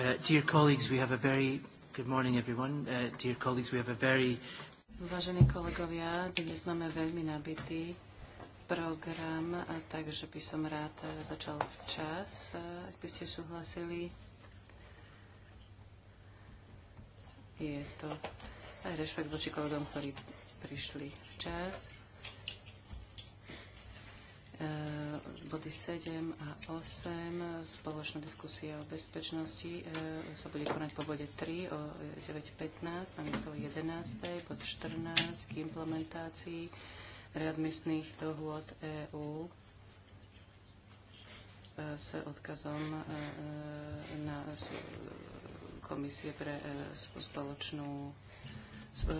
Uh, dear colleagues, we have a very good morning, everyone. Uh, dear colleagues, we have a very Vážení kolegovia, dnes máme veľmi nabitý program, takže by som rád uh, začal včas, uh, ak by ste súhlasili. Je to aj rešpekt voči kolegom, ktorí prišli včas. E, body 7 a 8. Spoločná diskusia o bezpečnosti e, sa bude konať po bode 3 o 9.15, miesto 11. bod 14 k implementácii readmisných dohôd EÚ e, s odkazom na komisie pre spoločnú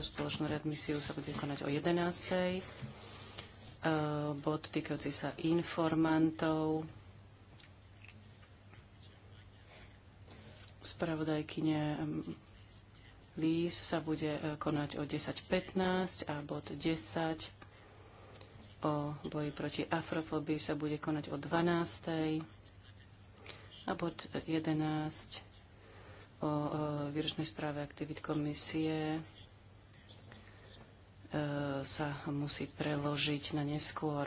spoločnú readmisiu sa bude konať o 11. Eh, bod týkajúci sa informantov. Spravodajkyne Lís sa bude eh, konať o 10.15 a bod 10 o boji proti afrofobii sa bude konať o 12.00 a bod 11 o eh, výročnej správe aktivít komisie sa musí preložiť na neskôr.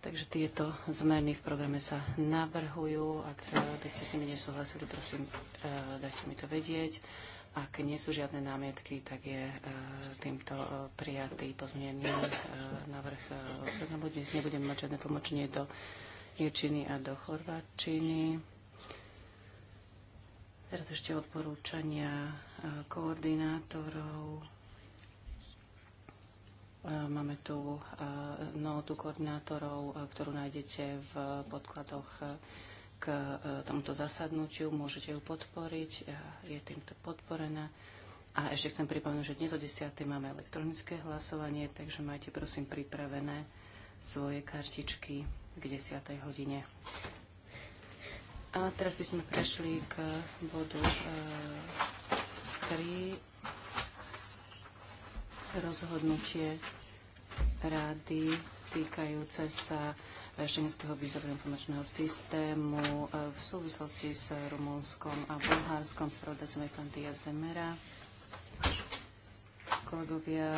Takže tieto zmeny v programe sa navrhujú. Ak e, by ste s nimi nesúhlasili, prosím, e, dajte mi to vedieť. Ak nie sú žiadne námietky, tak je e, týmto prijatý pozmienený návrh programu. Dnes nebudeme mať žiadne tlmočenie do Jirčiny a do Chorvačiny. Teraz ešte odporúčania koordinátorov Máme tu e, notu koordinátorov, e, ktorú nájdete v podkladoch e, k tomuto zasadnutiu. Môžete ju podporiť. Je týmto podporená. A ešte chcem pripomenúť, že dnes o 10. máme elektronické hlasovanie, takže majte prosím pripravené svoje kartičky k 10. hodine. A teraz by sme prešli k bodu 3 rozhodnutie rady týkajúce sa šengenského výzoru informačného systému e, v súvislosti s Rumúnskom a Bulhárskom. Spravodajcom aj pán Diaz de Mera. Kolegovia,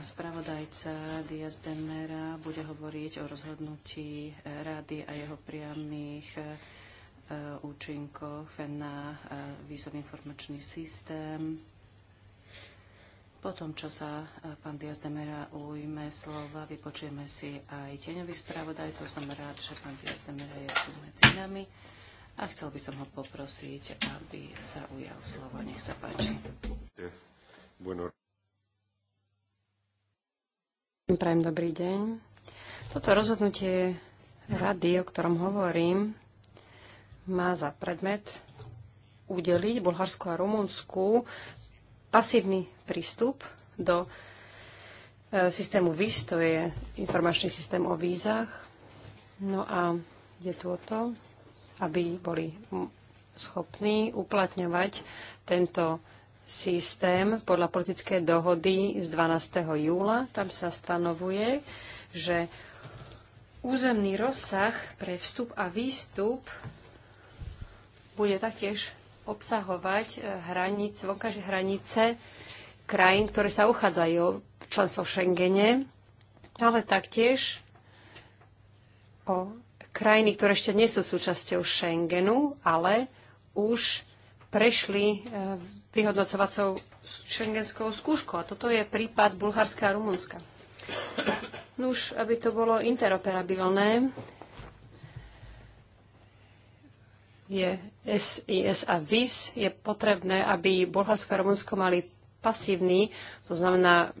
Spravodajca Diaz Mera bude hovoriť o rozhodnutí rady a jeho priamých Eh, účinkoch na eh, vízový informačný systém. Po tom, čo sa eh, pán Diaz de Mera ujme slova, vypočujeme si aj tieňových spravodajcov. Som rád, že pán Diaz de Mera je tu medzi nami a chcel by som ho poprosiť, aby sa ujal slovo. Nech sa páči. Prajem dobrý deň. Toto rozhodnutie rady, o ktorom hovorím, má za predmet udeliť Bulharsku a Rumunsku pasívny prístup do e, systému VIS, to je informačný systém o vízach. No a je tu o to, aby boli schopní uplatňovať tento systém podľa politické dohody z 12. júla. Tam sa stanovuje, že územný rozsah pre vstup a výstup bude taktiež obsahovať e, hranic, vonkajšie hranice krajín, ktoré sa uchádzajú o členstvo v Schengene, ale taktiež o krajiny, ktoré ešte nie sú súčasťou Schengenu, ale už prešli e, vyhodnocovacou šengenskou skúškou. A toto je prípad Bulharska a Rumunska. No už, aby to bolo interoperabilné, je SIS a VIS, je potrebné, aby Bulharsko a Rumunsko mali pasívny, to znamená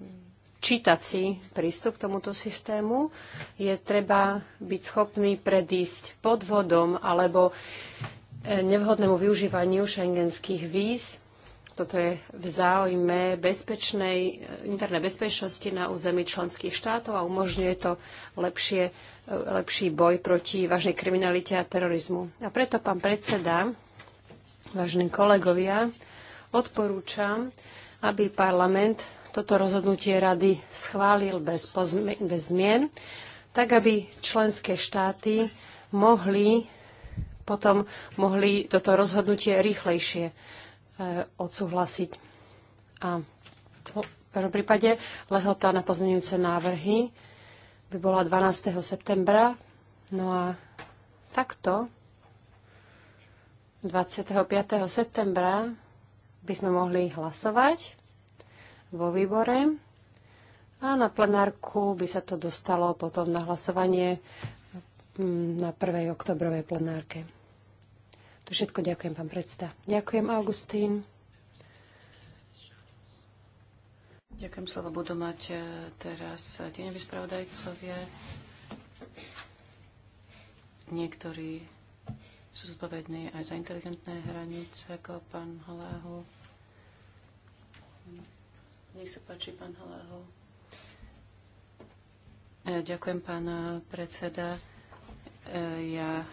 čítací prístup k tomuto systému. Je treba byť schopný predísť podvodom alebo e, nevhodnému využívaniu šengenských víz. Toto je v záujme bezpečnej, e, internej bezpečnosti na území členských štátov a umožňuje to lepšie lepší boj proti vážnej kriminalite a terorizmu. A preto pán predseda, vážení kolegovia, odporúčam, aby parlament toto rozhodnutie rady schválil bez, pozme- bez zmien, tak aby členské štáty mohli potom mohli toto rozhodnutie rýchlejšie e, odsúhlasiť. A v každom prípade lehota na pozmeňujúce návrhy by bola 12. septembra. No a takto 25. septembra by sme mohli hlasovať vo výbore a na plenárku by sa to dostalo potom na hlasovanie mm, na 1. oktobrovej plenárke. To všetko ďakujem, pán predsta. Ďakujem, Augustín. Ďakujem, slovo budú mať e, teraz e, tieňoví spravodajcovia. Niektorí sú zodpovední aj za inteligentné hranice, ako pán Haláhu. Nech sa páči, pán Haláhu. E, ďakujem, pán predseda. E, ja e,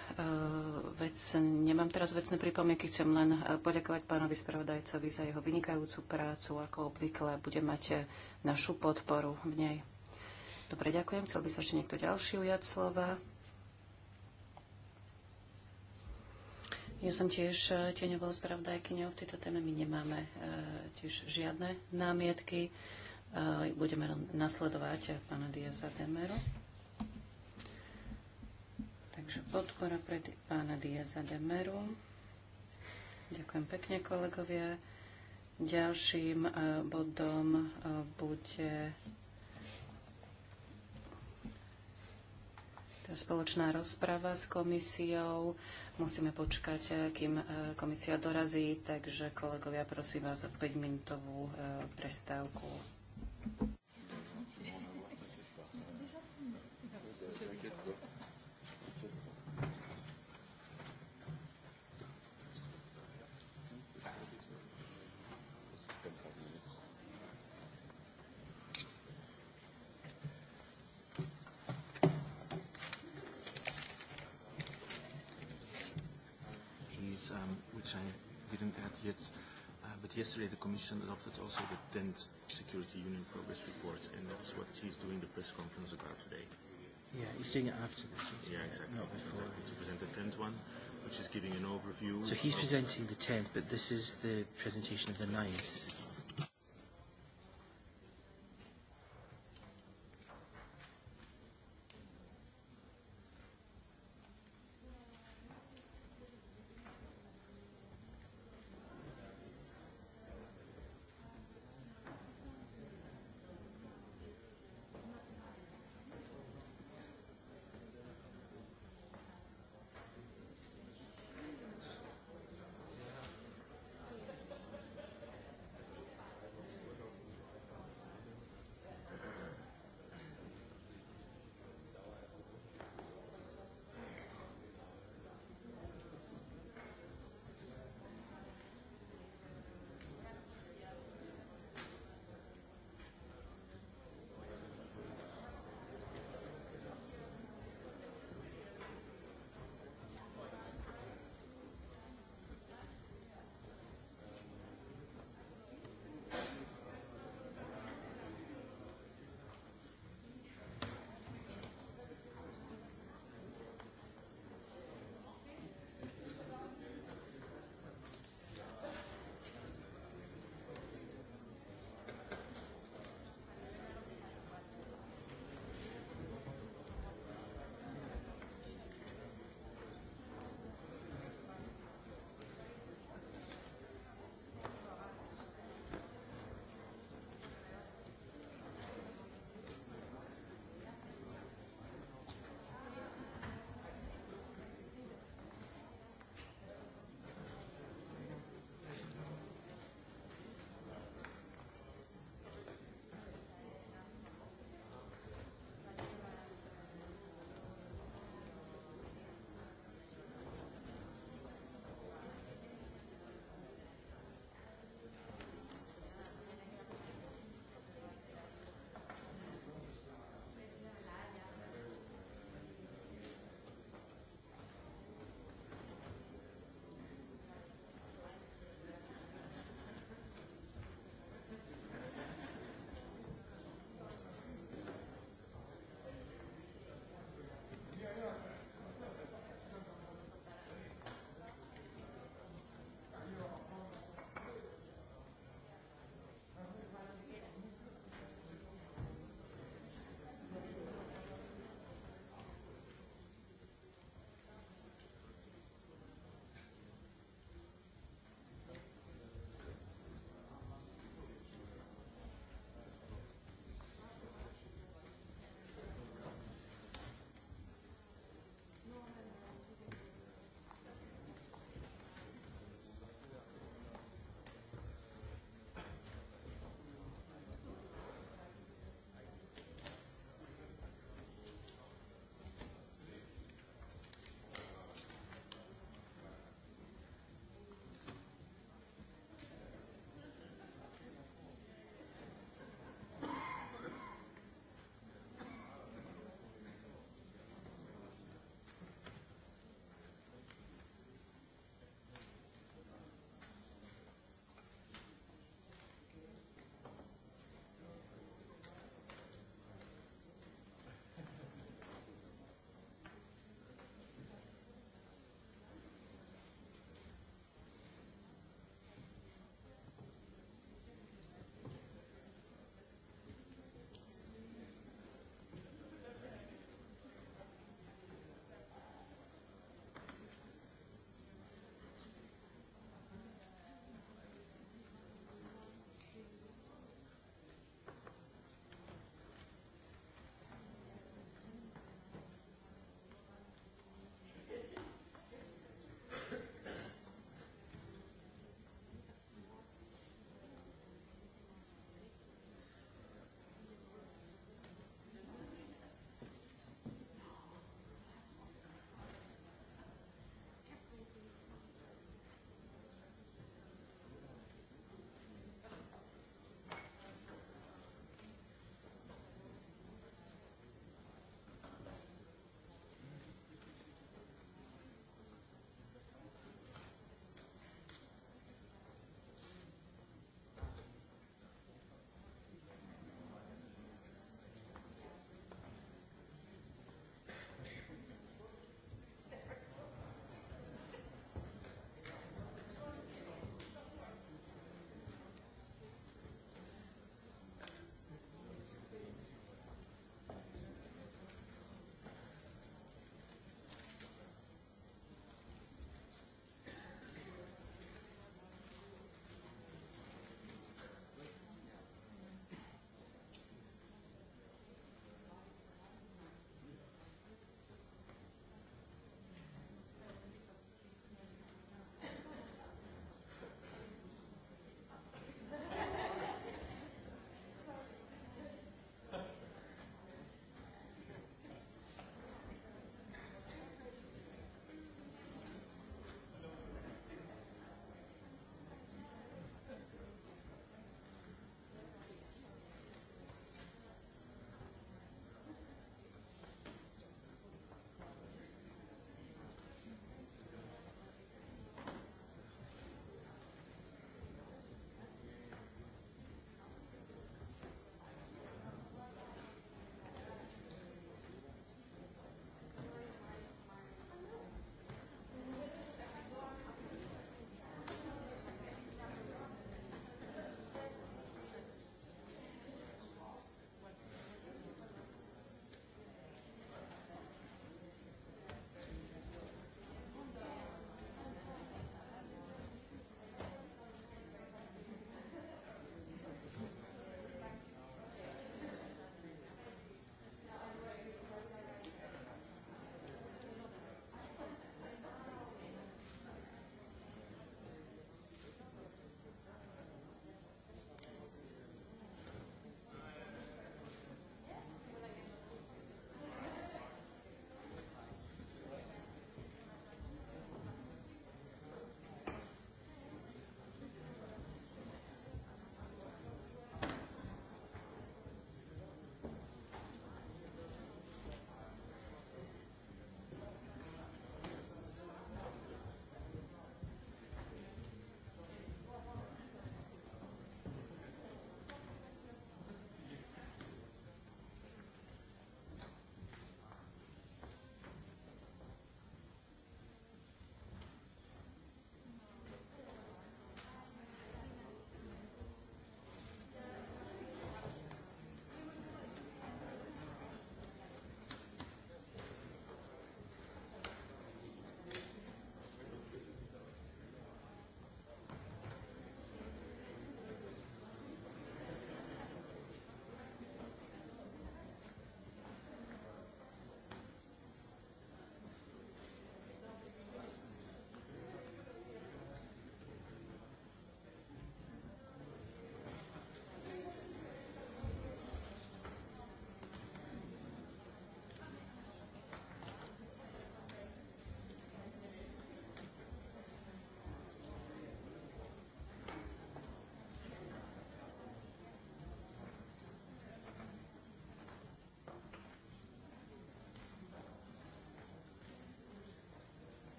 vec, nemám teraz vecné pripomienky, chcem len e, poďakovať pánovi spravodajcovi za jeho vynikajúcu prácu, ako obvykle bude mať našu podporu v nej. Dobre, ďakujem. Chcel by sa ešte niekto ďalší ujať slova. Ja som tiež tieňovou spravodajkyňou. V tejto téme my nemáme tiež žiadne námietky. Budeme nasledovať pána Diaza Demeru. Takže podpora pre pána Diaza de Meru. Ďakujem pekne, kolegovia. Ďalším e, bodom e, bude tá spoločná rozprava s komisiou. Musíme počkať, e, kým komisia dorazí, takže kolegovia, prosím vás o 5-minútovú prestávku. Commission adopted also the 10th Security Union Progress Report, and that's what he's doing the press conference about today. Yeah, he's doing it after this one. Yeah, exactly. Not before. Exactly. To present the 10th one, which is giving an overview. So he's presenting the 10th, but this is the presentation of the 9th.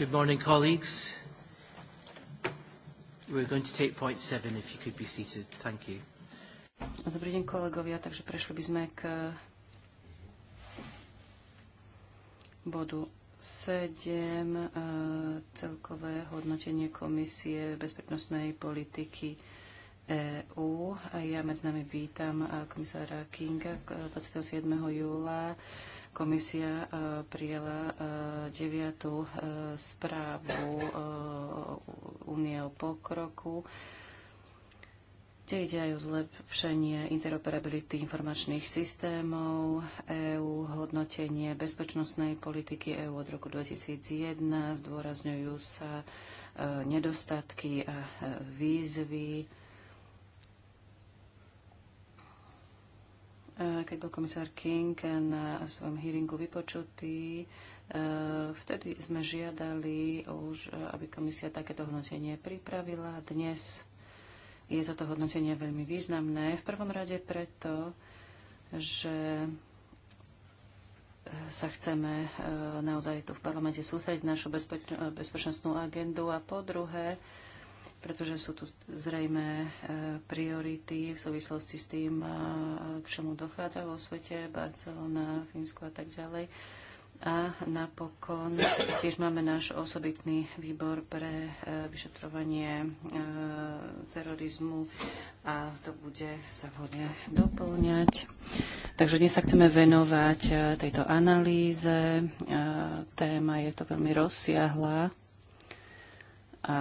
Good morning, colleagues. We're going to take point seven, if you could be seated. Thank you. Dobrý deň, kolegovia. Takže prešli by sme k bodu 7, eh, celkové hodnotenie komisie bezpečnostnej politiky EÚ. Ja medzi nami vítam eh, komisára Kinga 27. júla Komisia e, prijela e, deviatú e, správu Únie o pokroku kde ide aj o zlepšenie interoperability informačných systémov EÚ, hodnotenie bezpečnostnej politiky EÚ od roku 2001, zdôrazňujú sa nedostatky a výzvy Eh, keď bol komisár King na svojom hearingu vypočutý, eh, vtedy sme žiadali už, eh, aby komisia takéto hodnotenie pripravila. Dnes je toto hodnotenie veľmi významné. V prvom rade preto, že sa chceme naozaj tu v parlamente sústrediť našu bezpečnostnú agendu a po druhé, pretože sú tu zrejme e, priority v súvislosti s tým, e, k čomu dochádza vo svete, Barcelona, Fínsko a tak ďalej. A napokon tiež máme náš osobitný výbor pre e, vyšetrovanie terorizmu a to bude sa vhodne doplňať. Takže dnes sa chceme venovať tejto analýze. Téma je to veľmi rozsiahla a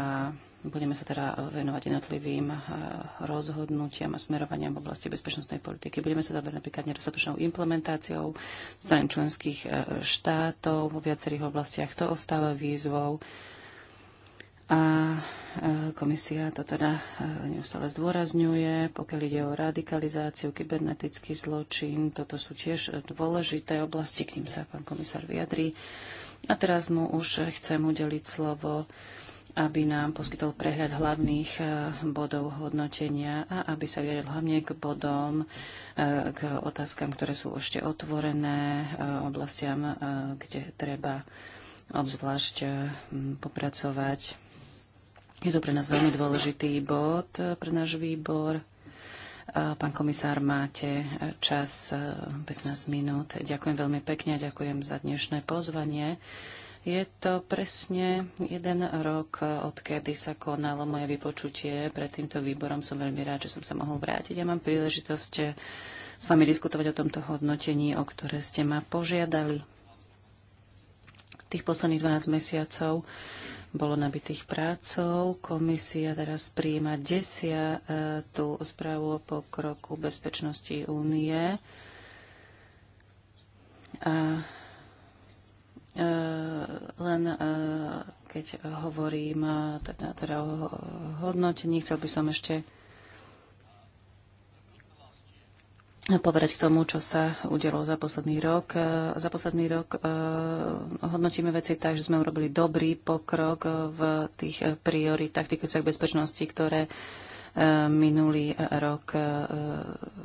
Budeme sa teda venovať jednotlivým eh, rozhodnutiam a smerovaniam v oblasti bezpečnostnej politiky. Budeme sa zaberať napríklad nedostatočnou implementáciou strany členských eh, štátov vo viacerých oblastiach. To ostáva výzvou. A eh, komisia to teda neustále zdôrazňuje, pokiaľ ide o radikalizáciu, kybernetický zločin, toto sú tiež dôležité oblasti, k ním sa pán komisár vyjadrí. A teraz mu už chcem udeliť slovo aby nám poskytol prehľad hlavných eh, bodov hodnotenia a aby sa vyjadril hlavne k bodom, eh, k otázkam, ktoré sú ešte otvorené, eh, oblastiam, kde treba obzvlášť popracovať. Je to pre nás veľmi dôležitý bod, pre náš výbor. Pán komisár, máte čas 15 minút. Ďakujem veľmi pekne a ďakujem za dnešné pozvanie. Je to presne jeden rok, odkedy sa konalo moje vypočutie. Pred týmto výborom som veľmi rád, že som sa mohol vrátiť. Ja mám príležitosť eh, s vami diskutovať o tomto hodnotení, o ktoré ste ma požiadali. Tých posledných 12 mesiacov bolo nabitých prácov. Komisia teraz príjima desiatú eh, správu o pokroku bezpečnosti únie. A Eh, len eh, keď hovorím eh, teda, teda o hodnotení, chcel by som ešte povedať k tomu, čo sa udialo za posledný rok. Za posledný rok hodnotíme veci tak, že sme urobili dobrý pokrok v tých prioritách týkajúcich bezpečnosti, ktoré minulý rok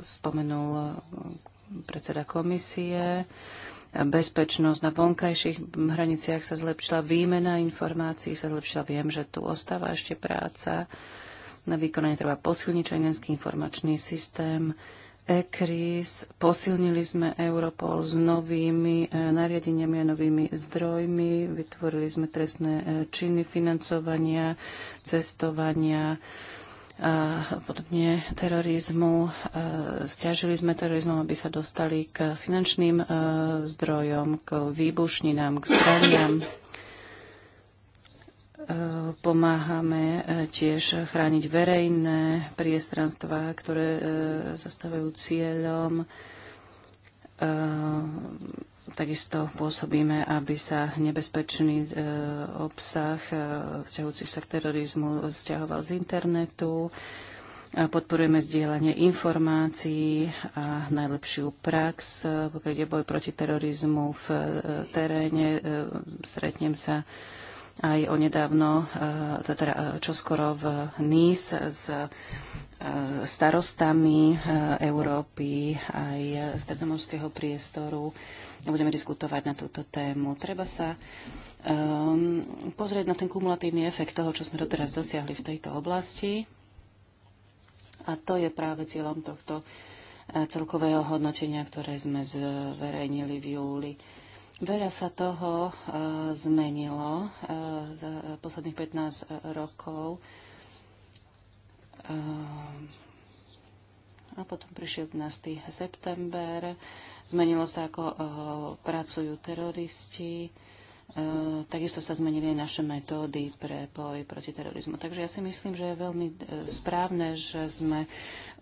spomenul predseda komisie bezpečnosť na vonkajších hraniciach sa zlepšila, výmena informácií sa zlepšila. Viem, že tu ostáva ešte práca. Na výkonanie treba posilniť šengenský informačný systém. ECRIS, posilnili sme Europol s novými e, nariadeniami a novými zdrojmi, vytvorili sme trestné e, činy financovania, cestovania, podobne terorizmu. Sťažili sme terorizmom, aby sa dostali k finančným zdrojom, k výbušninám, k zbraniam. Pomáhame e, tiež chrániť verejné priestranstva, ktoré e, zastávajú cieľom Takisto pôsobíme, aby sa nebezpečný e, obsah e, vzťahujúci sa k terorizmu vzťahoval z internetu. A podporujeme zdieľanie informácií a najlepšiu prax, e, pokiaľ ide boj proti terorizmu v e, teréne. E, stretnem sa aj onedávno, e, teda čoskoro v NIS s starostami Európy aj stredomorského priestoru budeme diskutovať na túto tému. Treba sa um, pozrieť na ten kumulatívny efekt toho, čo sme doteraz dosiahli v tejto oblasti. A to je práve cieľom tohto uh, celkového hodnotenia, ktoré sme zverejnili v júli. Veľa sa toho uh, zmenilo uh, za posledných 15 rokov. Uh, a potom prišiel 11. september, zmenilo sa, ako uh, pracujú teroristi, uh, takisto sa zmenili aj naše metódy pre boj proti terorizmu. Takže ja si myslím, že je veľmi eh, správne, že sme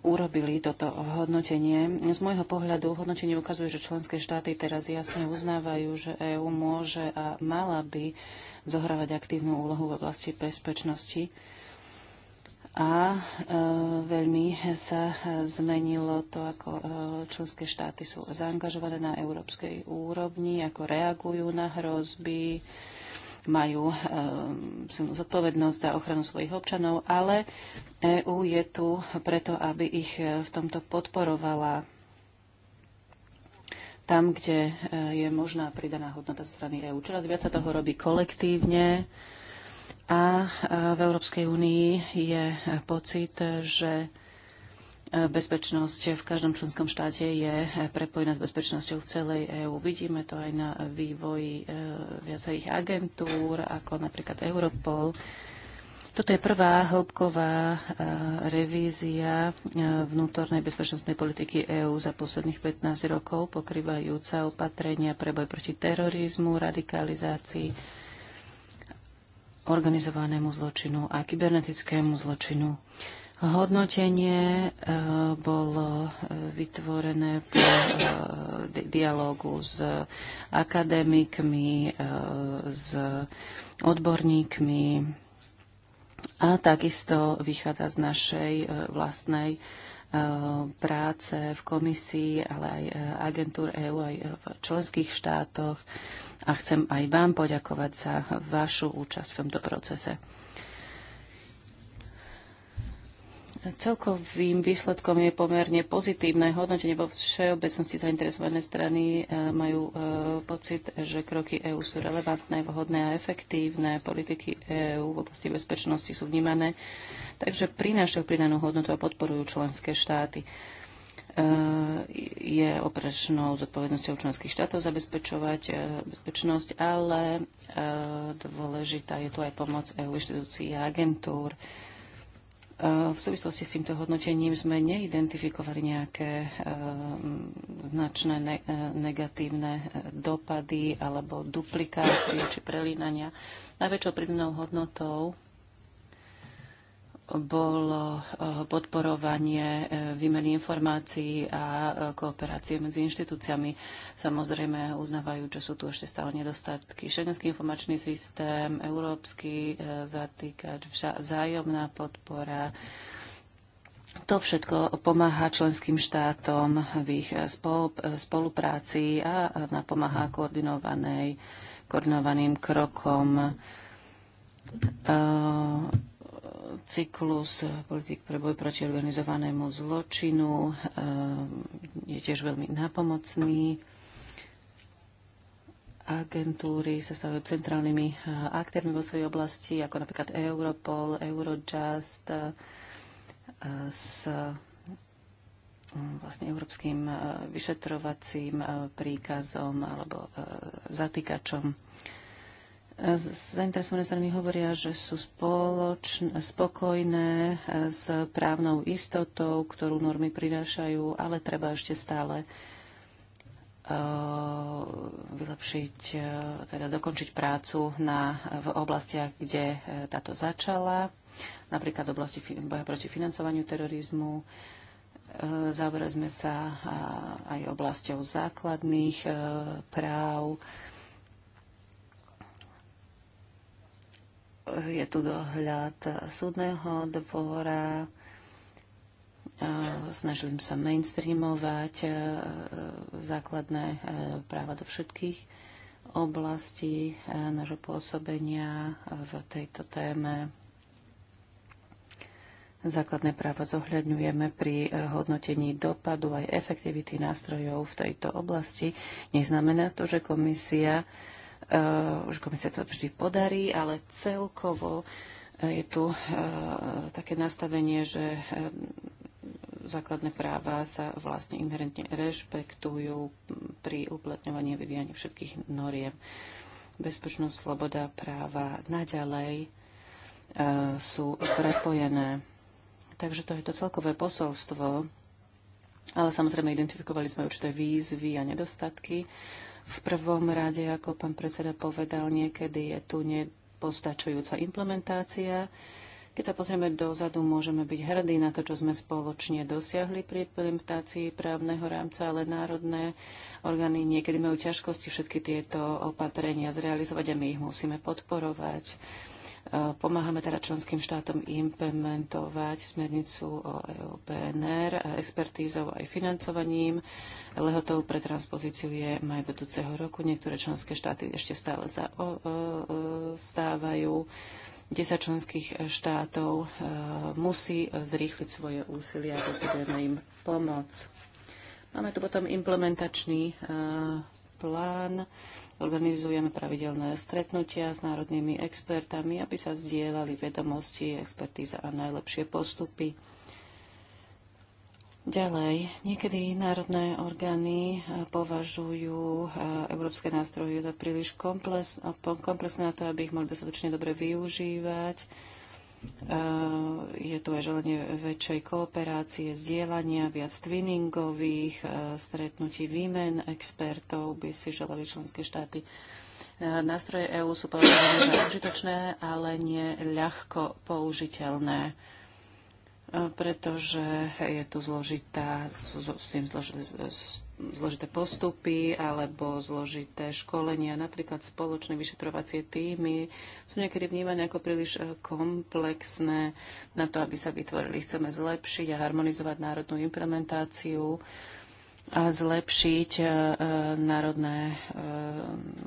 urobili toto hodnotenie. Z môjho pohľadu hodnotenie ukazuje, že členské štáty teraz jasne uznávajú, že EÚ môže a mala by zohrávať aktívnu úlohu v oblasti bezpečnosti a e, veľmi sa zmenilo to, ako e, členské štáty sú zaangažované na európskej úrovni, ako reagujú na hrozby, majú e, silnú zodpovednosť za ochranu svojich občanov, ale EÚ je tu preto, aby ich e, v tomto podporovala tam, kde e, je možná pridaná hodnota zo strany EÚ. Čoraz viac sa toho robí kolektívne, a v Európskej únii je pocit, že bezpečnosť v každom členskom štáte je prepojená s bezpečnosťou v celej EÚ. Vidíme to aj na vývoji e, viacerých agentúr, ako napríklad Europol. Toto je prvá hĺbková e, revízia e, vnútornej bezpečnostnej politiky EÚ za posledných 15 rokov, pokrývajúca opatrenia pre boj proti terorizmu, radikalizácii organizovanému zločinu a kybernetickému zločinu. Hodnotenie e, bolo e, vytvorené po e, dialogu s akademikmi, s odborníkmi a takisto vychádza z našej vlastnej Eh, práce v komisii, ale aj eh, agentúr EÚ, aj eh, v členských štátoch. A chcem aj vám poďakovať za vašu účasť v tomto procese. Celkovým výsledkom je pomerne pozitívne hodnotenie. Vo všeobecnosti zainteresované strany e, majú e, pocit, že kroky EÚ sú relevantné, vhodné a efektívne. Politiky EÚ v oblasti bezpečnosti sú vnímané, takže prinášajú pridanú hodnotu a podporujú členské štáty e, je operačnou zodpovednosťou členských štátov zabezpečovať bezpečnosť, ale dôležitá je tu aj pomoc EU inštitúcií a agentúr. V súvislosti s týmto hodnotením sme neidentifikovali nejaké e, značné e, negatívne e, dopady alebo duplikácie či prelínania. Najväčšou pridanou hodnotou bolo eh, podporovanie eh, výmeny informácií a eh, kooperácie medzi inštitúciami. Samozrejme uznávajú, že sú tu ešte stále nedostatky. Šengenský informačný systém, európsky zatýkač, vzájomná podpora. To všetko pomáha členským štátom v ich spolupráci a napomáha koordinovaným krokom cyklus eh, politik pre boj proti organizovanému zločinu eh, je tiež veľmi nápomocný. Agentúry sa stavajú centrálnymi eh, aktérmi vo svojej oblasti, ako napríklad Europol, Eurojust s mm, vlastne európskym vyšetrovacím príkazom alebo zatýkačom. Zainteresované strany hovoria, že sú spoločn- spokojné e, s právnou istotou, ktorú normy prinášajú, ale treba ešte stále e, vylepšiť, e, teda dokončiť prácu na, v oblastiach, kde táto začala, napríklad v oblasti boja proti financovaniu terorizmu. Zaoberali sme sa aj oblasťou základných práv, je tu dohľad súdneho dvora, snažili sme sa mainstreamovať e, základné e, práva do všetkých oblastí e, nášho pôsobenia v tejto téme. Základné práva zohľadňujeme pri hodnotení dopadu aj efektivity nástrojov v tejto oblasti. Neznamená to, že komisia Eh, už komisia to vždy podarí, ale celkovo eh, je tu eh, také nastavenie, že základné práva sa vlastne inherentne rešpektujú pri uplatňovaní a vyvíjaní všetkých noriem. Bezpečnosť, sloboda, práva naďalej sú prepojené. Takže to je to celkové posolstvo. Ale samozrejme identifikovali sme určité výzvy a nedostatky v prvom rade, ako pán predseda povedal, niekedy je tu nepostačujúca implementácia. Keď sa pozrieme dozadu, môžeme byť hrdí na to, čo sme spoločne dosiahli pri implementácii právneho rámca, ale národné orgány niekedy majú ťažkosti všetky tieto opatrenia zrealizovať a my ich musíme podporovať. Pomáhame teda členským štátom implementovať smernicu o EUPNR PNR expertízou aj financovaním. Lehotou pre transpozíciu je maj budúceho roku. Niektoré členské štáty ešte stále zaostávajú. 10 členských štátov e, musí zrýchliť svoje úsilie a poskytujeme im pomoc. Máme tu potom implementačný e, plán. Organizujeme pravidelné stretnutia s národnými expertami, aby sa zdieľali vedomosti, expertíza a najlepšie postupy. Ďalej, niekedy národné orgány eh, považujú eh, európske nástroje za príliš komplexné na to, aby ich mohli dostatočne dobre využívať Eh, je tu aj želanie väčšej kooperácie, zdieľania, viac twinningových eh, stretnutí výmen expertov by si želali členské štáty. Eh, nástroje EÚ sú považované za užitočné, ale nie ľahko použiteľné, pretože je tu zložitá, s tým zložitá zložité postupy alebo zložité školenia, napríklad spoločné vyšetrovacie týmy, sú niekedy vnímané ako príliš e, komplexné na to, aby sa vytvorili. Chceme zlepšiť a harmonizovať národnú implementáciu a zlepšiť e, e, národné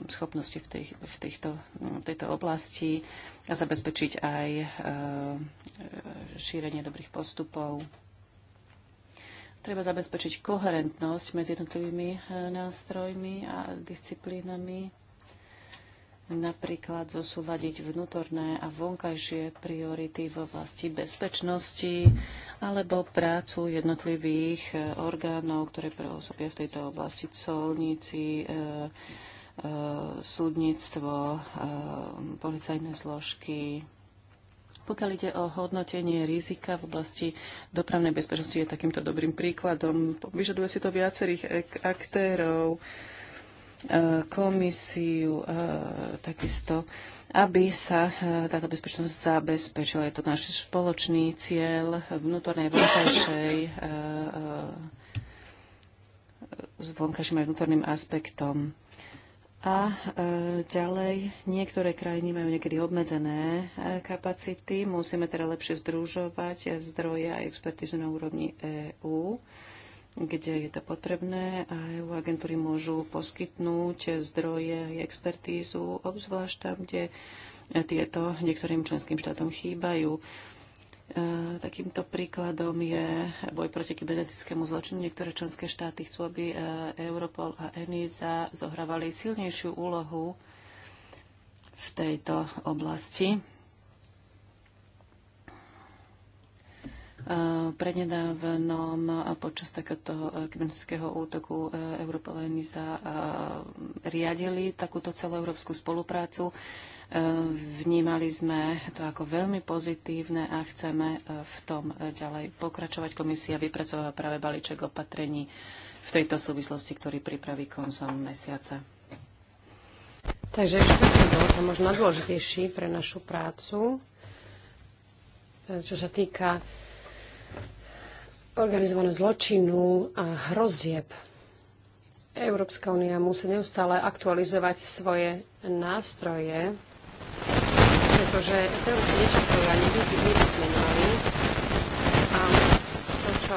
schopnosti v, tých, v, tejto, v tejto oblasti a zabezpečiť aj šírenie dobrých postupov. Treba zabezpečiť koherentnosť medzi jednotlivými eh, nástrojmi a disciplínami, napríklad zosúľadiť vnútorné a vonkajšie priority v oblasti bezpečnosti alebo prácu jednotlivých eh, orgánov, ktoré pôsobia v tejto oblasti colníci, e, e, súdnictvo, e, policajné zložky, pokiaľ ide o hodnotenie rizika v oblasti dopravnej bezpečnosti, je takýmto dobrým príkladom. Vyžaduje si to viacerých aktérov, e, komisiu, e, takisto aby sa e, táto bezpečnosť zabezpečila. Je to náš spoločný cieľ vnútornej vonkajšej s vonkajším aj vnútorným aspektom. A e, ďalej, niektoré krajiny majú niekedy obmedzené e, kapacity, musíme teda lepšie združovať zdroje a expertízu na úrovni EÚ kde je to potrebné a EU agentúry môžu poskytnúť zdroje a expertízu, obzvlášť tam, kde tieto niektorým členským štátom chýbajú. E, takýmto príkladom je boj proti kybernetickému zločinu. Niektoré členské štáty chcú, aby e, Europol a ENISA zohrávali silnejšiu úlohu v tejto oblasti. E, prednedávnom počas takéto kybernetického útoku Europol a ENISA riadili takúto celoeurópsku spoluprácu Vnímali sme to ako veľmi pozitívne a chceme e, v tom e, ďalej pokračovať. Komisia vypracováva práve balíček opatrení v tejto súvislosti, ktorý pripraví koncom mesiaca. Takže štvrtý bod je možno dôležitejší pre našu prácu, e, čo sa týka organizovaného zločinu a hrozieb. Európska únia musí neustále aktualizovať svoje nástroje pretože teoreticky nešokovanie nikdy nevysmenovali. A to, čo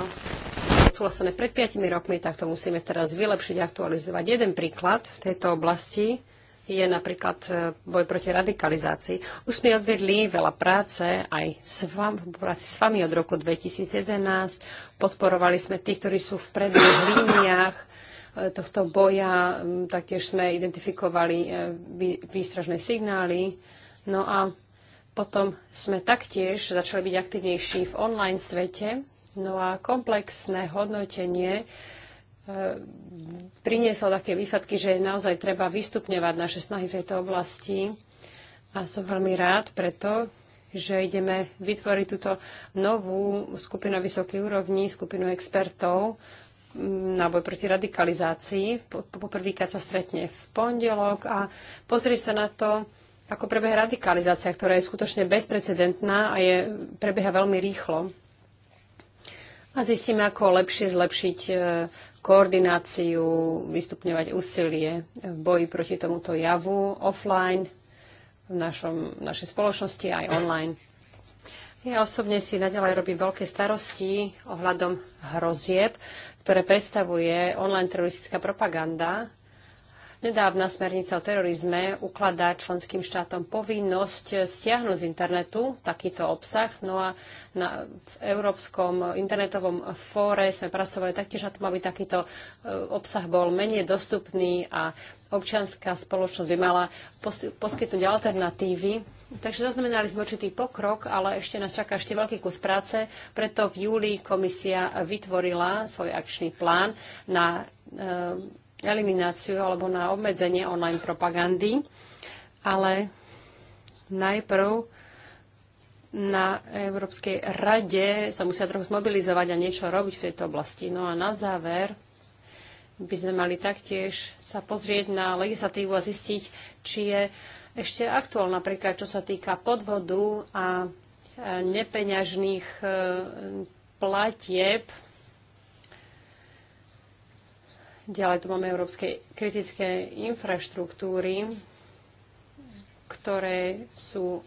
odsúhlasené pred 5 rokmi, tak to musíme teraz vylepšiť, aktualizovať. Jeden príklad v tejto oblasti je napríklad e, boj proti radikalizácii. Už sme odvedli veľa práce aj s vami, práci s vami od roku 2011. Podporovali sme tých, ktorí sú v predných líniách e, tohto boja. Mm, taktiež sme identifikovali e, výstražné signály No a potom sme taktiež začali byť aktivnejší v online svete. No a komplexné hodnotenie e, prinieslo také výsledky, že naozaj treba vystupňovať naše snahy v tejto oblasti. A som veľmi rád preto, že ideme vytvoriť túto novú skupinu vysokej úrovni, skupinu expertov mm, na boj proti radikalizácii. Poprvýkrát sa stretne v pondelok a pozrie sa na to ako prebieha radikalizácia, ktorá je skutočne bezprecedentná a je, prebieha veľmi rýchlo. A zistíme, ako lepšie zlepšiť e, koordináciu, vystupňovať úsilie v boji proti tomuto javu offline, v, našom, v našej spoločnosti aj online. Ja osobne si naďalej robím veľké starosti ohľadom hrozieb, ktoré predstavuje online teroristická propaganda, Nedávna smernica o terorizme ukladá členským štátom povinnosť stiahnuť z internetu takýto obsah. No a na, v Európskom internetovom fóre sme pracovali taktiež na tom, aby takýto e, obsah bol menej dostupný a občianská spoločnosť by mala poskytnúť alternatívy Takže zaznamenali sme určitý pokrok, ale ešte nás čaká ešte veľký kus práce. Preto v júli komisia vytvorila svoj akčný plán na e, elimináciu alebo na obmedzenie online propagandy, ale najprv na Európskej rade sa musia trochu zmobilizovať a niečo robiť v tejto oblasti. No a na záver by sme mali taktiež sa pozrieť na legislatívu a zistiť, či je ešte aktuálna, napríklad čo sa týka podvodu a nepeňažných e, platieb Ďalej tu máme európske kritické infraštruktúry, ktoré sú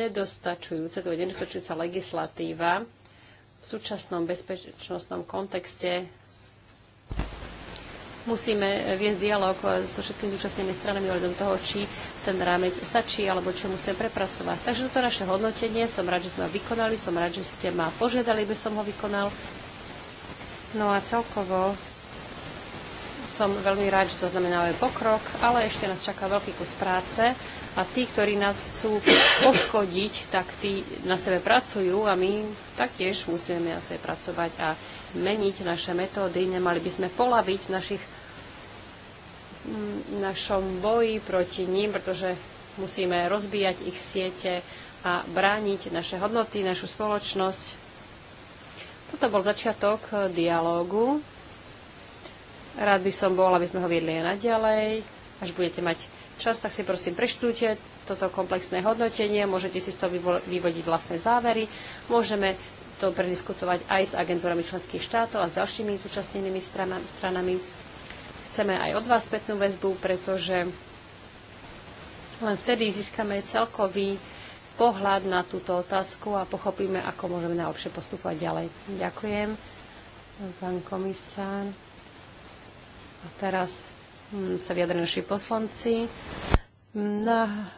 nedostačujúce, to je nedostačujúca legislatíva. V súčasnom bezpečnostnom kontexte musíme viesť dialog so všetkými zúčastnými stranami ohľadom toho, či ten rámec stačí alebo čo musíme prepracovať. Takže toto je naše hodnotenie. Som rád, že sme ho vykonali, som rád, že ste ma požiadali, by som ho vykonal. No a celkovo som veľmi rád, že zaznamenávajú pokrok, ale ešte nás čaká veľký kus práce a tí, ktorí nás chcú poškodiť, tak tí na sebe pracujú a my taktiež musíme na sebe pracovať a meniť naše metódy. Nemali by sme polaviť našich, v mm, našom boji proti ním, pretože musíme rozbíjať ich siete a brániť naše hodnoty, našu spoločnosť. Toto bol začiatok dialógu Rád by som bol, aby sme ho viedli aj naďalej. Až budete mať čas, tak si prosím preštúte toto komplexné hodnotenie, môžete si z toho vyvodiť vlastné závery. Môžeme to prediskutovať aj s agentúrami členských štátov a s ďalšími zúčastnenými stranami. Chceme aj od vás spätnú väzbu, pretože len vtedy získame celkový pohľad na túto otázku a pochopíme, ako môžeme najlepšie postupovať ďalej. Ďakujem, pán komisár. A teraz hm, sa vyjadrili naši poslanci.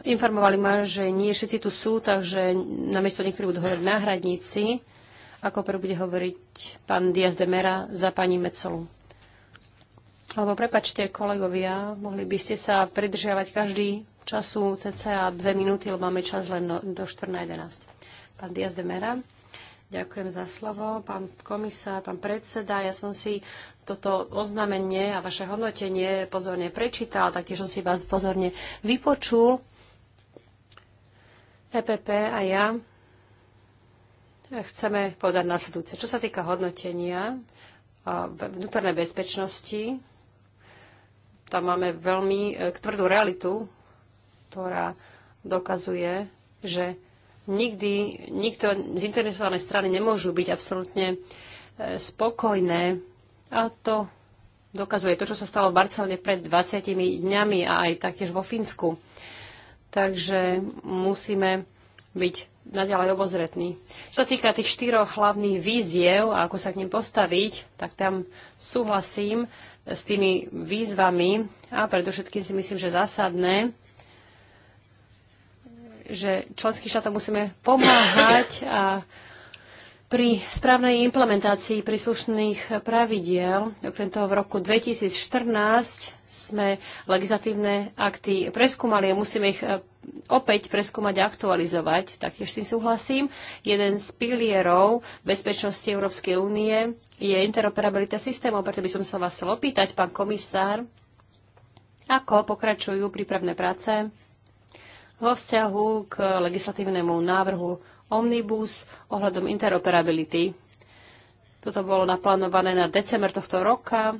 informovali ma, že nie všetci tu sú, takže namiesto niektorí budú hovoriť náhradníci. Ako prvý bude hovoriť pán Diaz de Mera za pani Mecolu. Alebo prepačte, kolegovia, mohli by ste sa pridržiavať každý času cca dve minúty, lebo máme čas len do 1411. Pán Diaz de Mera. Ďakujem za slovo, pán komisár, pán predseda. Ja som si toto oznámenie a vaše hodnotenie pozorne prečítal, taktiež som si vás pozorne vypočul. EPP a ja chceme povedať následujúce. Čo sa týka hodnotenia vnútornej bezpečnosti, tam máme veľmi e, tvrdú realitu, ktorá dokazuje, že nikdy, nikto z interesovanej strany nemôžu byť absolútne e, spokojné. A to dokazuje to, čo sa stalo v Barcelone pred 20 dňami a aj taktiež vo Fínsku. Takže musíme byť naďalej obozretní. Čo sa týka tých štyroch hlavných víziev a ako sa k nim postaviť, tak tam súhlasím s tými výzvami a predovšetkým si myslím, že zásadné že členským štátom musíme pomáhať a pri správnej implementácii príslušných pravidiel, okrem toho v roku 2014 sme legislatívne akty preskúmali a musíme ich e, opäť preskúmať a aktualizovať, taktiež s tým súhlasím. Jeden z pilierov bezpečnosti Európskej únie je interoperabilita systémov, preto by som sa vás chcel opýtať, pán komisár, ako pokračujú prípravné práce vo vzťahu k legislatívnemu návrhu Omnibus ohľadom interoperability. Toto bolo naplánované na december tohto roka.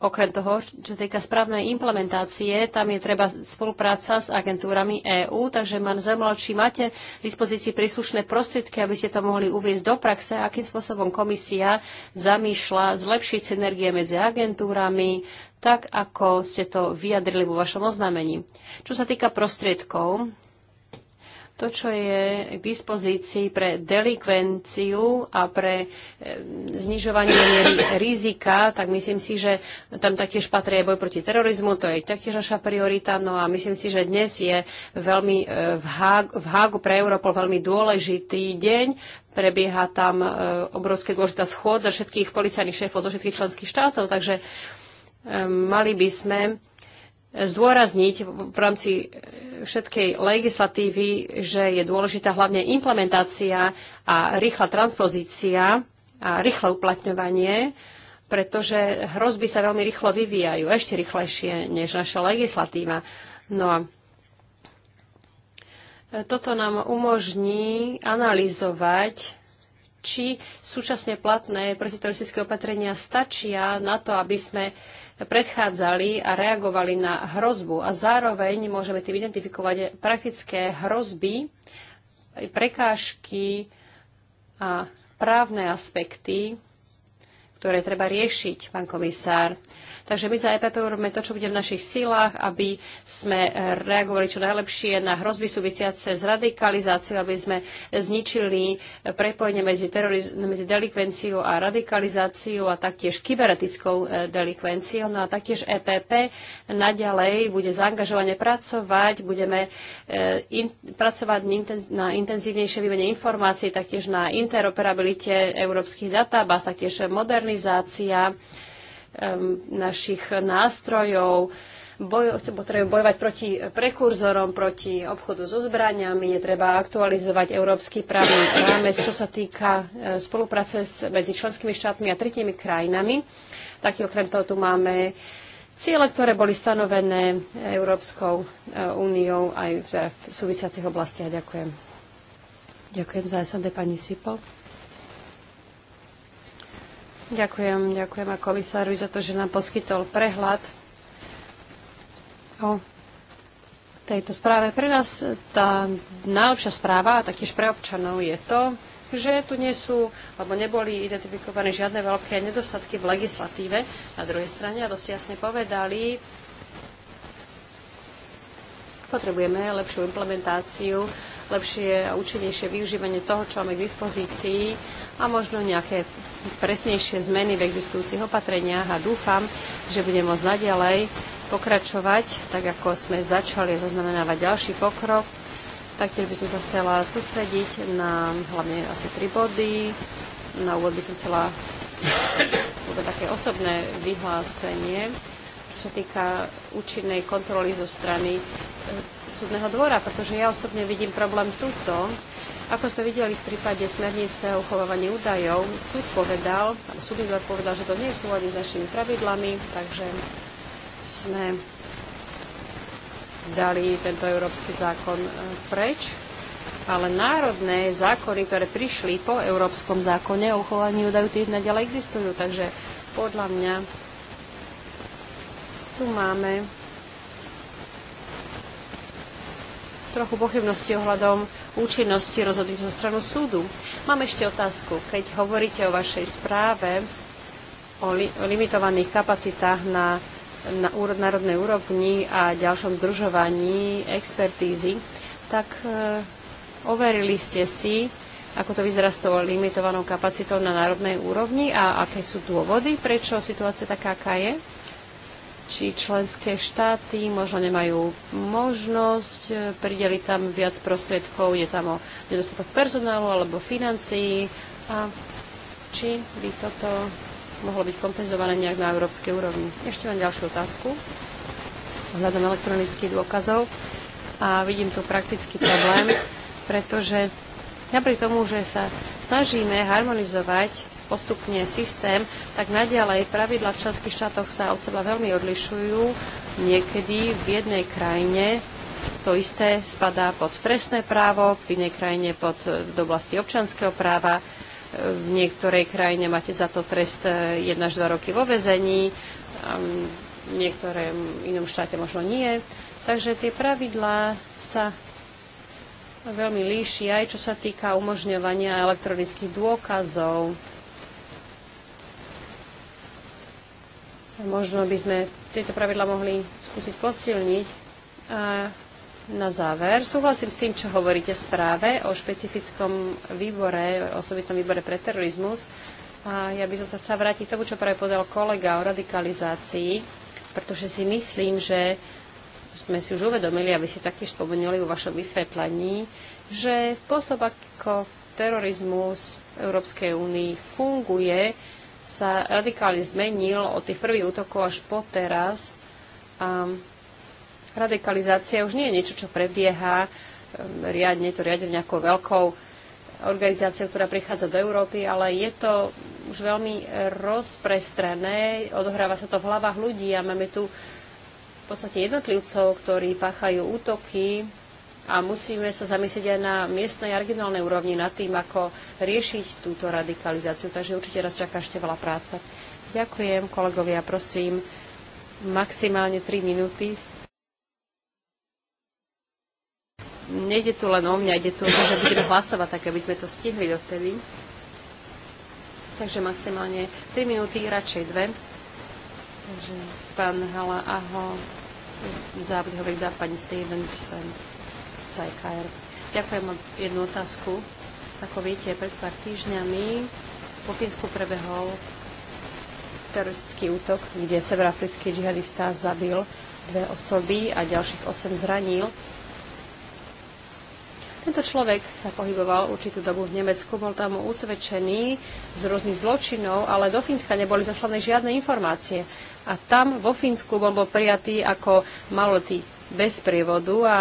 Okrem toho, čo týka správnej implementácie, tam je treba spolupráca s agentúrami EÚ, takže mám zaujímalo, či máte v dispozícii príslušné prostriedky, aby ste to mohli uviezť do praxe, akým spôsobom komisia zamýšľa zlepšiť synergie medzi agentúrami, tak ako ste to vyjadrili vo vašom oznámení. Čo sa týka prostriedkov, to, čo je k dispozícii pre delikvenciu a pre e, znižovanie rizika, tak myslím si, že tam taktiež patrí aj boj proti terorizmu, to je taktiež naša priorita. No a myslím si, že dnes je veľmi e, v Hágu, v Hágu pre Europol veľmi dôležitý deň. Prebieha tam e, obrovské dôležitá schôdza všetkých policajných šéfov zo všetkých členských štátov, takže mali by sme zdôrazniť v rámci všetkej legislatívy, že je dôležitá hlavne implementácia a rýchla transpozícia a rýchle uplatňovanie, pretože hrozby sa veľmi rýchlo vyvíjajú, ešte rýchlejšie než naša legislatíva. No a toto nám umožní analyzovať či súčasne platné protiteroristické opatrenia stačia na to, aby sme predchádzali a reagovali na hrozbu a zároveň môžeme tým identifikovať praktické hrozby, prekážky a právne aspekty, ktoré treba riešiť, pán komisár. Takže my za EPP robíme to, čo bude v našich silách, aby sme reagovali čo najlepšie na hrozby súvisiace s radikalizáciou, aby sme zničili prepojenie medzi, teroriz- medzi delikvenciou a radikalizáciou a taktiež kybernetickou e, delikvenciou. No a taktiež EPP naďalej bude zaangažovane pracovať, budeme e, in- pracovať na intenzívnejšie výmene informácií, taktiež na interoperabilite európskych databáz, taktiež modernizácia našich nástrojov, boj, potrebujeme bojovať proti prekurzorom, proti obchodu so zbraniami, je treba aktualizovať európsky právny rámec, čo sa týka spolupráce medzi členskými štátmi a tretími krajinami. Taký okrem toho tu máme ciele, ktoré boli stanovené Európskou úniou aj v súvisiacich oblastiach. Ďakujem. Ďakujem za SND pani Sipo. Ďakujem, ďakujem a komisárovi za to, že nám poskytol prehľad o tejto správe. Pre nás tá najlepšia správa, a taktiež pre občanov, je to, že tu nie sú, alebo neboli identifikované žiadne veľké nedostatky v legislatíve. Na druhej strane, a dosť jasne povedali, potrebujeme lepšiu implementáciu, lepšie a účinnejšie využívanie toho, čo máme k dispozícii a možno nejaké presnejšie zmeny v existujúcich opatreniach a dúfam, že budem môcť naďalej pokračovať, tak ako sme začali zaznamenávať ďalší pokrok. Taktiež by som sa chcela sústrediť na hlavne asi tri body. Na úvod by som chcela povedať také osobné vyhlásenie, čo sa týka účinnej kontroly zo strany eh, súdneho dvora, pretože ja osobne vidím problém tuto, ako sme videli v prípade smernice o uchovávaní údajov, súd povedal, súdny dvor povedal, že to nie je v súlade s našimi pravidlami, takže sme dali tento európsky zákon e, preč. Ale národné zákony, ktoré prišli po európskom zákone o uchovaní údajov, tie naďalej existujú. Takže podľa mňa tu máme trochu pochybnosti ohľadom účinnosti rozhodnutia zo stranu súdu. Mám ešte otázku. Keď hovoríte o vašej správe, o, li, o limitovaných kapacitách na, na úrod, národnej úrovni a ďalšom združovaní expertízy, tak e, overili ste si, ako to vyzerá s tou limitovanou kapacitou na národnej úrovni a aké sú dôvody, prečo situácia taká, aká je? či členské štáty možno nemajú možnosť e, prideliť tam viac prostriedkov, je tam o nedostatok personálu alebo financií a či by toto mohlo byť kompenzované nejak na európskej úrovni. Ešte mám ďalšiu otázku ohľadom elektronických dôkazov a vidím tu praktický problém, pretože napriek tomu, že sa snažíme harmonizovať postupne systém, tak naďalej pravidla v členských štátoch sa od seba veľmi odlišujú. Niekedy v jednej krajine to isté spadá pod trestné právo, v inej krajine pod, do oblasti občanského práva, v niektorej krajine máte za to trest 1 eh, až 2 roky vo vezení, v niektorém inom štáte možno nie. Takže tie pravidlá sa veľmi líši aj čo sa týka umožňovania elektronických dôkazov. Možno by sme tieto pravidla mohli skúsiť posilniť. A na záver, súhlasím s tým, čo hovoríte v správe o špecifickom výbore, osobitnom výbore pre terorizmus. A ja by som sa chcela vrátiť k tomu, čo práve povedal kolega o radikalizácii, pretože si myslím, že sme si už uvedomili, aby si taktiež spomenuli vo vašom vysvetlení, že spôsob, ako terorizmus v Európskej únii funguje, sa radikálne zmenil od tých prvých útokov až po teraz. A radikalizácia už nie je niečo, čo prebieha um, riadne, to riadne nejakou veľkou organizáciou, ktorá prichádza do Európy, ale je to už veľmi rozprestrené, odohráva sa to v hlavách ľudí a máme tu v podstate jednotlivcov, ktorí páchajú útoky a musíme sa zamyslieť aj na miestnej a regionálnej úrovni nad tým, ako riešiť túto radikalizáciu. Takže určite raz čaká ešte veľa práce. Ďakujem, kolegovia, prosím, maximálne 3 minúty. Nejde tu len o mňa, ide tu o to, že budeme hlasovať, tak aby sme to stihli dovtedy. Takže maximálne 3 minúty, radšej 2. Takže pán Hala, aho, za, západní Stevenson. ECR. Ďakujem, mám jednu otázku. Ako viete, pred pár týždňami po Fínsku prebehol teroristický útok, kde severoafrický džihadista zabil dve osoby a ďalších osem zranil. Tento človek sa pohyboval určitú dobu v Nemecku, bol tam usvedčený z rôznych zločinov, ale do Fínska neboli zaslané žiadne informácie. A tam vo Fínsku on bol prijatý ako maloletý bez prievodu a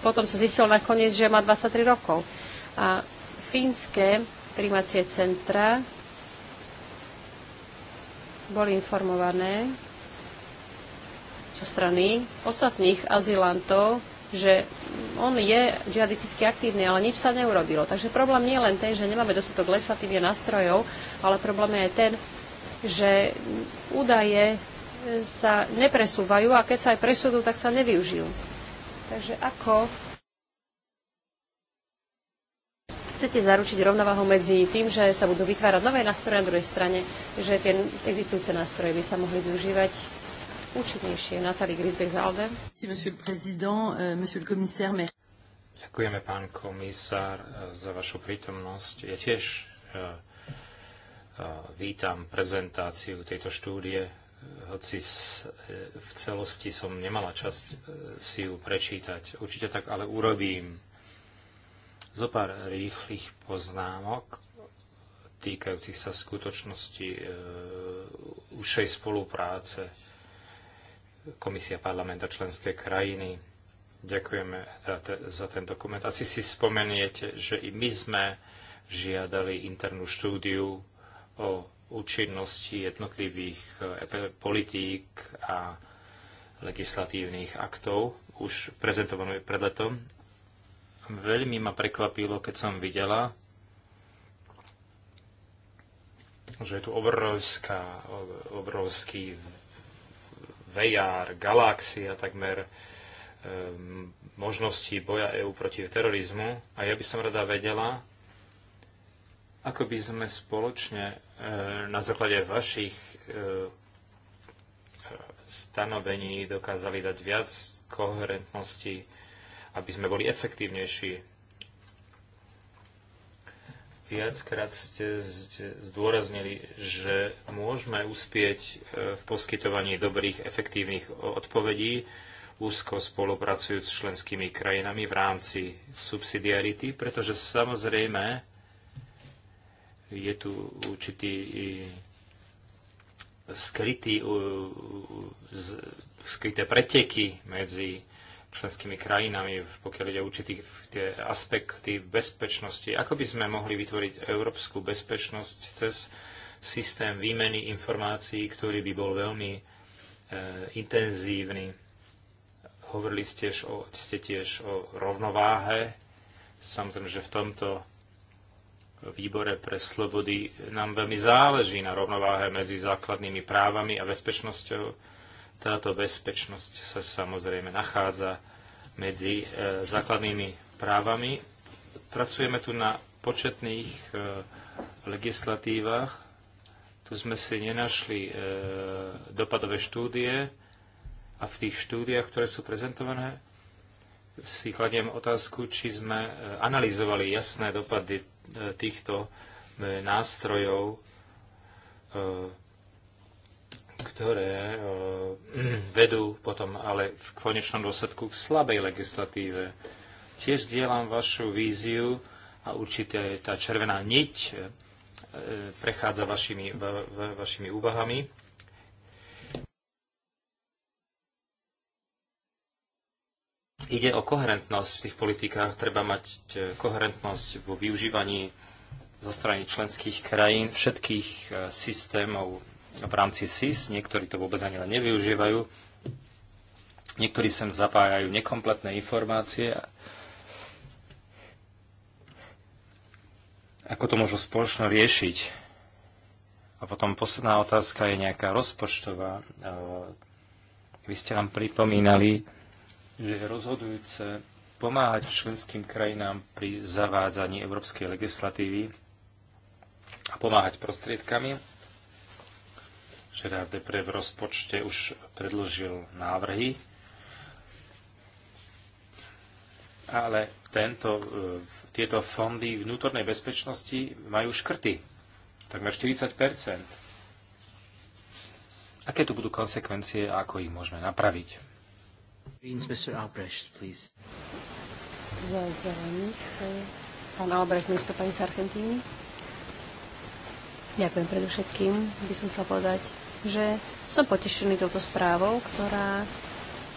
potom sa zistilo nakoniec, že má 23 rokov. A fínske primacie centra boli informované zo strany ostatných azylantov, že on je džihadisticky aktívny, ale nič sa neurobilo. Takže problém nie je len ten, že nemáme dostatok legislatívnych nástrojov, ale problém je ten, že údaje sa nepresúvajú a keď sa aj presúdu, tak sa nevyužijú. Takže ako chcete zaručiť rovnováhu medzi tým, že sa budú vytvárať nové nástroje na druhej strane, že tie existujúce nástroje by sa mohli využívať účinnejšie. Natália Grisbeck-Zalde. Euh, Ďakujeme, pán komisár, eh, za vašu prítomnosť. Ja tiež eh, eh, vítam prezentáciu tejto štúdie hoci e, v celosti som nemala časť e, si ju prečítať. Určite tak ale urobím. Zo pár rýchlych poznámok týkajúcich sa skutočnosti e, užšej spolupráce Komisia parlamenta členské krajiny. Ďakujeme za, te, za ten dokument. Asi si spomeniete, že i my sme žiadali internú štúdiu o účinnosti jednotlivých eh, politík a legislatívnych aktov už prezentovanú pred letom. Veľmi ma prekvapilo, keď som videla, že je tu obrovská, obrovský vejár, galaxia takmer um, eh, možností boja EÚ proti terorizmu. A ja by som rada vedela, ako by sme spoločne na základe vašich eh, stanovení dokázali dať viac koherentnosti, aby sme boli efektívnejší. Viackrát ste zdôraznili, že môžeme uspieť eh, v poskytovaní dobrých, efektívnych odpovedí, úzko spolupracujúc s členskými krajinami v rámci subsidiarity, pretože samozrejme je tu určitý skrytý, skryté preteky medzi členskými krajinami, pokiaľ ide o určitých tie aspekty bezpečnosti. Ako by sme mohli vytvoriť európsku bezpečnosť cez systém výmeny informácií, ktorý by bol veľmi e, intenzívny. Hovorili ste, o, ste tiež o rovnováhe. Samozrejme, že v tomto výbore pre slobody nám veľmi záleží na rovnováhe medzi základnými právami a bezpečnosťou. Táto bezpečnosť sa samozrejme nachádza medzi e, základnými právami. Pracujeme tu na početných e, legislatívach. Tu sme si nenašli e, dopadové štúdie a v tých štúdiách, ktoré sú prezentované, si kladiem otázku, či sme analyzovali jasné dopady E, týchto e, nástrojov, e, ktoré mm, vedú potom ale v konečnom dôsledku k slabej legislatíve. Tiež zdieľam vašu víziu a určite tá červená niť prechádza vašimi, va, va, vašimi úvahami Ide o koherentnosť v tých politikách. Treba mať e, koherentnosť vo využívaní zo strany členských krajín všetkých e, systémov v rámci SIS. Niektorí to vôbec ani len nevyužívajú. Niektorí sem zapájajú nekompletné informácie. Ako to môžu spoločno riešiť? A potom posledná otázka je nejaká rozpočtová. E, vy ste nám pripomínali, že je rozhodujúce pomáhať členským krajinám pri zavádzaní európskej legislatívy a pomáhať prostriedkami. Gerard Depre v rozpočte už predložil návrhy, ale tento, e, tieto fondy vnútornej bezpečnosti majú škrty, takmer 40 Aké tu budú konsekvencie a ako ich môžeme napraviť? Mr. Albrecht, please. Za zelených. E, pán Albrecht, pani z Argentíny. Ďakujem predovšetkým. By som chcel povedať, že som potešený touto správou, ktorá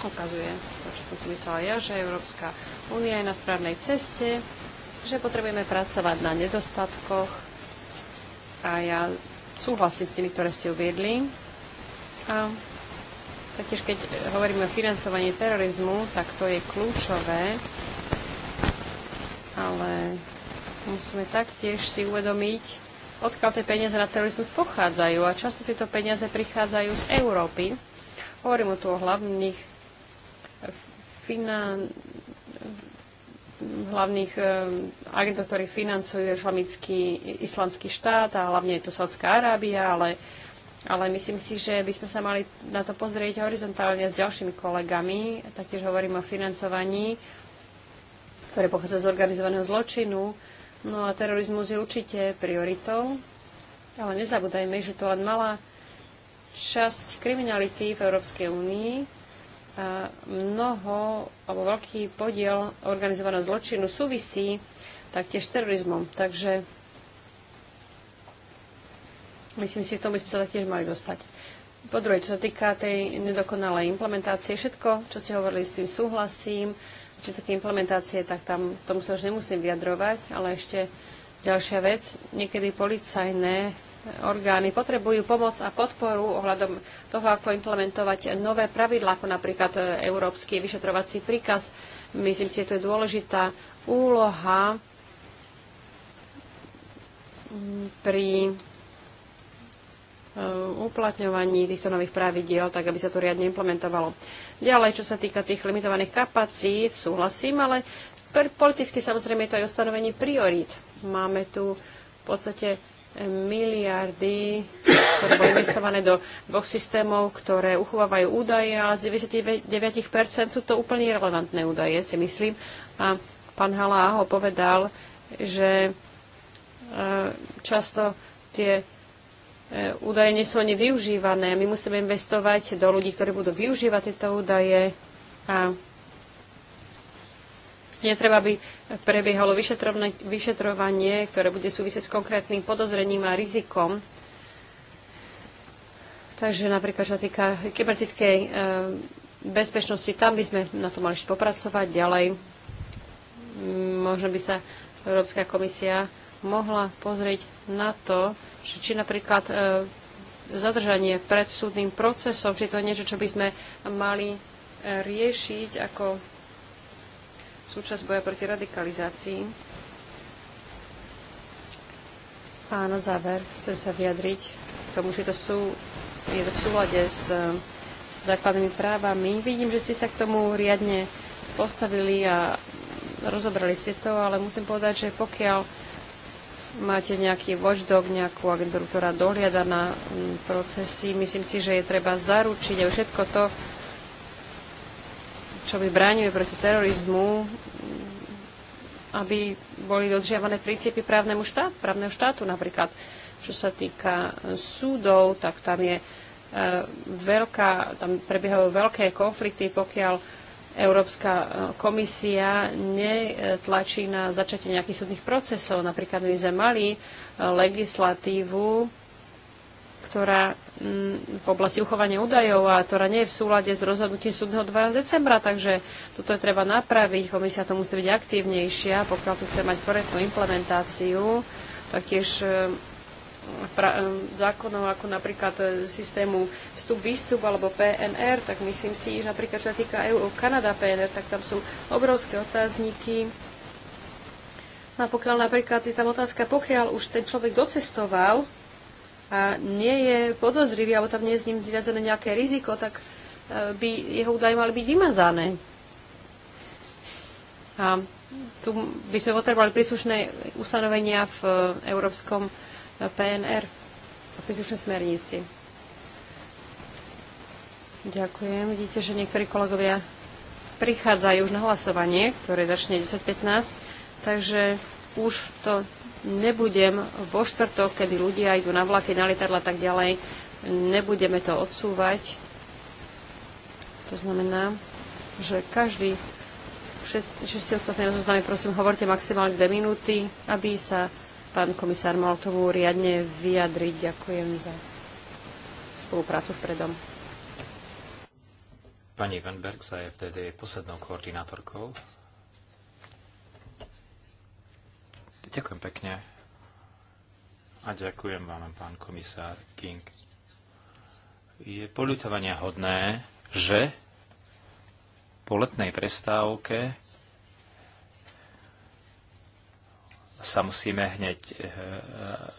ukazuje to, čo som si myslela ja, že Európska únia je na správnej ceste, že potrebujeme pracovať na nedostatkoch a ja súhlasím s tými, ktoré ste uviedli. A Taktiež keď hovoríme o financovaní terorizmu, tak to je kľúčové, ale musíme taktiež si uvedomiť, odkiaľ tie peniaze na terorizmus pochádzajú. A často tieto peniaze prichádzajú z Európy. Hovorím tu o hlavných eh, finan... hlavných eh, agentov, ktorí financujú islamický, islamský štát a hlavne je to Saudská Arábia, ale ale myslím si, že by sme sa mali na to pozrieť horizontálne s ďalšími kolegami. Taktiež hovorím o financovaní, ktoré pochádza z organizovaného zločinu. No a terorizmus je určite prioritou, ale nezabúdajme, že to len malá časť kriminality v Európskej únii a mnoho, alebo veľký podiel organizovaného zločinu súvisí taktiež s terorizmom. Takže Myslím si, že tomu by sme sa taktiež mali dostať. Po druhé, čo sa týka tej nedokonalej implementácie, všetko, čo ste hovorili, s tým súhlasím. Čo také implementácie, tak tam tomu sa už nemusím vyjadrovať, ale ešte ďalšia vec. Niekedy policajné orgány potrebujú pomoc a podporu ohľadom toho, ako implementovať nové pravidlá, ako napríklad e, európsky vyšetrovací príkaz. Myslím si, že to je dôležitá úloha pri Eh, uplatňovaní týchto nových pravidiel, tak aby sa to riadne implementovalo. Ďalej, čo sa týka tých limitovaných kapacít, súhlasím, ale politicky samozrejme je to aj ustanovenie priorít. Máme tu v podstate miliardy, ktoré boli investované do dvoch systémov, ktoré uchovávajú údaje a z 99% sú to úplne irrelevantné údaje, si myslím. A pán Halá ho povedal, že eh, často tie E, údaje nie sú ani využívané. My musíme investovať do ľudí, ktorí budú využívať tieto údaje a netreba, aby prebiehalo vyšetrovanie, ktoré bude súvisieť s konkrétnym podozrením a rizikom. Takže napríklad, čo sa týka kybernetickej e, bezpečnosti, tam by sme na to mali popracovať ďalej. Možno by sa Európska komisia mohla pozrieť na to, že či napríklad e, zadržanie pred súdnym procesom, či to je niečo, čo by sme mali e, riešiť ako súčasť boja proti radikalizácii. A na záver chcem sa vyjadriť k tomu, že to sú, je to v súlade s e, základnými právami. Vidím, že ste sa k tomu riadne postavili a rozobrali ste to, ale musím povedať, že pokiaľ máte nejaký voždok, nejakú agentúru, ktorá dohliada na mm, procesy. Myslím si, že je treba zaručiť, aj všetko to, čo by bránili proti terorizmu, aby boli dodržiavané princípy právnemu štát, právneho štátu napríklad. Čo sa týka súdov, tak tam je e, veľká, tam prebiehajú veľké konflikty, pokiaľ Európska e, komisia netlačí na začatie nejakých súdnych procesov. Napríklad my sme mali e, legislatívu, ktorá mm, v oblasti uchovania údajov a ktorá nie je v súlade s rozhodnutím súdneho 2. decembra, takže toto je treba napraviť. Komisia to musí byť aktívnejšia, pokiaľ tu chce mať korektnú implementáciu. Taktiež e, E, zákonov, ako napríklad e, systému vstup-výstup alebo PNR, tak myslím si, že napríklad sa týka EU Kanada PNR, tak tam sú obrovské otázniky. No a pokiaľ napríklad je tam otázka, pokiaľ už ten človek docestoval a nie je podozrivý, alebo tam nie je s ním zviazané nejaké riziko, tak e, by jeho údaje mali byť vymazané. A tu by sme potrebovali príslušné ustanovenia v Európskom PNR a príslušnej smernici. Ďakujem. Vidíte, že niektorí kolegovia prichádzajú už na hlasovanie, ktoré začne 10.15, takže už to nebudem vo štvrtok, kedy ľudia idú na vlaky, na lietadla a tak ďalej, nebudeme to odsúvať. To znamená, že každý, všetci ostatní rozoznámi, prosím, hovorte maximálne dve minúty, aby sa pán komisár mal tomu riadne vyjadriť. Ďakujem za spoluprácu vpredom. Pani Venberg za je je poslednou koordinátorkou. Ďakujem pekne. A ďakujem vám, pán komisár King. Je poľutovania hodné, že po letnej prestávke sa musíme hneď eh,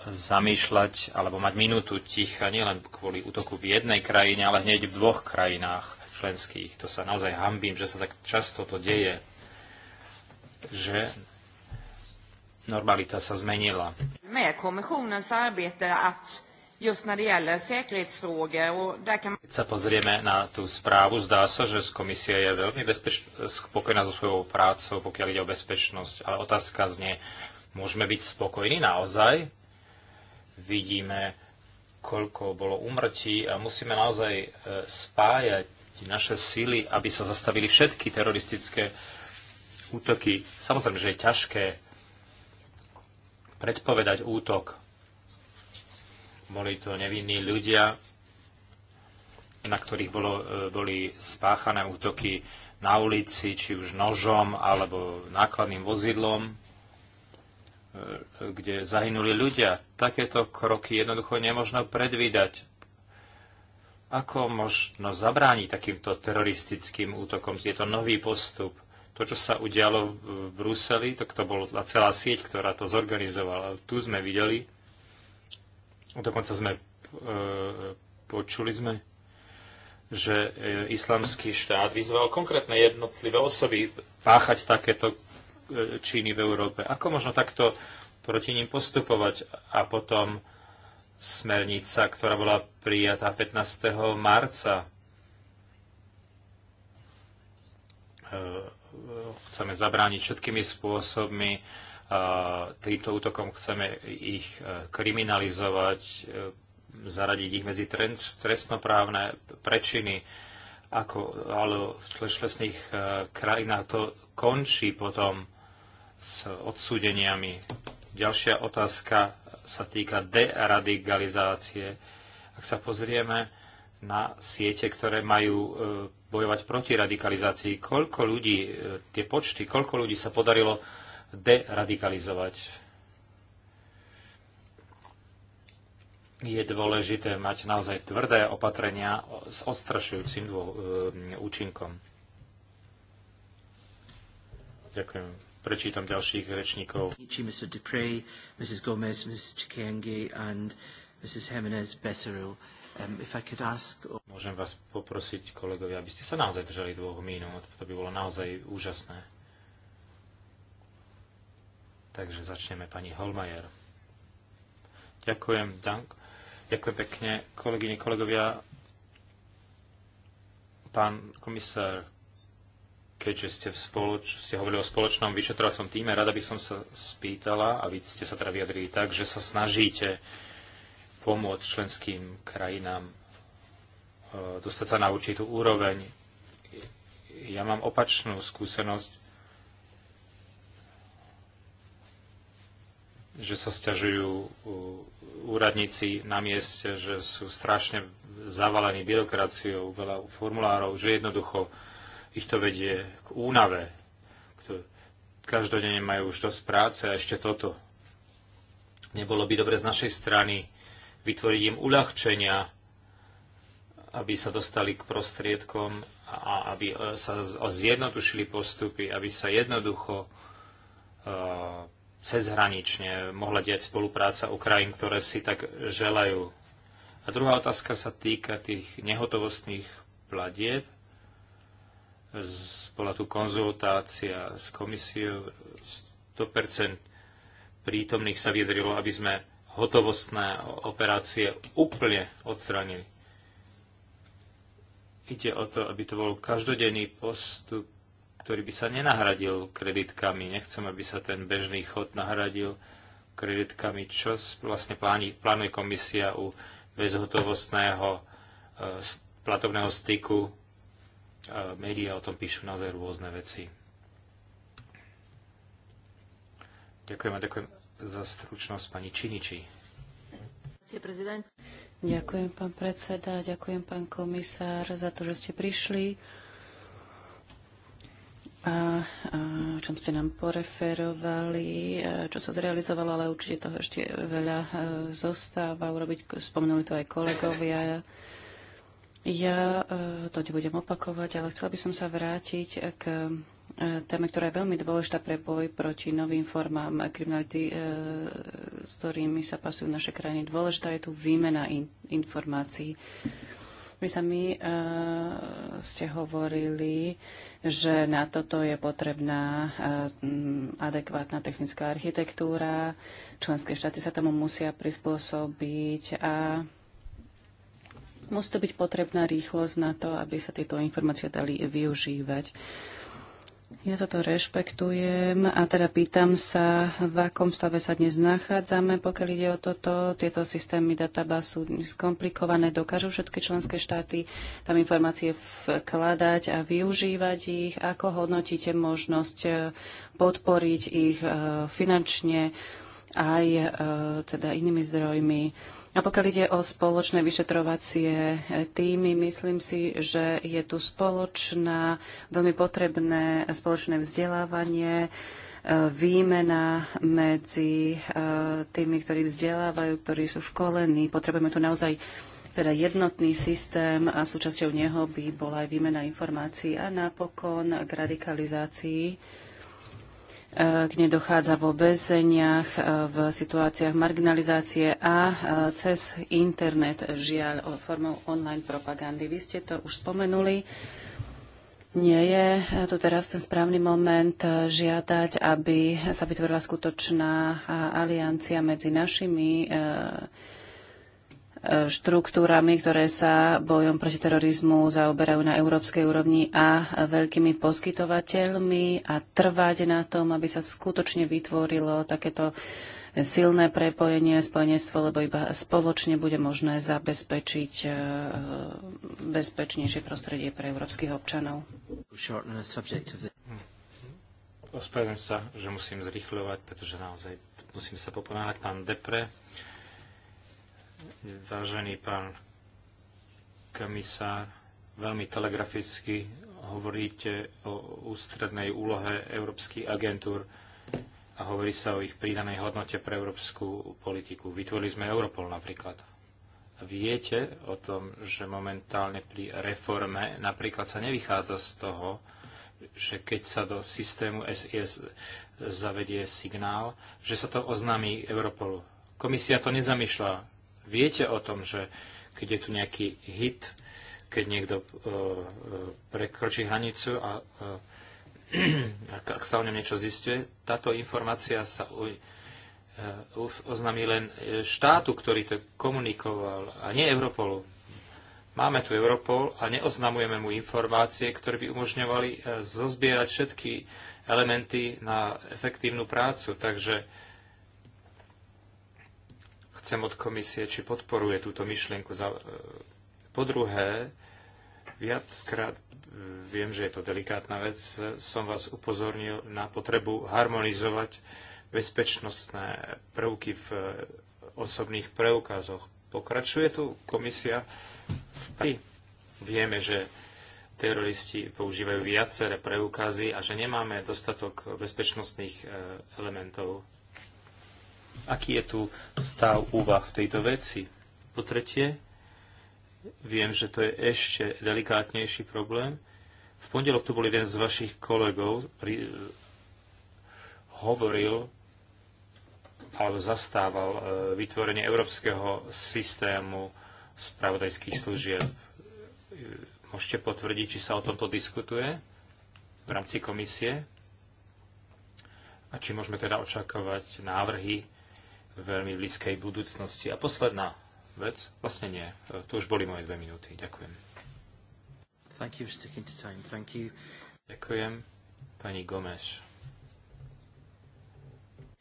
zamýšľať alebo mať minútu ticha nielen kvôli útoku v jednej krajine, ale hneď v dvoch krajinách členských. To sa naozaj hambím, že sa tak často to deje, že normalita sa zmenila. Keď sa pozrieme na tú správu, zdá sa, že komisia je veľmi spokojná so svojou prácou, pokiaľ ide o bezpečnosť. Ale otázka znie, Môžeme byť spokojní naozaj. Vidíme, koľko bolo umrtí a musíme naozaj e, spájať naše síly, aby sa zastavili všetky teroristické útoky. Samozrejme, že je ťažké predpovedať útok. Boli to nevinní ľudia, na ktorých bolo, e, boli spáchané útoky na ulici, či už nožom alebo nákladným vozidlom. E, kde zahynuli ľudia. Takéto kroky jednoducho nemožno predvídať. Ako možno zabrániť takýmto teroristickým útokom? Je to nový postup. To, čo sa udialo v Bruseli, to, to bola celá sieť, ktorá to zorganizovala. Tu sme videli, dokonca sme e, počuli sme, že e, islamský štát vyzval konkrétne jednotlivé osoby páchať takéto Číny v Európe. Ako možno takto proti ním postupovať? A potom smernica, ktorá bola prijatá 15. marca. E, chceme zabrániť všetkými spôsobmi e, týmto útokom, chceme ich e, kriminalizovať, zaradiť ich medzi trestnoprávne prečiny, ako, ale v tlešlesných krajinách to končí potom s odsúdeniami. Ďalšia otázka sa týka deradikalizácie. Ak sa pozrieme na siete, ktoré majú e, bojovať proti radikalizácii, koľko ľudí, e, tie počty, koľko ľudí sa podarilo deradikalizovať? Je dôležité mať naozaj tvrdé opatrenia s odstrašujúcim e, účinkom. Ďakujem prečítam ďalších rečníkov. Um, Môžem vás poprosiť, kolegovia, aby ste sa naozaj držali dvoch minút. To by bolo naozaj úžasné. Takže začneme pani Holmajer. Ďakujem, Dank. Ďakujem pekne, kolegyne, kolegovia. Pán komisár, keďže ste, v spoloč- ste hovorili o spoločnom vyšetrovacom týme, rada by som sa spýtala, a vy ste sa teda vyjadrili tak, že sa snažíte pomôcť členským krajinám e, dostať sa na určitú úroveň. Ja mám opačnú skúsenosť, že sa stiažujú e, úradníci na mieste, že sú strašne zavalení byrokraciou, veľa formulárov, že jednoducho ich to vedie k únave. Každodenne majú už dosť práce a ešte toto. Nebolo by dobre z našej strany vytvoriť im uľahčenia, aby sa dostali k prostriedkom a aby e, sa zjednodušili postupy, aby sa jednoducho e, cezhranične mohla diať spolupráca Ukrajín, ktoré si tak želajú. A druhá otázka sa týka tých nehotovostných platieb bola tu konzultácia s komisiou, 100% prítomných sa vyjadrilo, aby sme hotovostné operácie úplne odstránili. Ide o to, aby to bol každodenný postup, ktorý by sa nenahradil kreditkami. Nechcem, aby sa ten bežný chod nahradil kreditkami, čo vlastne pláni, plánuje komisia u bezhotovostného e, platobného styku médiá o tom píšu naozaj rôzne veci. Ďakujem a ďakujem za stručnosť pani Činiči. Ďakujem, pán predseda, ďakujem, pán komisár, za to, že ste prišli a, a o čom ste nám poreferovali, čo sa zrealizovalo, ale určite toho ešte veľa e, zostáva urobiť. Spomenuli to aj kolegovia. Ja eh, to budem opakovať, ale chcela by som sa vrátiť k eh, téme, ktorá je veľmi dôležitá pre boj proti novým formám kriminality, eh, s ktorými sa pasujú naše krajiny. Dôležitá je tu výmena in, informácií. Vy sa e, ste hovorili, že na toto je potrebná adekvátna technická architektúra, členské štáty sa tomu musia prispôsobiť a musí to byť potrebná rýchlosť na to, aby sa tieto informácie dali využívať. Ja toto rešpektujem a teda pýtam sa, v akom stave sa dnes nachádzame, pokiaľ ide o toto. Tieto systémy databá sú skomplikované, dokážu všetky členské štáty tam informácie vkladať a využívať ich. Ako hodnotíte možnosť eh, podporiť ich eh, finančne aj eh, teda inými zdrojmi? A pokiaľ ide o spoločné vyšetrovacie e, týmy, myslím si, že je tu spoločná, veľmi potrebné spoločné vzdelávanie, e, výmena medzi e, tými, ktorí vzdelávajú, ktorí sú školení. Potrebujeme tu naozaj teda jednotný systém a súčasťou neho by bola aj výmena informácií a napokon k radikalizácii k nedochádza vo väzeniach, e, v situáciách marginalizácie a e, cez internet, žiaľ, formou online propagandy. Vy ste to už spomenuli. Nie je e, tu teraz ten správny moment žiadať, aby sa vytvorila skutočná aliancia medzi našimi štruktúrami, ktoré sa bojom proti terorizmu zaoberajú na európskej úrovni a veľkými poskytovateľmi a trvať na tom, aby sa skutočne vytvorilo takéto silné prepojenie, spojenectvo, lebo iba spoločne bude možné zabezpečiť e, bezpečnejšie prostredie pre európskych občanov. Ospravedlňujem sa, že musím zrýchľovať, pretože naozaj musím sa poponáhať. Pán Depre, Vážený pán komisár, veľmi telegraficky hovoríte o ústrednej úlohe európskych agentúr a hovorí sa o ich pridanej hodnote pre európsku politiku. Vytvorili sme Europol napríklad. Viete o tom, že momentálne pri reforme napríklad sa nevychádza z toho, že keď sa do systému SIS zavedie signál, že sa to oznámí Europolu. Komisia to nezamýšľa viete o tom, že keď je tu nejaký hit, keď niekto e, e, prekročí hranicu a e, ak sa o ňom niečo zistuje, táto informácia sa u, oznámi len štátu, ktorý to komunikoval, a nie Europolu. Máme tu Europol a neoznamujeme mu informácie, ktoré by umožňovali zozbierať všetky elementy na efektívnu prácu. Takže chcem od komisie, či podporuje túto myšlienku. E, po druhé, viackrát e, viem, že je to delikátna vec, som vás upozornil na potrebu harmonizovať bezpečnostné prvky v e, osobných preukazoch. Pokračuje tu komisia v Vieme, že teroristi používajú viaceré preukazy a že nemáme dostatok bezpečnostných elementov aký je tu stav úvah v tejto veci. Po tretie, viem, že to je ešte delikátnejší problém. V pondelok tu bol jeden z vašich kolegov, pri, e, hovoril alebo zastával e, vytvorenie európskeho systému spravodajských služieb. E, môžete potvrdiť, či sa o tomto diskutuje v rámci komisie? A či môžeme teda očakávať návrhy veľmi blízkej budúcnosti. A posledná vec, vlastne nie, e, to už boli moje dve minúty. Ďakujem. Thank you for sticking to time. Thank you. Ďakujem, pani Gomeš.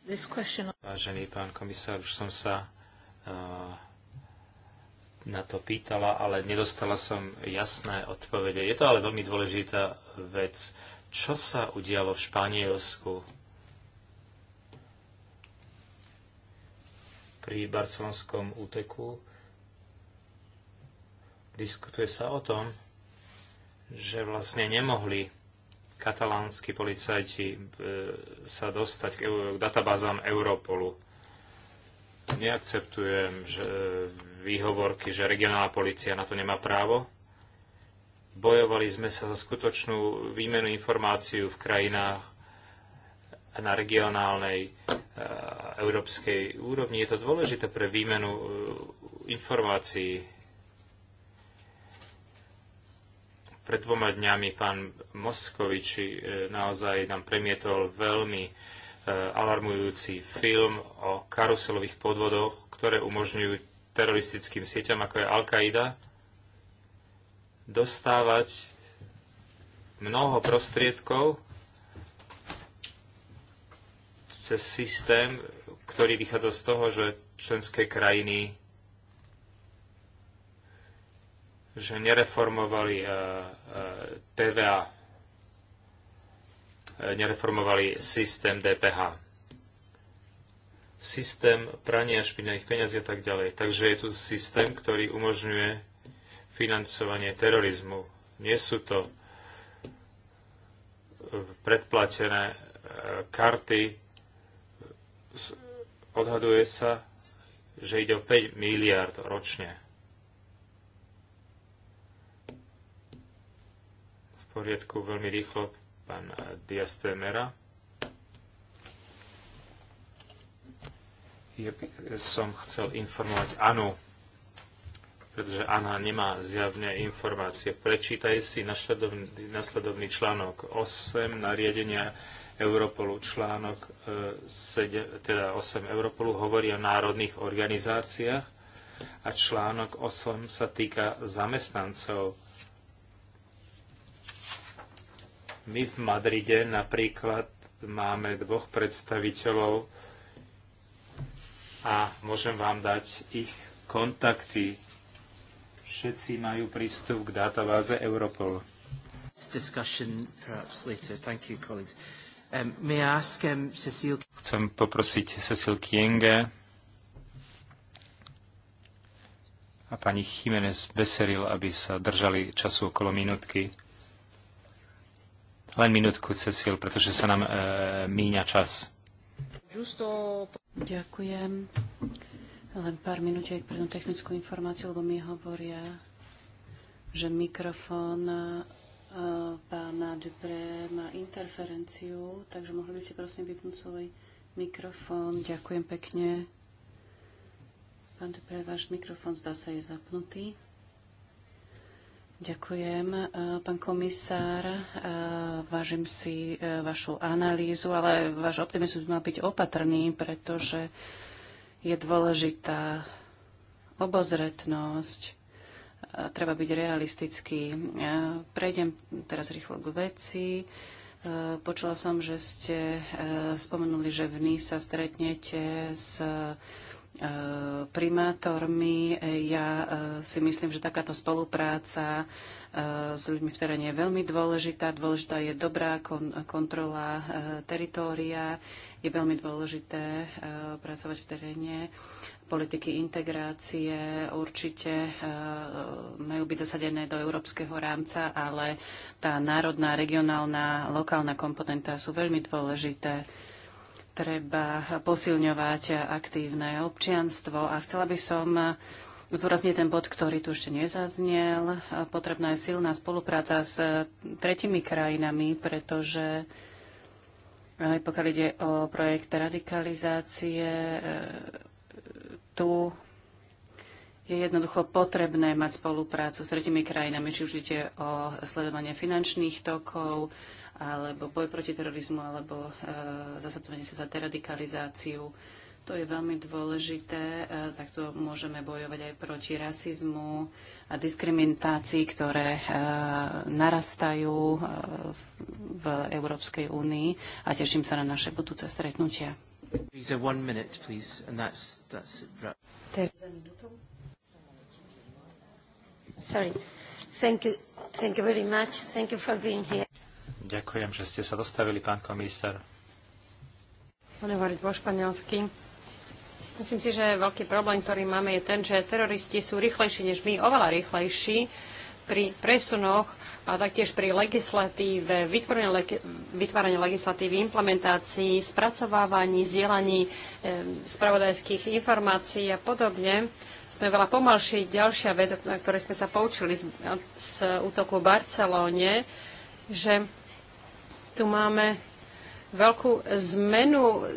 This question... Vážený pán komisár, už som sa uh, na to pýtala, ale nedostala som jasné odpovede. Je to ale veľmi dôležitá vec. Čo sa udialo v Španielsku? pri barcelonskom úteku. Diskutuje sa o tom, že vlastne nemohli katalánsky policajti e, sa dostať k, k databázám Europolu. Neakceptujem že, e, výhovorky, že regionálna policia na to nemá právo. Bojovali sme sa za skutočnú výmenu informácií v krajinách, na regionálnej e, európskej úrovni. Je to dôležité pre výmenu e, informácií. Pred dvoma dňami pán Moskovič e, naozaj nám premietol veľmi alarmujúci film o karuselových podvodoch, ktoré umožňujú teroristickým sieťam, ako je Al-Qaida, dostávať mnoho prostriedkov cez systém, ktorý vychádza z toho, že členské krajiny že nereformovali eh, eh, TVA, eh, nereformovali systém DPH, systém prania špinavých peňazí a tak ďalej. Takže je tu systém, ktorý umožňuje financovanie terorizmu. Nie sú to predplatené karty, odhaduje sa, že ide o 5 miliard ročne. V poriadku, veľmi rýchlo, pán Diastemera. Ja som chcel informovať Anu, pretože Anna nemá zjavné informácie. Prečítaj si nasledovný, nasledovný článok 8 nariadenia Europolu. Článok 7, e, teda 8 Europolu hovorí o národných organizáciách a článok 8 sa týka zamestnancov. My v Madride napríklad máme dvoch predstaviteľov a môžem vám dať ich kontakty. Všetci majú prístup k databáze Europol. This discussion perhaps later. Thank you, colleagues. Um, may I ask, um, Cecil... Chcem poprosiť Cecil Kienge a pani Jiménez Beseril, aby sa držali času okolo minútky. Len minútku, Cecil, pretože sa nám e, míňa čas. Justo... Ďakujem. Len pár minútiek pre technickú informáciu, lebo mi hovoria, že mikrofón pána Dupré má interferenciu, takže mohli by ste prosím vypnúť svoj mikrofón. Ďakujem pekne. Pán Dupré, váš mikrofón zdá sa je zapnutý. Ďakujem, pán komisár. Vážim si e, vašu analýzu, ale váš optimizmus by mal byť opatrný, pretože je dôležitá obozretnosť E, treba byť realistický. Ja e, prejdem teraz rýchlo k veci. E, počula som, že ste spomenuli, že v NI sa stretnete s primátormi. Ja si myslím, že takáto spolupráca s ľuďmi v teréne je veľmi dôležitá. Dôležitá je dobrá kontrola teritória. Je veľmi dôležité pracovať v teréne politiky integrácie určite e, majú byť zasadené do európskeho rámca, ale tá národná, regionálna, lokálna komponenta sú veľmi dôležité. Treba posilňovať aktívne občianstvo a chcela by som zdôrazniť ten bod, ktorý tu ešte nezaznel. Potrebná je silná spolupráca s tretimi krajinami, pretože aj e, pokiaľ ide o projekt radikalizácie, e, tu je jednoducho potrebné mať spoluprácu s tretimi krajinami, či už ide o sledovanie finančných tokov, alebo boj proti terorizmu, alebo e, zasadzovanie sa za deradikalizáciu. To je veľmi dôležité, e, takto môžeme bojovať aj proti rasizmu a diskriminácii, ktoré e, narastajú e, v, v Európskej únii a teším sa na naše budúce stretnutia. Ďakujem, že ste sa dostavili, pán komisár. hovoriť po španielsky. Myslím si, že veľký problém, ktorý máme, je ten, že teroristi sú rýchlejší než my, oveľa rýchlejší pri presunoch a taktiež pri legislatíve, vytváraní legislatívy, implementácii, spracovávaní, zdieľaní e, spravodajských informácií a podobne sme veľa pomalší. Ďalšia vec, na ktorej sme sa poučili z, z útoku v Barcelóne, že tu máme veľkú zmenu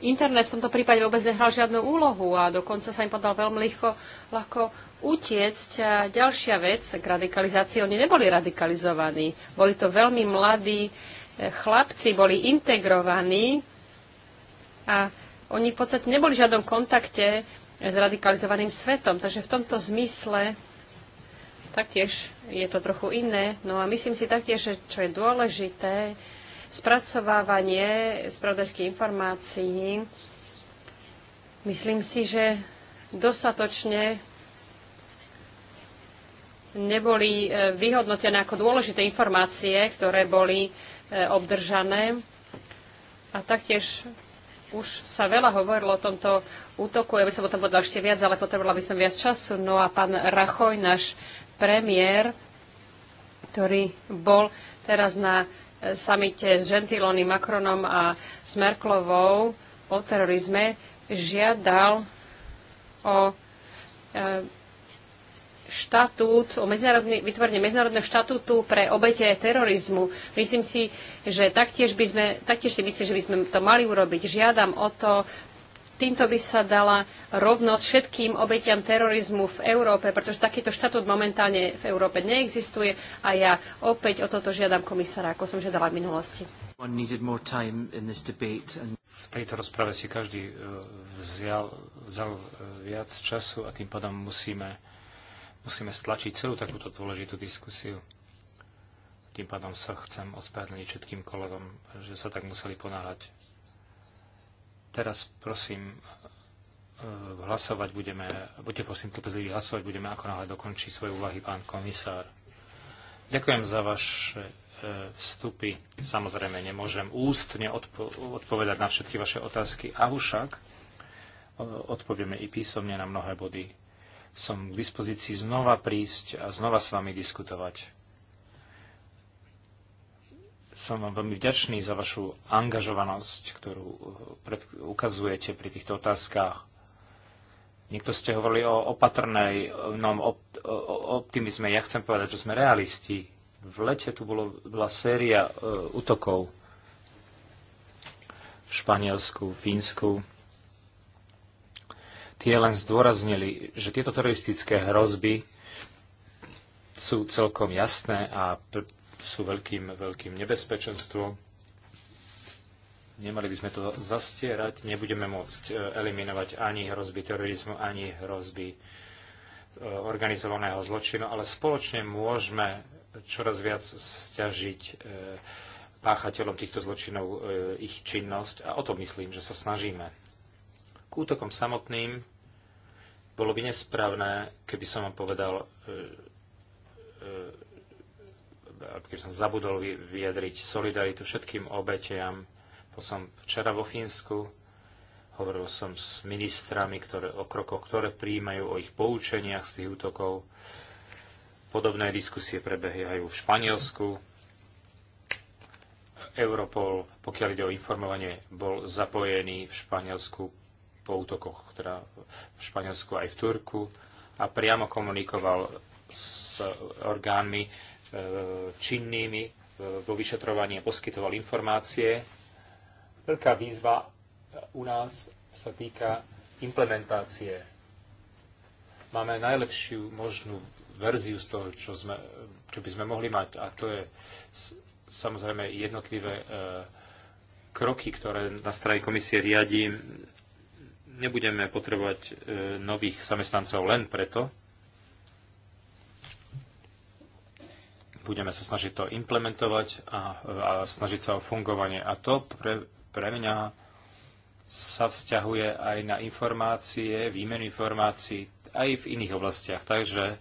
internet v tomto prípade vôbec nehral žiadnu úlohu a dokonca sa im podal veľmi ľahko, ľahko utiecť. A ďalšia vec k radikalizácii, oni neboli radikalizovaní. Boli to veľmi mladí eh, chlapci, boli integrovaní a oni v podstate neboli v žiadnom kontakte s radikalizovaným svetom. Takže v tomto zmysle taktiež je to trochu iné. No a myslím si taktiež, že čo je dôležité, spracovávanie spravodajských informácií, myslím si, že dostatočne neboli e, vyhodnotené ako dôležité informácie, ktoré boli e, obdržané. A taktiež už sa veľa hovorilo o tomto útoku, ja by som o tom povedala ešte viac, ale potrebovala by som viac času. No a pán Rachoj, náš premiér, ktorý bol teraz na samite s Gentiloni, Macronom a s Merklovou o terorizme žiadal o eh, štatút, o medzinárodný, vytvorenie medzinárodného štatútu pre obete terorizmu. Myslím si, že taktiež, by sme, taktiež si myslím, že by sme to mali urobiť. Žiadam o to Týmto by sa dala rovnosť všetkým obetiam terorizmu v Európe, pretože takýto štatút momentálne v Európe neexistuje a ja opäť o toto žiadam komisára, ako som žiadala v minulosti. V tejto rozprave si každý e, vzal, vzal e, viac času a tým pádom musíme, musíme stlačiť celú takúto dôležitú diskusiu tým pádom sa chcem ospravedlniť všetkým kolegom, že sa tak museli ponáhľať. Teraz prosím e, hlasovať budeme, buďte prosím trpezliví hlasovať, budeme ako náhle dokončí svoje úvahy pán komisár. Ďakujem za vaše e, vstupy. Samozrejme, nemôžem ústne odpo- odpovedať na všetky vaše otázky, avšak e, odpovieme i písomne na mnohé body. Som k dispozícii znova prísť a znova s vami diskutovať som vám veľmi vďačný za vašu angažovanosť, ktorú eh, pred, ukazujete pri týchto otázkach. Niekto ste hovorili o opatrnej no, op, o optimizme. Ja chcem povedať, že sme realisti. V lete tu bolo, bola séria e, útokov v Španielsku, Fínsku. Tie len zdôraznili, že tieto teroristické hrozby sú celkom jasné a sú veľkým, veľkým nebezpečenstvom. Nemali by sme to zastierať, nebudeme môcť e, eliminovať ani hrozby terorizmu, ani hrozby e, organizovaného zločinu, ale spoločne môžeme čoraz viac stiažiť e, páchateľom týchto zločinov ich činnosť a o to myslím, že sa snažíme. K útokom samotným bolo by nesprávne, keby som vám povedal, keď som zabudol vyjadriť solidaritu všetkým obetiam. Bol som včera vo Fínsku, hovoril som s ministrami ktoré, o krokoch, ktoré príjmajú, o ich poučeniach z tých útokov. Podobné diskusie prebiehajú v Španielsku. Europol, pokiaľ ide o informovanie, bol zapojený v Španielsku po útokoch, ktorá v Španielsku aj v Turku a priamo komunikoval s orgánmi E, činnými e, vo vyšetrovaní a poskytoval informácie. Veľká výzva e, u nás sa týka implementácie. Máme najlepšiu možnú verziu z toho, čo, sme, čo by sme mohli mať a to je samozrejme jednotlivé kroky, ktoré na strane komisie riadím. Nebudeme potrebovať nových zamestnancov len preto, budeme sa snažiť to implementovať a, a snažiť sa o fungovanie. A to pre, pre mňa sa vzťahuje aj na informácie, výmenu informácií aj v iných oblastiach. Takže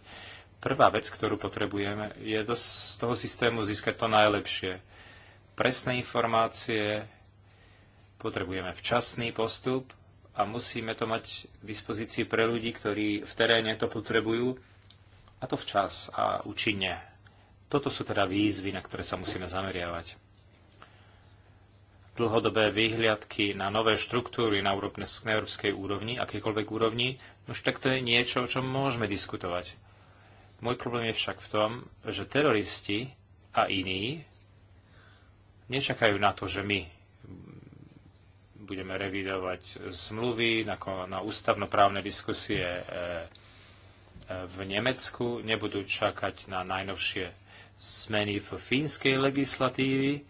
prvá vec, ktorú potrebujeme, je do, z toho systému získať to najlepšie. Presné informácie, potrebujeme včasný postup a musíme to mať k dispozícii pre ľudí, ktorí v teréne to potrebujú, a to včas a účinne. Toto sú teda výzvy, na ktoré sa musíme zameriavať. Dlhodobé výhliadky na nové štruktúry na, európskej úrovni, akýkoľvek úrovni, no už tak to je niečo, o čom môžeme diskutovať. Môj problém je však v tom, že teroristi a iní nečakajú na to, že my budeme revidovať zmluvy na, na ústavnoprávne diskusie e, e, v Nemecku, nebudú čakať na najnovšie zmeny v fínskej legislatívy.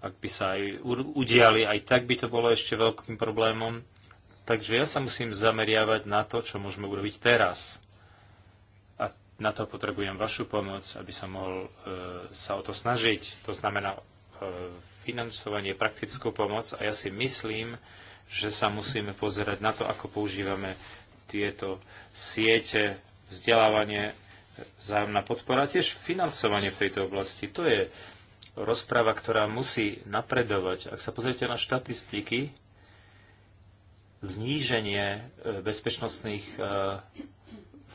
Ak by sa aj udiali, aj tak by to bolo ešte veľkým problémom. Takže ja sa musím zameriavať na to, čo môžeme urobiť teraz. A na to potrebujem vašu pomoc, aby som mohol e, sa o to snažiť. To znamená e, financovanie, praktickú pomoc. A ja si myslím, že sa musíme pozerať na to, ako používame tieto siete, vzdelávanie vzájomná podpora tiež financovanie v tejto oblasti. To je rozpráva, ktorá musí napredovať. Ak sa pozriete na štatistiky, zníženie e, bezpečnostných e,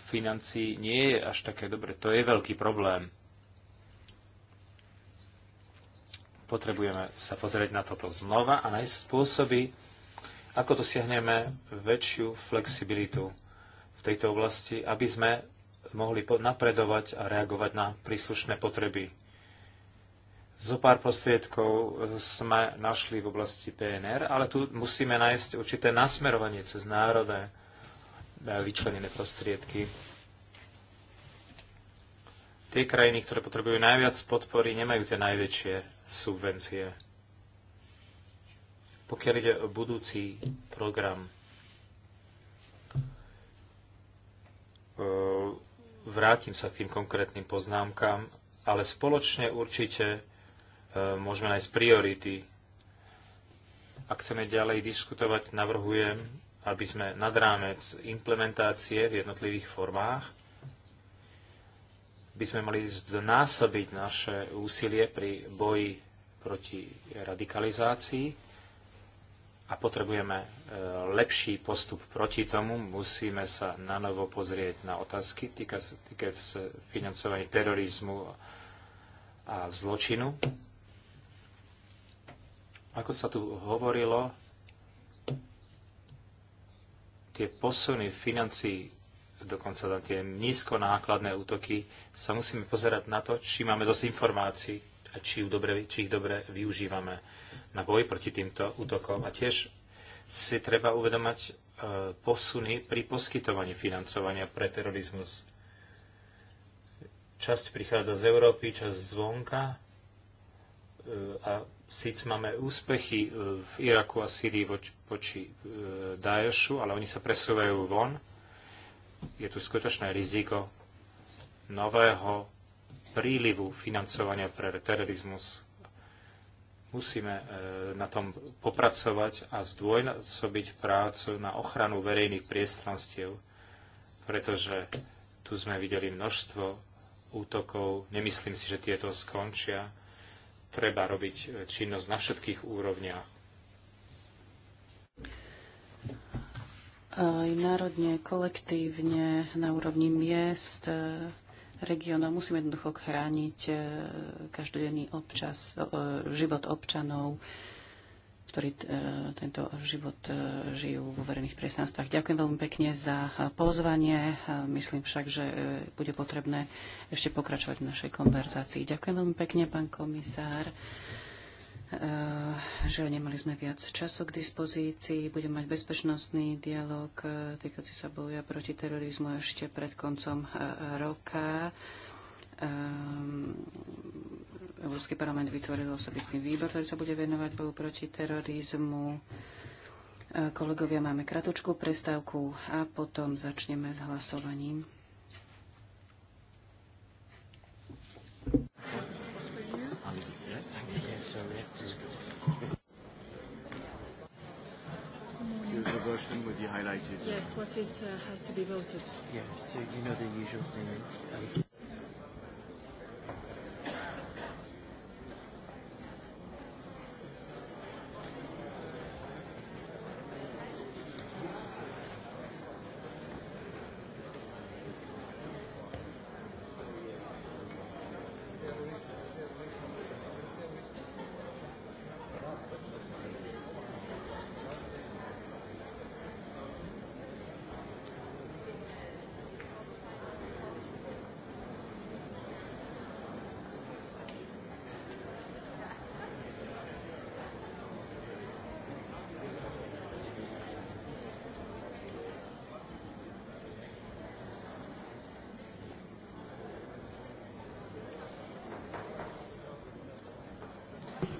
financí nie je až také dobre. To je veľký problém. Potrebujeme sa pozrieť na toto znova a nájsť spôsoby, ako dosiahneme väčšiu flexibilitu v tejto oblasti, aby sme mohli napredovať a reagovať na príslušné potreby. Zo pár prostriedkov eh, sme našli v oblasti PNR, ale tu musíme nájsť určité nasmerovanie cez národné eh, vyčlenené prostriedky. Tie krajiny, ktoré potrebujú najviac podpory, nemajú tie najväčšie subvencie. Pokiaľ ide o budúci program, eh, Vrátim sa k tým konkrétnym poznámkam, ale spoločne určite e, môžeme nájsť priority. Ak chceme ďalej diskutovať, navrhujem, aby sme nad rámec implementácie v jednotlivých formách by sme mali znásobiť naše úsilie pri boji proti radikalizácii a potrebujeme e, lepší postup proti tomu. Musíme sa na novo pozrieť na otázky týkajúce sa financovania terorizmu a zločinu. Ako sa tu hovorilo, tie posuny financí, dokonca na tie nízkonákladné útoky, sa musíme pozerať na to, či máme dosť informácií a či, ju dobre, či ich dobre využívame na boj proti týmto útokom. A tiež si treba uvedomať e, posuny pri poskytovaní financovania pre terorizmus. Časť prichádza z Európy, časť zvonka e, a síc máme úspechy e, v Iraku a Syrii voč, voči Daešu, ale oni sa presúvajú von. Je tu skutočné riziko nového prílivu financovania pre terorizmus. Musíme e, na tom popracovať a zdvojnásobiť prácu na ochranu verejných priestranstiev, pretože tu sme videli množstvo útokov. Nemyslím si, že tieto skončia. Treba robiť e, činnosť na všetkých úrovniach. Aj e, národne, kolektívne, na úrovni miest, regiónov. Musíme jednoducho chrániť e, každodenný občas, e, život občanov, ktorí e, tento život žijú vo verejných priestranstvách. Ďakujem veľmi pekne za pozvanie. Myslím však, že bude potrebné ešte pokračovať v našej konverzácii. Ďakujem veľmi pekne, pán komisár. Eh, že nemali sme viac času k dispozícii. Budem mať bezpečnostný dialog eh, týkajúci sa boja proti terorizmu ešte pred koncom eh, roka. Ehm, Európsky parlament vytvoril osobitný výbor, ktorý sa bude venovať boju proti terorizmu. Kolegovia, máme kratučkú prestávku a potom začneme s hlasovaním. Thank you. person would you highlight it? Yes, what is uh, has to be voted. Yeah, so you know the usual thing. Um,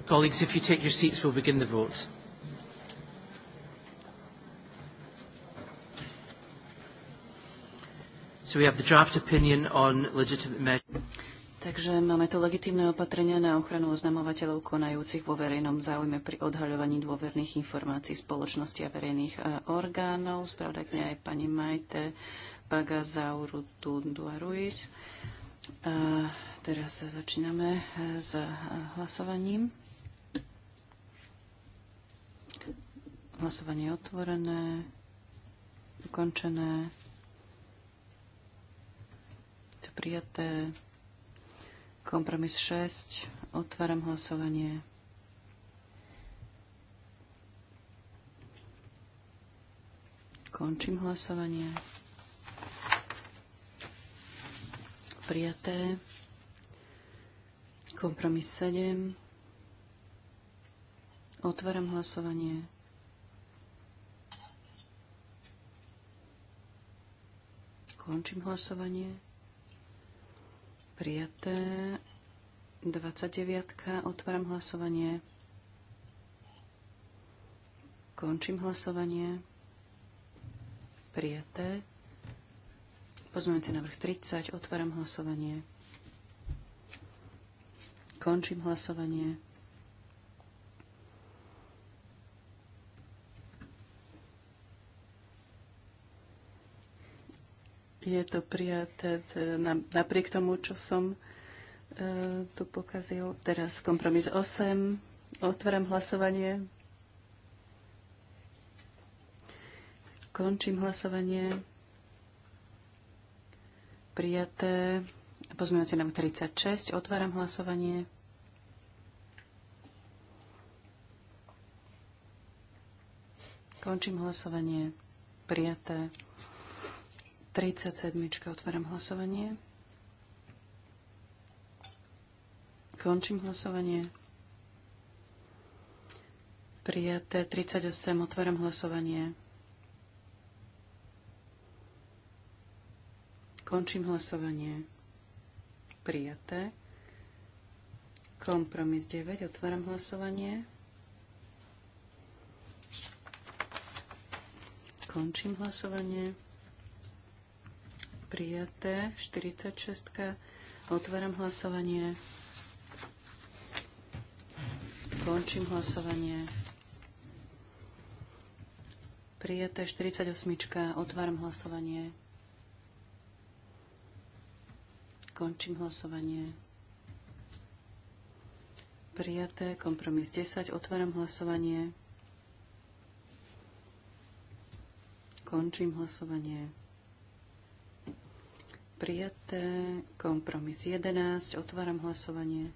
Colleagues, if you take your seats, we'll begin the vote. So we have the draft opinion on legitimate measures. Takže máme tu legitímne opatrenia na ochranu oznamovateľov konajúcich vo verejnom záujme pri odhaľovaní dôverných informácií spoločnosti a verejných e, orgánov. Spravodajkňa aj pani Majte Pagazauru Tundua Ruiz. E, teraz začíname e, s hlasovaním. Hlasovanie otvorené, ukončené, to prijaté. Kompromis 6. Otváram hlasovanie. Končím hlasovanie. Prijaté. Kompromis 7. Otváram hlasovanie. Končím hlasovanie. Prijaté. 29. Otváram hlasovanie. Končím hlasovanie. Prijaté. Pozmeňujúci návrh 30. Otváram hlasovanie. Končím hlasovanie. je to prijaté napriek tomu, čo som e, tu pokazil. Teraz kompromis 8. Otváram hlasovanie. Končím hlasovanie. Prijaté. Pozmeňujúci nám 36. Otváram hlasovanie. Končím hlasovanie. Prijaté. 37. Otváram hlasovanie. Končím hlasovanie. Prijaté 38. Otváram hlasovanie. Končím hlasovanie. Prijaté. Kompromis 9. Otváram hlasovanie. Končím hlasovanie prijaté. 46. Otváram hlasovanie. Končím hlasovanie. Prijaté 48. Otváram hlasovanie. Končím hlasovanie. Prijaté. Kompromis 10. Otváram hlasovanie. Končím hlasovanie. Prijaté. Kompromis 11. Otváram hlasovanie.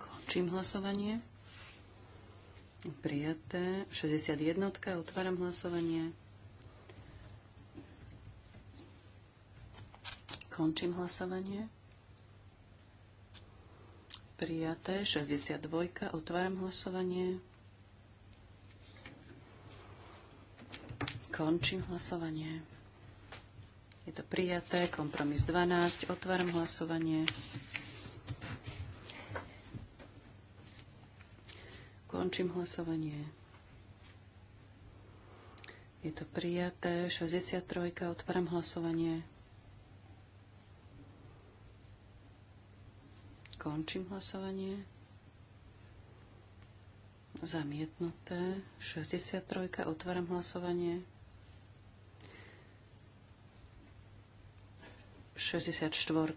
Končím hlasovanie. Prijaté. 61. Otváram hlasovanie. Končím hlasovanie. Prijaté. 62. Otváram hlasovanie. Končím hlasovanie. Je to prijaté. Kompromis 12. Otváram hlasovanie. Končím hlasovanie. Je to prijaté. 63. Otváram hlasovanie. Končím hlasovanie. Zamietnuté. 63. Otváram hlasovanie. 64.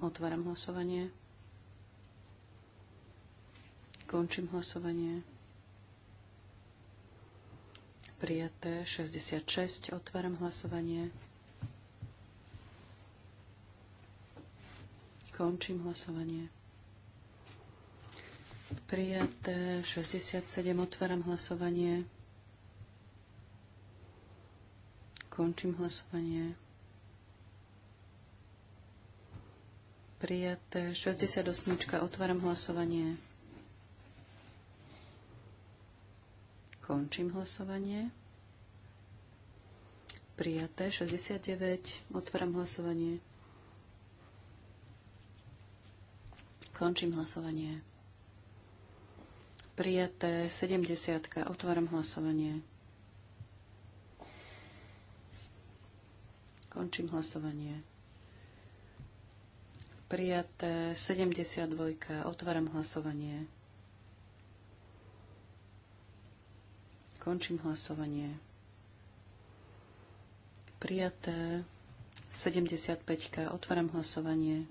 Otváram hlasovanie. Končím hlasovanie. Prijaté 66. Otváram hlasovanie. Končím hlasovanie. Prijaté 67. Otváram hlasovanie. Končím hlasovanie Prijaté 68. Otváram hlasovanie. Končím hlasovanie. Prijaté 69. Otváram hlasovanie. Končím hlasovanie. Prijaté 70. Otváram hlasovanie. Končím hlasovanie. Prijaté 72. Otváram hlasovanie. Končím hlasovanie. Prijaté 75. Otváram hlasovanie.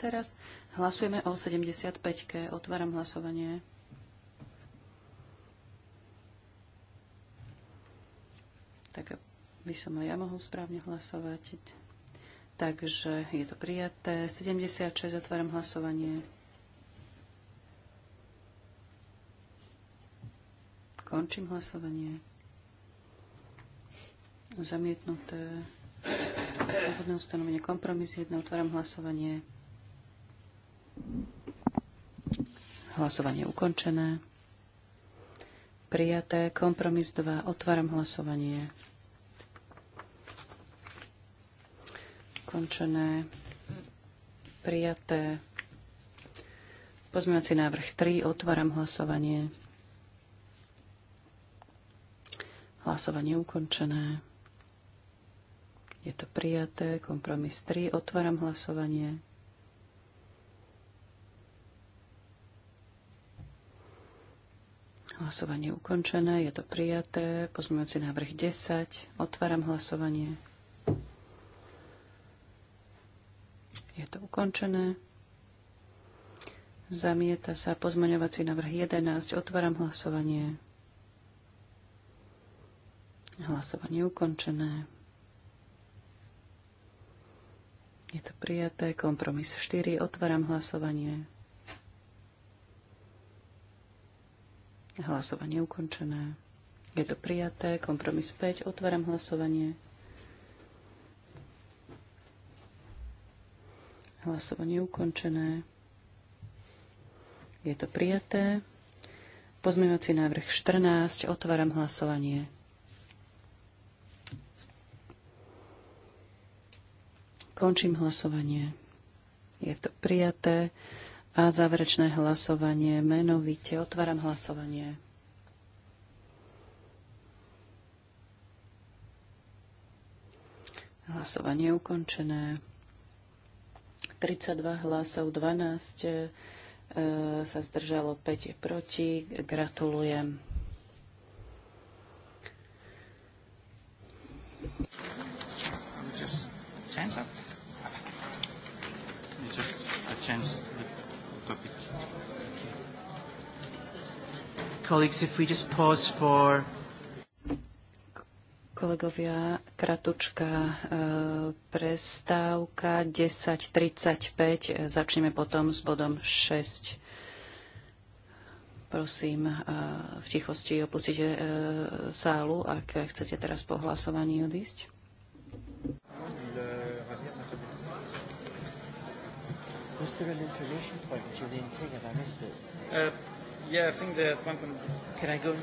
teraz. Hlasujeme o 75. Otváram hlasovanie. tak by som aj ja mohol správne hlasovať. Takže je to prijaté. 76, otváram hlasovanie. Končím hlasovanie. Zamietnuté. Pohodné ustanovenie kompromis 1. Otváram hlasovanie. Hlasovanie ukončené. Prijaté. Kompromis 2. Otváram hlasovanie. Končené. Prijaté. Pozmeňovací návrh 3. Otváram hlasovanie. Hlasovanie ukončené. Je to prijaté. Kompromis 3. Otváram hlasovanie. Hlasovanie ukončené, je to prijaté. Pozmujúci návrh 10. Otváram hlasovanie. Je to ukončené. Zamieta sa pozmeňovací návrh 11. Otváram hlasovanie. Hlasovanie ukončené. Je to prijaté. Kompromis 4. Otváram hlasovanie. Hlasovanie ukončené. Je to prijaté. Kompromis 5. Otváram hlasovanie. Hlasovanie ukončené. Je to prijaté. Pozmeňovací návrh 14. Otváram hlasovanie. Končím hlasovanie. Je to prijaté. A záverečné hlasovanie menovite. Otváram hlasovanie. Hlasovanie je ukončené. 32 hlasov, 12 e, sa zdržalo, 5 je proti. Gratulujem. Just a chance. colleagues, if we just pause for... Kolegovia, kratučka e, prestávka 10.35. E, začneme potom s bodom 6. Prosím, e, v tichosti opustite sálu, ak chcete teraz po hlasovaní odísť. Was there an information point that you didn't think I missed it. Uh, Yeah, I think that one can. Can I go?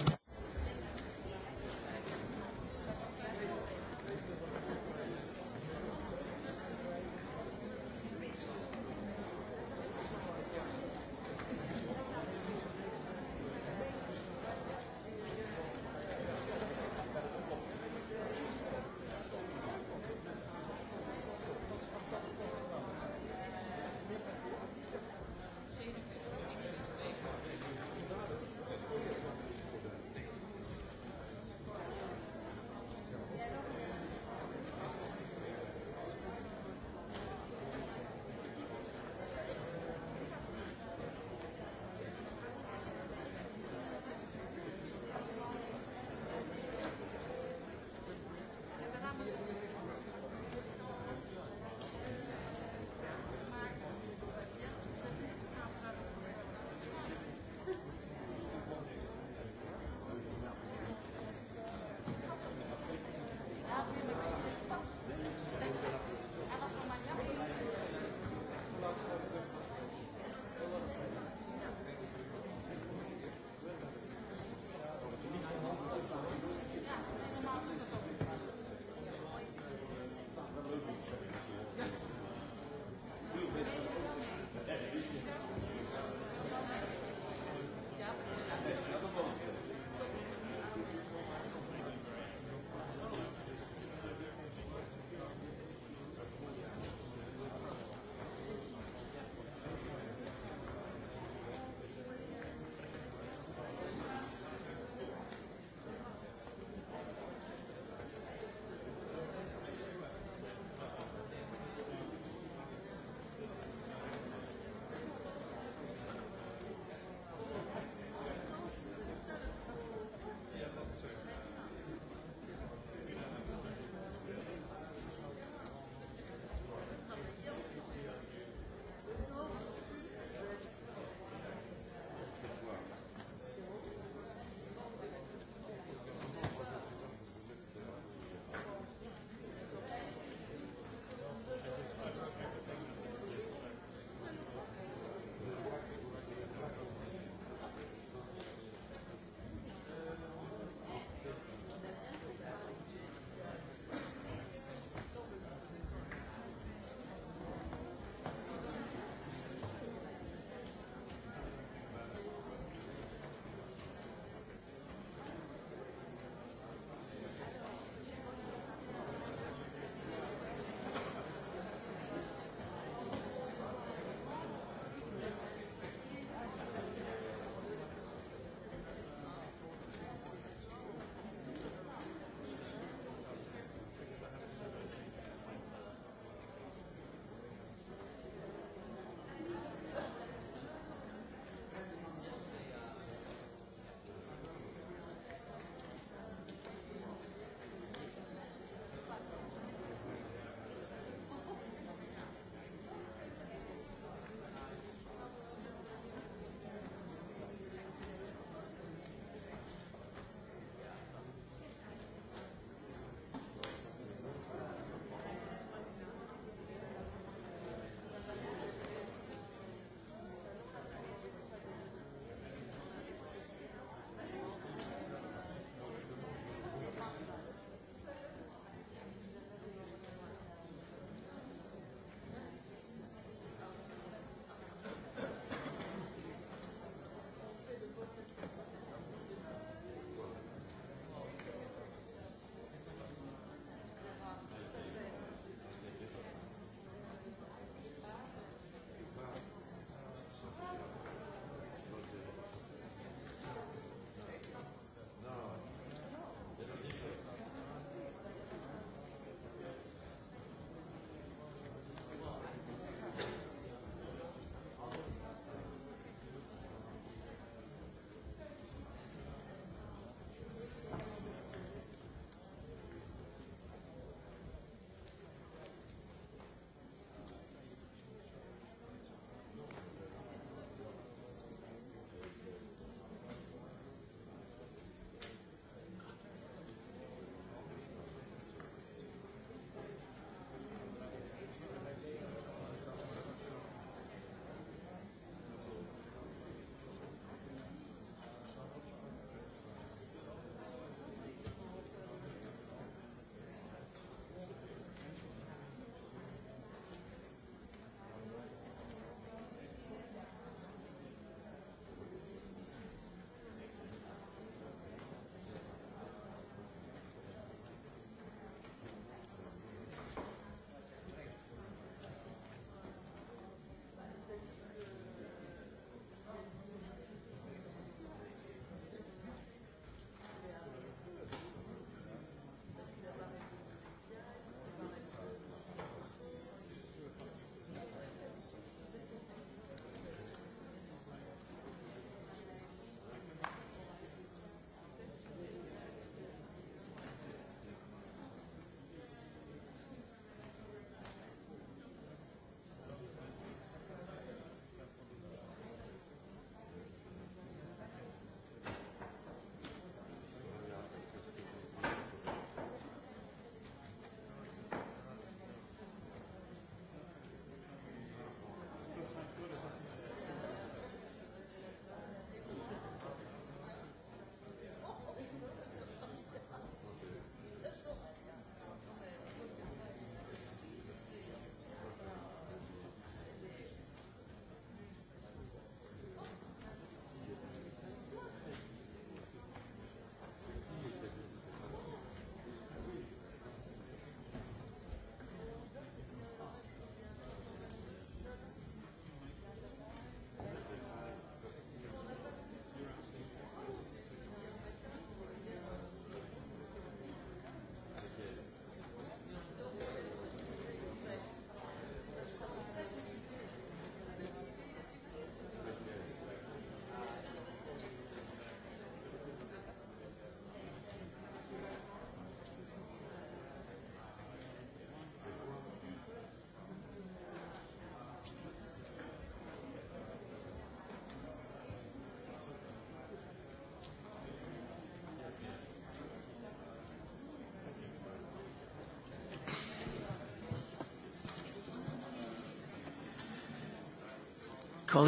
Um,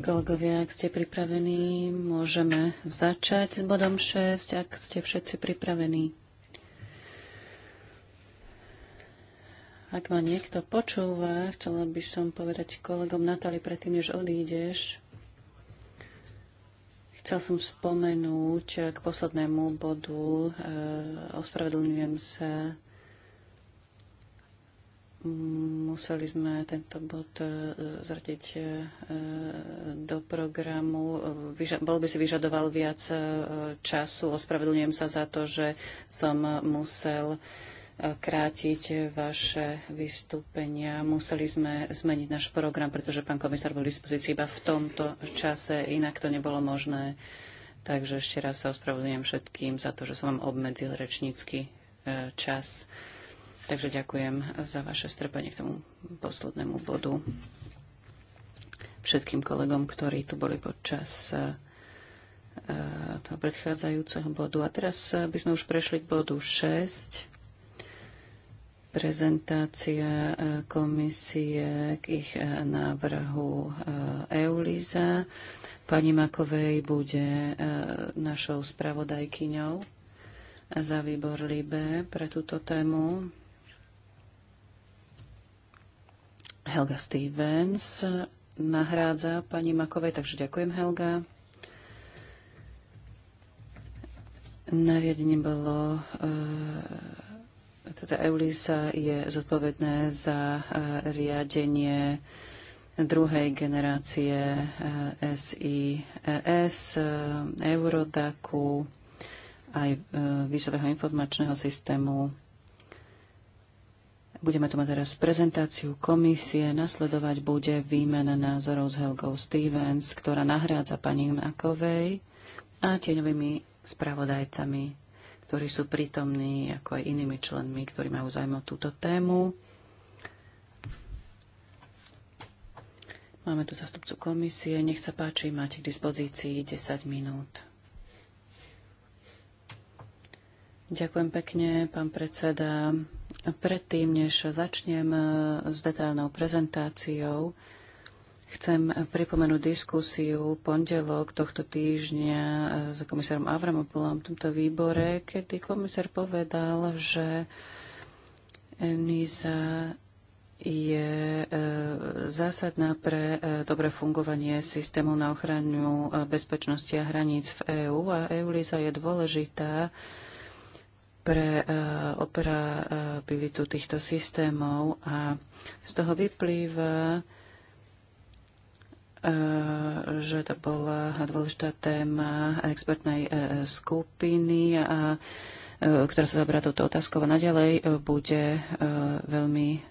Kolegovia, ak ste pripravení, môžeme začať s bodom 6, ak ste všetci pripravení. Ak ma niekto počúva, chcela by som povedať kolegom Natali, predtým, než odídeš, Chcel som spomenúť k poslednému bodu, e, ospravedlňujem sa, Museli sme tento bod e, zradiť e, do programu. Bol by si vyžadoval viac e, času. Ospravedlňujem sa za to, že som musel krátiť vaše vystúpenia. Museli sme zmeniť náš program, pretože pán komisár bol v dispozícii iba v tomto čase, inak to nebolo možné. Takže ešte raz sa ospravedlňujem všetkým za to, že som vám obmedzil rečnícky čas. Takže ďakujem za vaše strpenie k tomu poslednému bodu. Všetkým kolegom, ktorí tu boli počas e, e, toho predchádzajúceho bodu. A teraz e, by sme už prešli k bodu 6. Prezentácia komisie k ich návrhu EULIZA. Pani Makovej bude našou spravodajkyňou za výbor LIBE pre túto tému. Helga Stevens nahrádza pani Makovej, takže ďakujem Helga. Nariadenie bolo, e, teda Eulisa je zodpovedné za e, riadenie druhej generácie SIES, e Eurodaku, aj vízového informačného systému Budeme tu mať teraz prezentáciu komisie. Nasledovať bude výmena názorov s Helgou Stevens, ktorá nahrádza pani Makovej a tieňovými spravodajcami, ktorí sú prítomní, ako aj inými členmi, ktorí majú zájmo túto tému. Máme tu zastupcu komisie. Nech sa páči, máte k dispozícii 10 minút. Ďakujem pekne, pán predseda. Predtým, než začnem e, s detailnou prezentáciou, chcem pripomenúť diskusiu pondelok tohto týždňa e, s komisárom Avramopolom v tomto výbore, kedy komisár povedal, že NISA je e, zásadná pre dobré fungovanie systému na ochranu bezpečnosti a hraníc v EÚ a EU-LISA je dôležitá pre eh, operabilitu týchto systémov a z toho vyplýva, eh, že to bola dôležitá téma expertnej eh, skupiny, a, ktorá sa zabrá touto otázkou a naďalej bude veľmi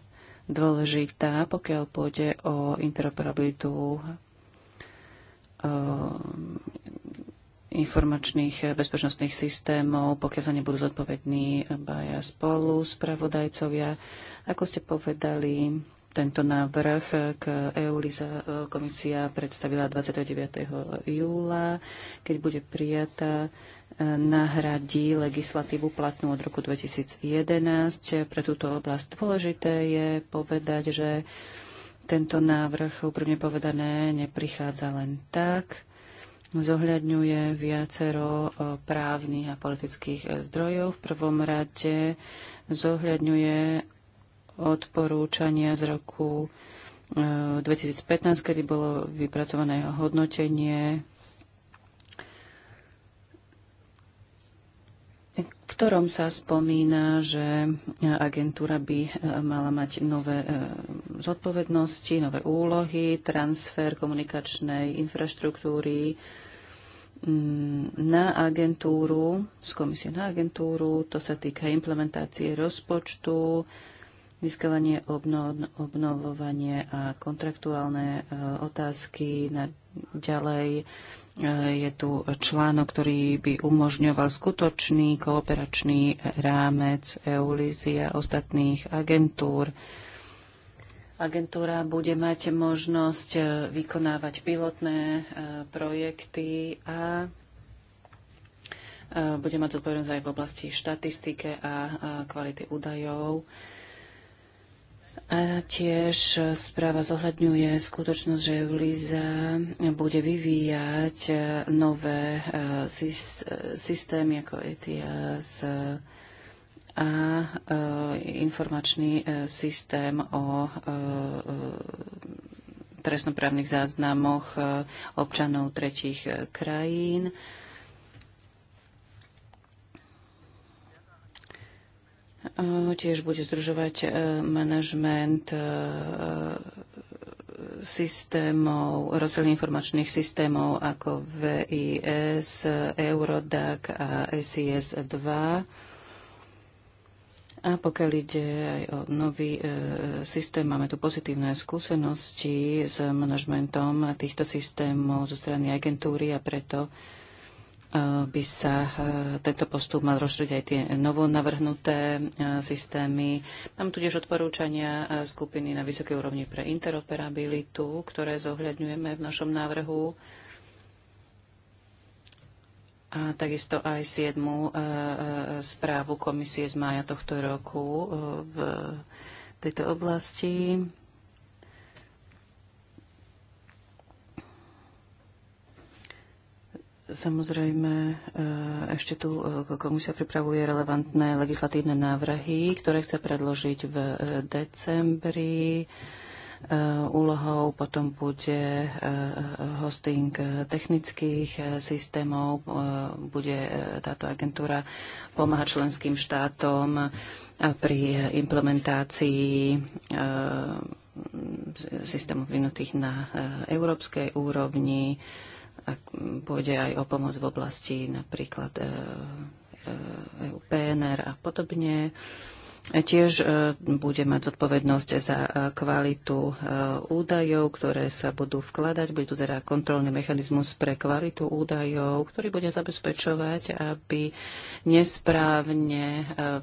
dôležitá, pokiaľ pôjde o interoperabilitu informačných eh, bezpečnostných systémov, pokiaľ sa nebudú zodpovední eh, baja spolu, spravodajcovia. Ako ste povedali, tento návrh eh, k EULISA komisia predstavila 29. júla. Keď bude prijatá, nahradí legislatívu platnú od roku 2011. Pre túto oblasť dôležité je povedať, že tento návrh, úprimne povedané, neprichádza len tak zohľadňuje viacero e, právnych a politických e, zdrojov. V prvom rade zohľadňuje odporúčania z roku 2015, e, kedy bolo vypracované hodnotenie, v ktorom sa spomína, že agentúra by mala mať nové zodpovednosti, nové úlohy, transfer komunikačnej infraštruktúry, Mm, na agentúru, z komisie na agentúru, to sa týka implementácie rozpočtu, získavanie, obno, obnovovanie a kontraktuálne e, otázky. Na, ďalej e, je tu článok, ktorý by umožňoval skutočný kooperačný rámec EULIZI a ostatných agentúr Agentúra bude mať možnosť e, vykonávať pilotné e, projekty a e, bude mať zodpovednosť aj v oblasti štatistike a kvality údajov. A tiež správa zohľadňuje skutočnosť, že Euliza bude vyvíjať nové systémy ako ETIAS, a e, informačný e, systém o e, trestnoprávnych záznamoch občanov tretich krajín. Tiež bude združovať manažment systémov, rozdielných informačných systémov ako VIS, Eurodac a SIS 2 a pokiaľ ide aj o nový e, systém, máme tu pozitívne skúsenosti s manažmentom týchto systémov zo strany agentúry a preto e, by sa e, tento postup mal rozšíriť aj tie novonavrhnuté e, systémy. Mám tu tiež odporúčania e, skupiny na vysokej úrovni pre interoperabilitu, ktoré zohľadňujeme v našom návrhu. E, a takisto aj 7. E, e, správu komisie z mája tohto roku e, v tejto oblasti. Samozrejme, ešte tu komisia pripravuje relevantné legislatívne návrhy, ktoré chce predložiť v decembri Eh, úlohou potom bude eh, hosting technických eh, systémov, bude táto agentúra pomáhať členským štátom pri implementácii systémov vynutých na európskej úrovni a pôjde aj o pomoc v oblasti napríklad EU e PNR a podobne. E, Tiež e, bude mať zodpovednosť za e, kvalitu e, údajov, ktoré sa budú vkladať. Bude tu teda kontrolný mechanizmus pre kvalitu údajov, ktorý bude zabezpečovať, aby nesprávne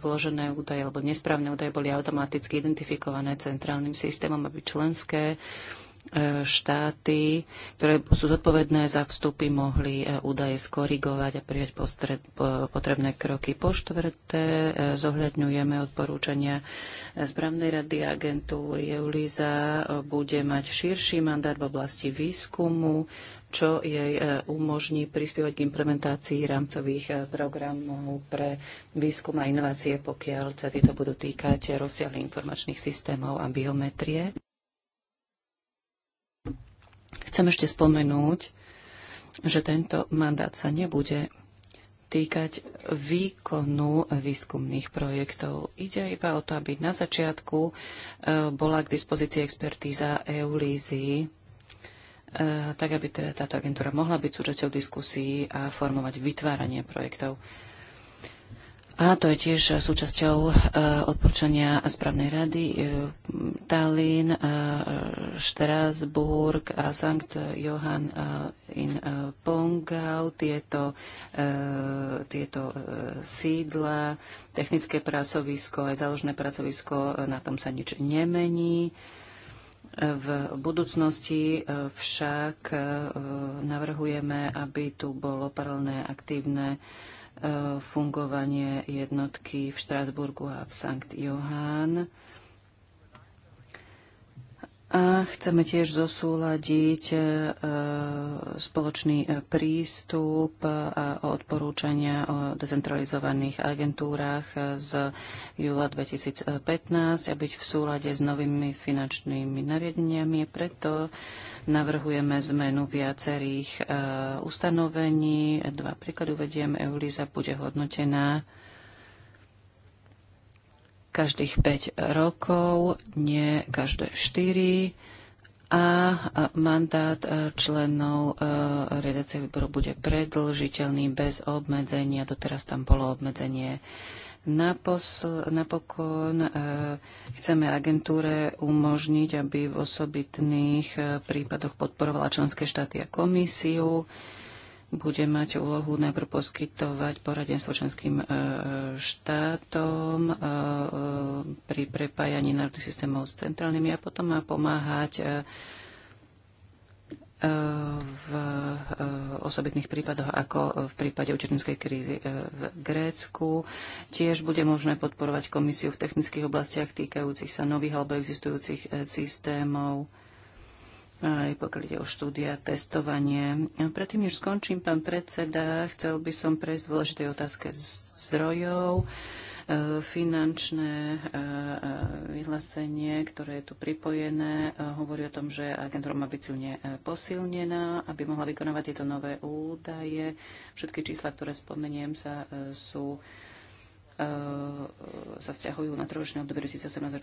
vložené údaje alebo nesprávne údaje boli automaticky identifikované centrálnym systémom, aby členské E, štáty, ktoré sú zodpovedné za vstupy, mohli e, údaje skorigovať a prijať postred, potrebné kroky. Po štvrté e, zohľadňujeme odporúčania Zbravnej rady agentúry EULISA. Bude mať širší mandát v oblasti výskumu, čo jej umožní prispievať k implementácii rámcových programov pre výskum a inovácie, pokiaľ sa tieto budú týkať rozsiahlých informačných systémov a biometrie. Chcem ešte spomenúť, že tento mandát sa nebude týkať výkonu výskumných projektov. Ide iba o to, aby na začiatku e, bola k dispozícii expertíza EULízy, e, tak aby teda táto agentúra mohla byť súčasťou diskusí a formovať vytváranie projektov. A to je tiež súčasťou uh, odporúčania správnej rady e, Tallinn, uh, a Sankt Johann in Pongau. Tieto, tieto sídla, technické pracovisko, aj záložné pracovisko, na tom sa nič nemení. V budúcnosti však navrhujeme, aby tu bolo paralelné aktívne fungovanie jednotky v Štrásburgu a v Sankt Johán. A chceme tiež zosúľadiť e, e, spoločný e, prístup a odporúčania o decentralizovaných agentúrach z júla 2015 a byť v súlade s novými finančnými nariadeniami. Preto navrhujeme zmenu viacerých ustanovení. Dva príklady uvediem. Eulisa bude hodnotená každých 5 rokov, nie každé 4 a mandát e, členov e, redakcie výboru bude predlžiteľný bez obmedzenia. Doteraz tam bolo obmedzenie Naposl- napokon e, chceme agentúre umožniť, aby v osobitných prípadoch podporovala členské štáty a komisiu bude mať úlohu najprv poskytovať poradenstvo členským e, štátom e, e, pri prepájaní národných systémov s centrálnymi a potom má pomáhať v osobitných prípadoch, ako v prípade utečenskej krízy v Grécku. Tiež bude možné podporovať komisiu v technických oblastiach týkajúcich sa nových alebo existujúcich systémov aj pokiaľ ide o štúdia, testovanie. A predtým, než skončím, pán predseda, chcel by som prejsť dôležitej otázke zdrojov e, finančné e, e, vyhlásenie, ktoré je tu pripojené, hovorí o tom, že agentúra má byť silne posilnená, aby mohla vykonávať tieto nové údaje. Všetky čísla, ktoré spomeniem, sa sú E, sa sťahujú na trojročné obdobie 2018 až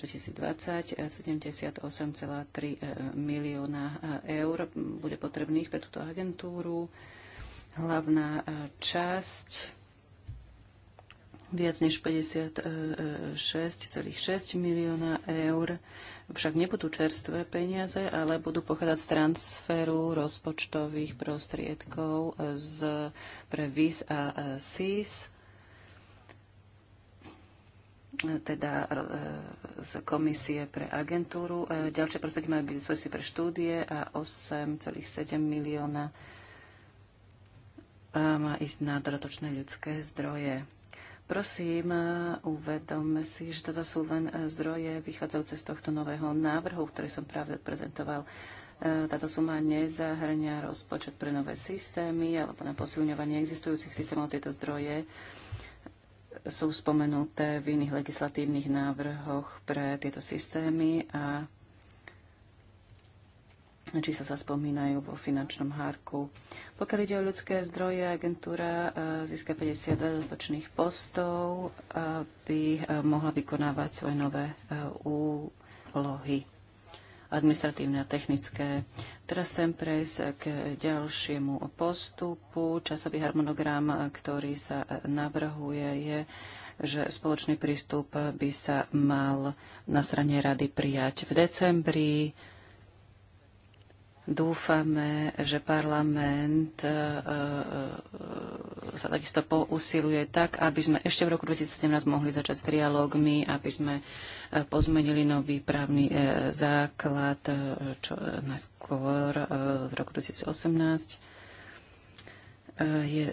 2020. 78,3 e, e, milióna eur bude potrebných pre túto agentúru. Hlavná časť viac než 56,6 milióna eur. Však nebudú čerstvé peniaze, ale budú pochádzať z transferu rozpočtových prostriedkov z, pre VIS a SIS teda e, z komisie pre agentúru. E, ďalšie prostriedky majú byť dispozícii pre štúdie a 8,7 milióna e, má ísť na dodatočné ľudské zdroje. Prosím, uvedomme si, že toto sú len zdroje vychádzajúce z tohto nového návrhu, ktorý som práve odprezentoval. Táto suma nezahrňa rozpočet pre nové systémy alebo na posilňovanie existujúcich systémov tieto zdroje sú spomenuté v iných legislatívnych návrhoch pre tieto systémy a či sa spomínajú vo finančnom hárku. Pokiaľ ide o ľudské zdroje, agentúra e, získa 50 dodatočných postov, aby e, mohla vykonávať svoje nové e, úlohy administratívne a technické. Teraz chcem prejsť k ďalšiemu postupu. Časový harmonogram, ktorý sa navrhuje, je, že spoločný prístup by sa mal na strane rady prijať v decembri Dúfame, že parlament e, e, e, sa takisto pousiluje tak, aby sme ešte v roku 2017 mohli začať s trialógmi, aby sme pozmenili nový právny základ čo najskôr v roku 2018. Je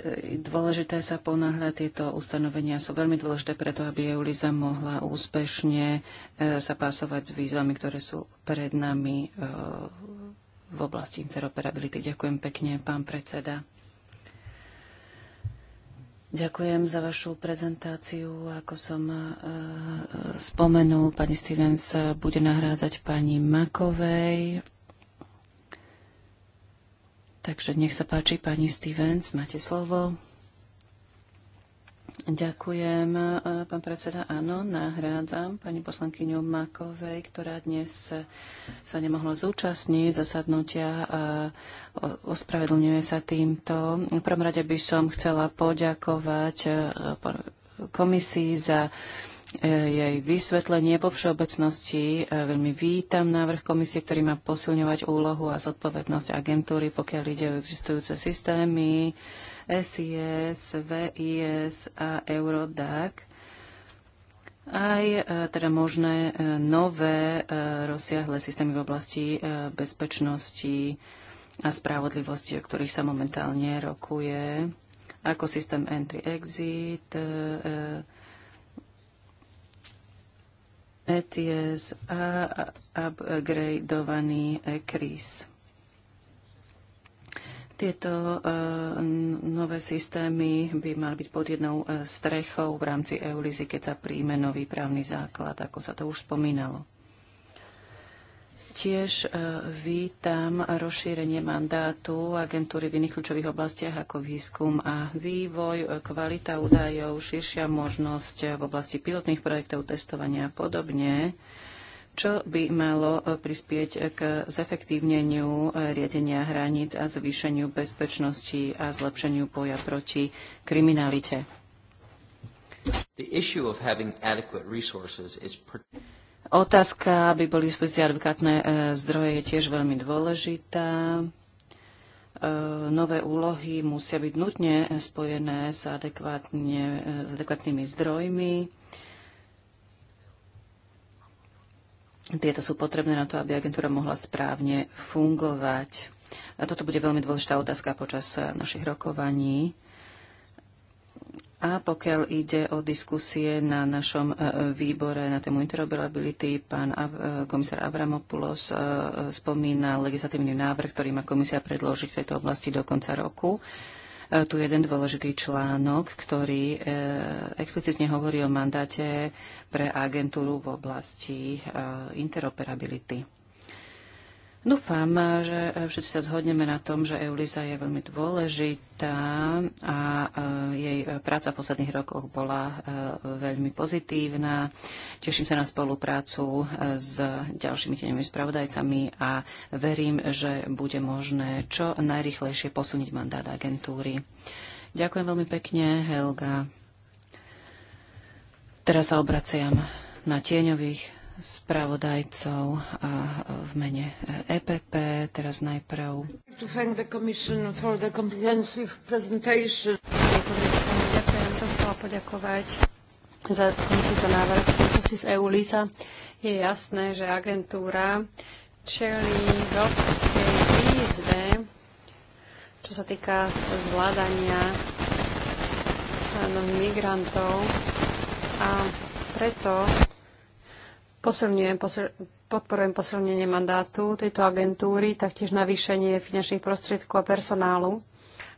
dôležité sa ponáhľať. Tieto ustanovenia sú veľmi dôležité preto, aby Euliza mohla úspešne sa pásovať s výzvami, ktoré sú pred nami v oblasti interoperability. Ďakujem pekne, pán predseda. Ďakujem za vašu prezentáciu. Ako som uh, spomenul, pani Stevens bude nahrádzať pani Makovej. Takže nech sa páči, pani Stevens, máte slovo. Ďakujem, e, pán predseda. Áno, nahrádzam pani poslankyňu Makovej, ktorá dnes sa nemohla zúčastniť zasadnutia a ospravedlňuje sa týmto. V prvom rade by som chcela poďakovať e, komisii za e, jej vysvetlenie vo všeobecnosti. Veľmi vítam návrh komisie, ktorý má posilňovať úlohu a zodpovednosť agentúry, pokiaľ ide o existujúce systémy SIS, VIS a Eurodac aj e, teda možné e, nové e, rozsiahle systémy v oblasti bezpečnosti a spravodlivosti, o ktorých sa momentálne rokuje, ako systém entry-exit, ETS a upgradovaný kris. Tieto eh, nové systémy by mali byť pod jednou eh, strechou v rámci EULIZY, keď sa príjme nový právny základ, ako sa to už spomínalo. Tiež eh, vítam rozšírenie mandátu agentúry v iných kľúčových oblastiach ako výskum a vývoj, kvalita údajov, širšia možnosť v oblasti pilotných projektov, testovania a podobne čo by malo e, prispieť k zefektívneniu e, riadenia hraníc a zvýšeniu bezpečnosti a zlepšeniu boja proti kriminalite. Is... Otázka, aby boli v advokátne e, zdroje, je tiež veľmi dôležitá. Nové úlohy musia byť nutne spojené s, adekvátne, s adekvátnymi zdrojmi Tieto sú potrebné na to, aby agentúra mohla správne fungovať. A toto bude veľmi dôležitá otázka počas eh, našich rokovaní. A pokiaľ ide o diskusie na našom eh, eh, výbore na tému interoperability, pán komisár Avramopoulos spomína legislatívny návrh, ktorý má komisia predložiť v tejto oblasti do konca roku tu jeden dôležitý článok, ktorý e, explicitne hovorí o mandáte pre agentúru v oblasti e, interoperability. Dúfam, že všetci sa zhodneme na tom, že Eulisa je veľmi dôležitá a e, jej práca v posledných rokoch bola e, veľmi pozitívna. Teším sa na spoluprácu e, s ďalšími tenými spravodajcami a verím, že bude možné čo najrychlejšie posunúť mandát agentúry. Ďakujem veľmi pekne, Helga. Teraz sa obraciam na tieňových spravodajcov a v mene EPP. Teraz najprv. Ďakujem, som chcela poďakovať za, za návrh v súvislosti s EU LISA. Je jasné, že agentúra čelí veľkej výzve, čo sa týka zvládania migrantov a preto Posilňujem, posil, podporujem posilnenie mandátu tejto agentúry, taktiež navýšenie finančných prostriedkov a personálu,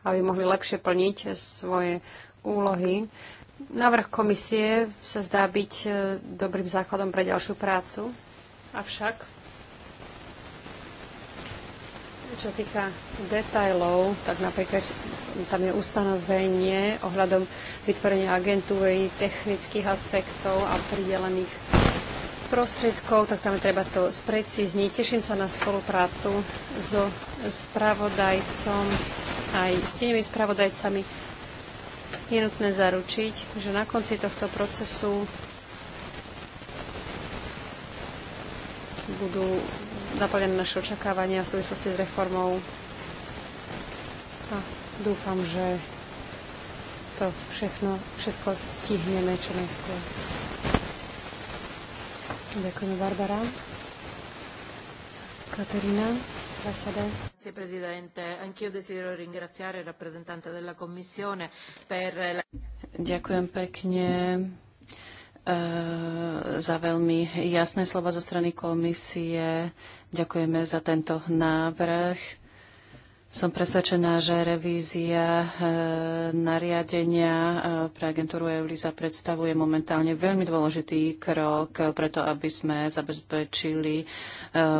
aby mohli lepšie plniť svoje úlohy. Návrh komisie sa zdá byť e, dobrým základom pre ďalšiu prácu, avšak čo týka detajlov, tak napríklad tam je ustanovenie ohľadom vytvorenia agentúry, technických aspektov a pridelených prostriedkov, tak tam je treba to sprecizniť. Teším sa na spoluprácu so spravodajcom aj s tými spravodajcami. Je nutné zaručiť, že na konci tohto procesu budú naplnené naše očakávania v súvislosti s reformou. A dúfam, že to všechno, všetko stihneme čo najskôr. Ďakujeme, Barbara. Grazie Presidente, anch'io desidero ringraziare il rappresentante della Commissione per... Ďakujem pekne eh, za veľmi jasné slova zo strany komisie. Ďakujeme za tento návrh som presvedčená, že revízia e, nariadenia e, pre agentúru EULISA predstavuje momentálne veľmi dôležitý krok preto, aby sme zabezpečili e,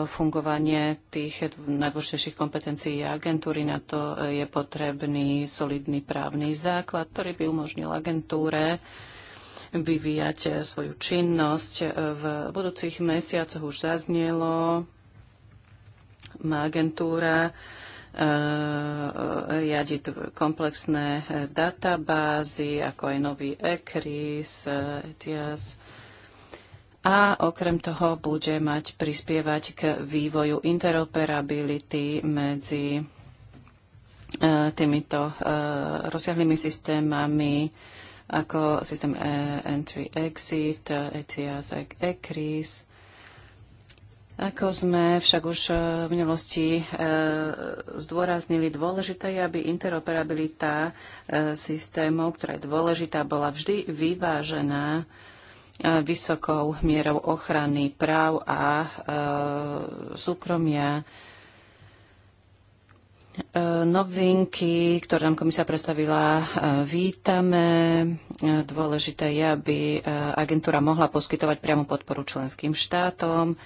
fungovanie tých najdôležitejších kompetencií agentúry. Na to je potrebný solidný právny základ, ktorý by umožnil agentúre vyvíjať svoju činnosť. V budúcich mesiacoch už zaznelo, má agentúra Eh, riadiť komplexné eh, databázy, ako aj nový ECRIS, eh, ETIAS a okrem toho bude mať prispievať k vývoju interoperability medzi týmito rozsiahlými systémami ako systém Entry-Exit, ETIAS, ECRIS ako sme však už e, v minulosti e, zdôraznili, dôležité je, aby interoperabilita e, systémov, ktorá je dôležitá, bola vždy vyvážená vysokou mierou ochrany práv a súkromia. Novinky, ktoré nám komisia predstavila, vítame. Dôležité je, aby agentúra mohla poskytovať priamu podporu členským štátom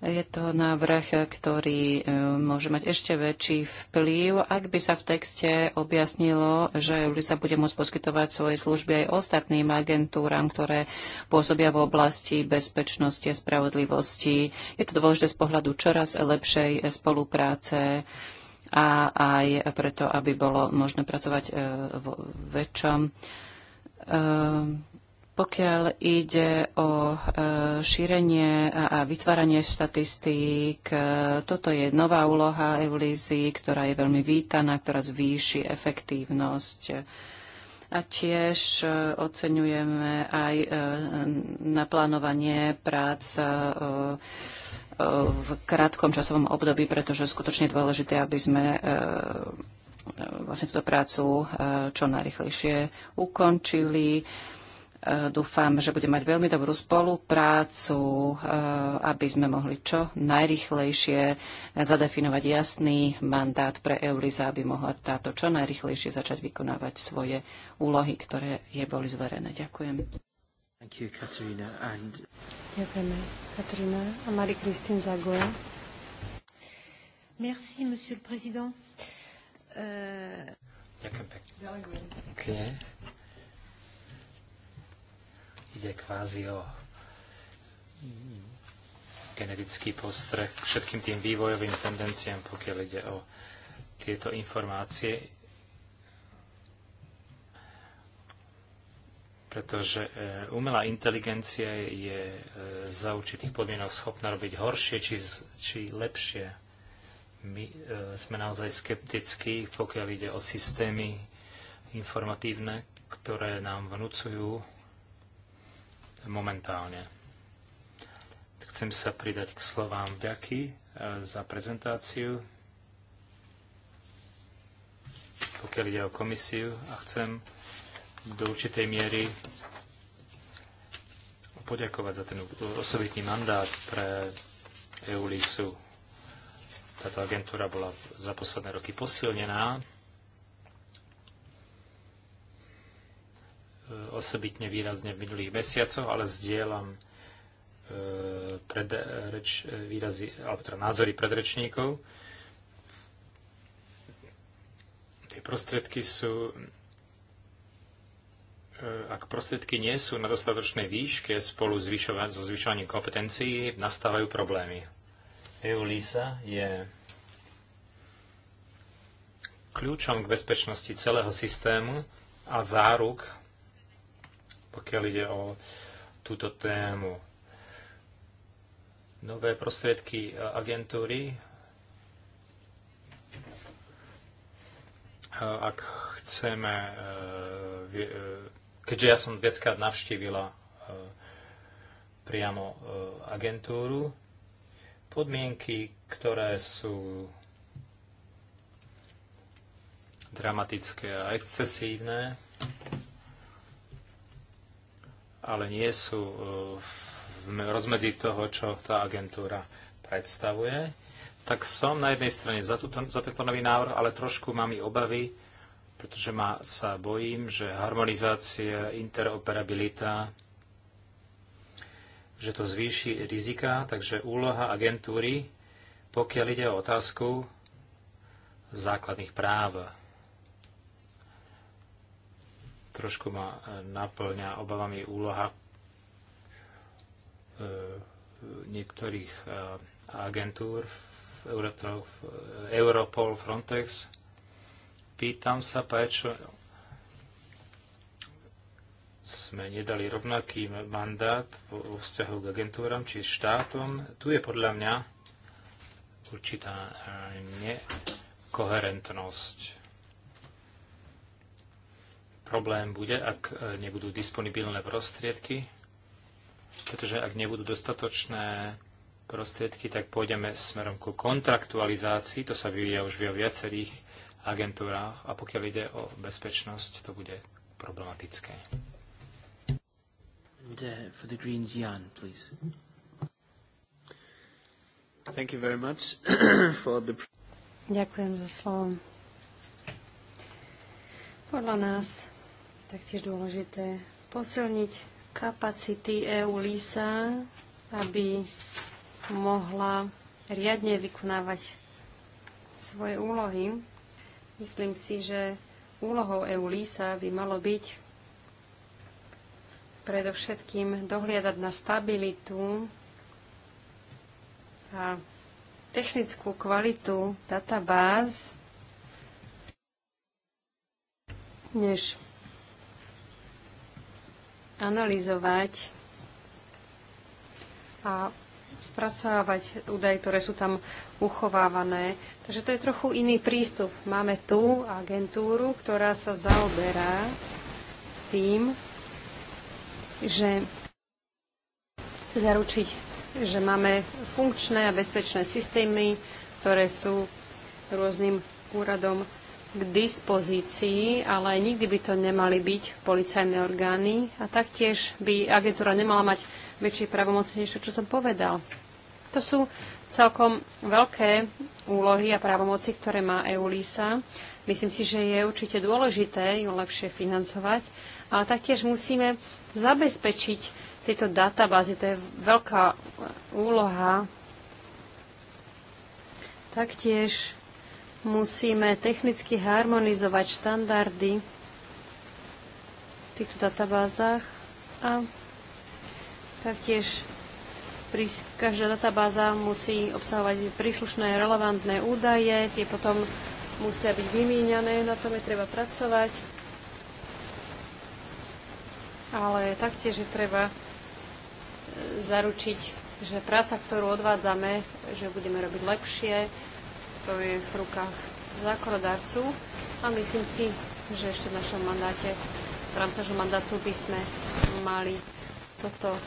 je to návrh, ktorý e, môže mať ešte väčší vplyv, ak by sa v texte objasnilo, že sa bude môcť poskytovať svoje služby aj ostatným agentúram, ktoré pôsobia v oblasti bezpečnosti a spravodlivosti. Je to dôležité z pohľadu čoraz lepšej spolupráce a aj preto, aby bolo možné pracovať e, v väčšom e, pokiaľ ide o e, šírenie a vytváranie štatistík, e, toto je nová úloha Eulízy, ktorá je veľmi vítaná, ktorá zvýši efektívnosť. A tiež e, oceňujeme aj naplánovanie prác v krátkom časovom období, pretože je skutočne dôležité, aby sme vlastne túto prácu čo najrychlejšie ukončili. Eh, dúfam, že bude mať veľmi dobrú spoluprácu, eh, aby sme mohli čo najrychlejšie zadefinovať jasný mandát pre Eulisa, aby mohla táto čo najrychlejšie začať vykonávať svoje úlohy, ktoré jej boli zverené. Ďakujem. You, And... Ďakujeme, Katarína. A marie Kristín Zagoja. Merci, monsieur le président. Uh... Ďakujem pekne. Okay ide kvázi o generický postreh k všetkým tým vývojovým tendenciám, pokiaľ ide o tieto informácie, pretože e, umelá inteligencia je e, za určitých podmienok schopná robiť horšie či, či lepšie. My e, sme naozaj skeptickí, pokiaľ ide o systémy informatívne, ktoré nám vnúcujú momentálne. Chcem sa pridať k slovám vďaky e, za prezentáciu, pokiaľ ide o komisiu a chcem do určitej miery poďakovať za ten osobitný mandát pre EULISu. Táto agentúra bola za posledné roky posilnená E, osobitne výrazne v minulých mesiacoch, ale zdieľam e, predreč, e, výrazy, alebo teda názory predrečníkov. Tie prostriedky sú ak prostriedky nie sú na dostatočnej výške spolu zvyšova- so zvyšovaním kompetencií, nastávajú problémy. EULISA je kľúčom k bezpečnosti celého systému a záruk pokiaľ ide o túto tému. Nové prostriedky agentúry, ak chceme, e, e, keďže ja som viackrát navštívila e, priamo agentúru, podmienky, ktoré sú dramatické a excesívne, ale nie sú eh, rozmedzi toho, čo tá agentúra predstavuje. Tak som na jednej strane za, tuto, za tento nový návrh, ale trošku mám i obavy, pretože ma, sa bojím, že harmonizácia, interoperabilita, že to zvýši rizika, takže úloha agentúry, pokiaľ ide o otázku základných práv trošku ma e, naplňa obavami úloha e, niektorých e, agentúr Europol, Frontex. Pýtam sa, prečo sme nedali rovnaký mandát vo vzťahu k agentúram či štátom. Tu je podľa mňa určitá nekoherentnosť Problém bude, ak e, nebudú disponibilné prostriedky, pretože ak nebudú dostatočné prostriedky, tak pôjdeme smerom ku kontraktualizácii, to sa vyvíja už vo viacerých agentúrách a pokiaľ ide o bezpečnosť, to bude problematické. And, uh, for the Greens, Jan, please. Thank you very much for the... Ďakujem za slovo. Podľa nás taktiež dôležité posilniť kapacity EU LISA, aby mohla riadne vykonávať svoje úlohy. Myslím si, že úlohou EU LISA by malo byť predovšetkým dohliadať na stabilitu a technickú kvalitu databáz, než analyzovať a spracovávať údaje, ktoré sú tam uchovávané. Takže to je trochu iný prístup. Máme tu agentúru, ktorá sa zaoberá tým, že chce zaručiť, že máme funkčné a bezpečné systémy, ktoré sú rôznym úradom k dispozícii, ale nikdy by to nemali byť policajné orgány a taktiež by agentúra nemala mať väčšie pravomoci než to, čo som povedal. To sú celkom veľké úlohy a právomoci, ktoré má EULISA. Myslím si, že je určite dôležité ju lepšie financovať, ale taktiež musíme zabezpečiť tieto databázy. To je veľká úloha. Taktiež musíme technicky harmonizovať štandardy v týchto databázach a taktiež každá databáza musí obsahovať príslušné relevantné údaje, tie potom musia byť vymieňané, na tom je treba pracovať. Ale taktiež je treba e, zaručiť, že práca, ktorú odvádzame, že budeme robiť lepšie, to je v rukách zákonodarcu a myslím si, že ešte v našom mandáte, v rámci mandátu by sme mali toto e,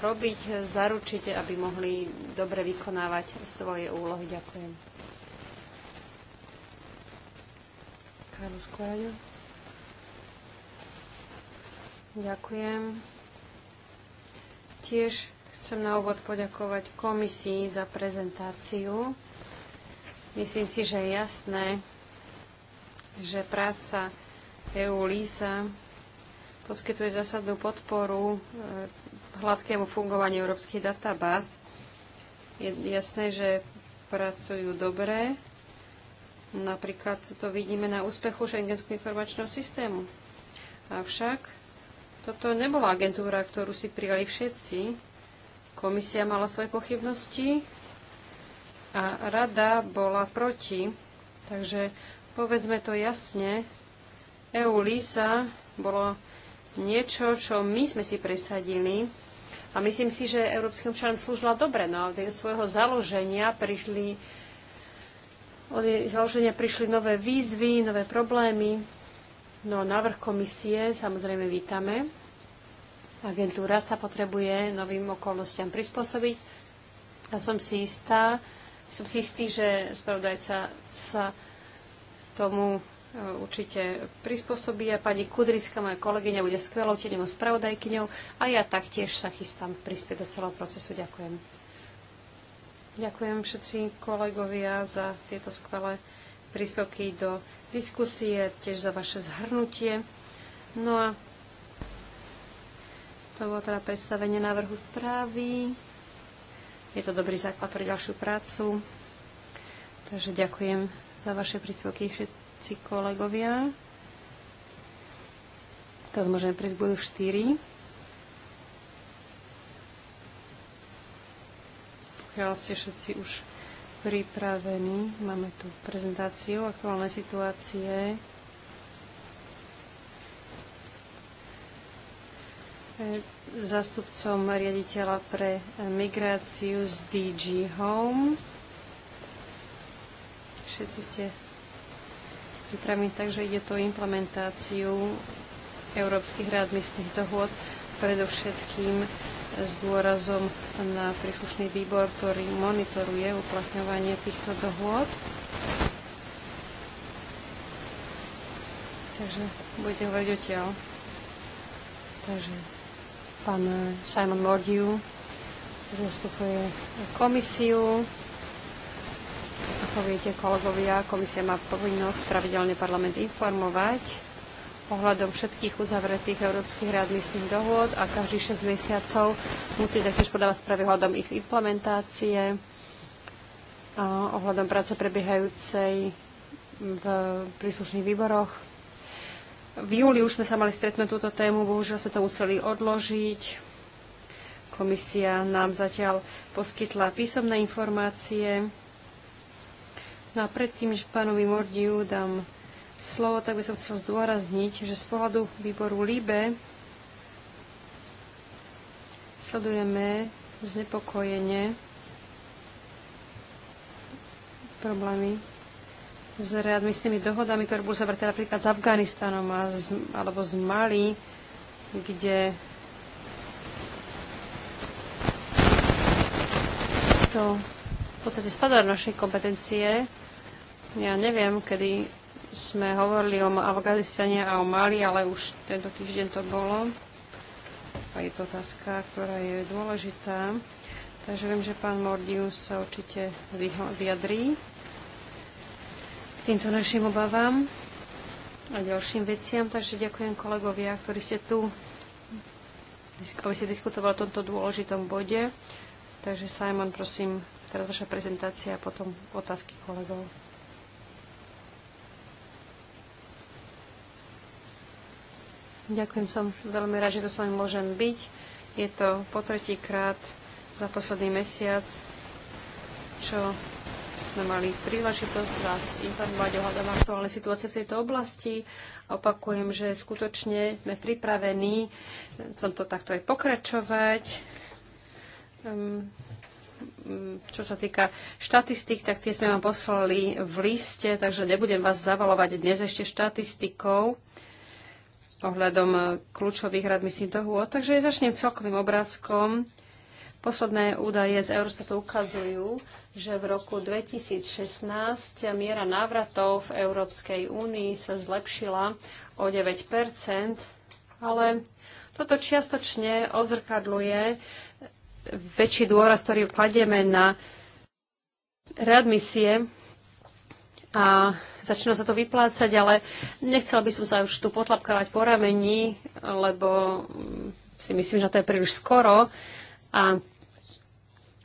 robiť, zaručiť, aby mohli dobre vykonávať svoje úlohy. Ďakujem. Ďakujem. Tiež chcem na úvod poďakovať komisii za prezentáciu. Myslím si, že je jasné, že práca EU LISA poskytuje zásadnú podporu e, hladkému fungovaniu európskych databáz. Je jasné, že pracujú dobre. Napríklad to vidíme na úspechu Schengenského informačného systému. Avšak toto nebola agentúra, ktorú si prijali všetci. Komisia mala svoje pochybnosti, a rada bola proti. Takže povedzme to jasne, EULISA bolo niečo, čo my sme si presadili a myslím si, že európskym občanom slúžila dobre. No od svojho založenia prišli od založenia prišli nové výzvy, nové problémy. No návrh komisie samozrejme vítame. Agentúra sa potrebuje novým okolnostiam prispôsobiť. A som si istá, som si istý, že spravodajca sa tomu e, určite prispôsobí a pani Kudriska, moja kolegyňa, bude skvelou tieňovou spravodajkyňou a ja taktiež sa chystám prispieť do celého procesu. Ďakujem. Ďakujem všetci kolegovia za tieto skvelé príspevky do diskusie, tiež za vaše zhrnutie. No a to bolo teda predstavenie návrhu správy. Je to dobrý základ pre ďalšiu prácu. Takže ďakujem za vaše príspevky všetci kolegovia. Teraz môžeme prejsť bodu 4. Pokiaľ ste všetci už pripravení, máme tu prezentáciu aktuálnej situácie zástupcom riaditeľa pre migráciu z DG Home. Všetci ste pripravení, takže ide to implementáciu európskych readmisných dohôd, predovšetkým s dôrazom na príslušný výbor, ktorý monitoruje uplatňovanie týchto dohôd. Takže budete hovoriť tiaľ. Takže pán e, Simon Mordiu zastupuje komisiu. Ako viete, kolegovia, komisia má povinnosť pravidelne parlament informovať ohľadom všetkých uzavretých európskych readmisných dohôd a každých 6 mesiacov musí taktiež podávať správy ohľadom ich implementácie, a ohľadom práce prebiehajúcej v príslušných výboroch v júli už sme sa mali stretnúť túto tému, bohužiaľ sme to museli odložiť. Komisia nám zatiaľ poskytla písomné informácie. No a predtým, že pánovi Mordiu dám slovo, tak by som chcel zdôrazniť, že z pohľadu výboru LIBE sledujeme znepokojenie problémy s s tými dohodami, ktoré budú sa brať napríklad s Afganistanom a z, alebo z Mali, kde to v podstate spadá do našej kompetencie. Ja neviem, kedy sme hovorili o Afganistane a o Mali, ale už tento týždeň to bolo. A je to otázka, ktorá je dôležitá. Takže viem, že pán Mordius sa určite vyjadrí týmto našim obavám a ďalším veciam. Takže ďakujem kolegovia, ktorí ste tu, aby ste diskutovali o tomto dôležitom bode. Takže Simon, prosím, teraz vaša prezentácia a potom otázky kolegov. Ďakujem, som veľmi rád, že to s vami môžem byť. Je to po tretíkrát za posledný mesiac, čo sme mali príležitosť vás informovať o hľadom aktuálnej situácie v tejto oblasti. Opakujem, že skutočne sme pripravení som to takto aj pokračovať. Ehm, čo sa týka štatistik, tak tie sme vám poslali v liste, takže nebudem vás zavalovať dnes ešte štatistikou ohľadom e, kľúčových myslím, toho. Takže začnem celkovým obrázkom. Posledné údaje z Eurostatu ukazujú, že v roku 2016 miera návratov v Európskej únii sa zlepšila o 9 ale toto čiastočne ozrkadluje väčší dôraz, ktorý kladieme na readmisie a začína sa to vyplácať, ale nechcela by som sa už tu potlapkávať po ramení, lebo si myslím, že to je príliš skoro. A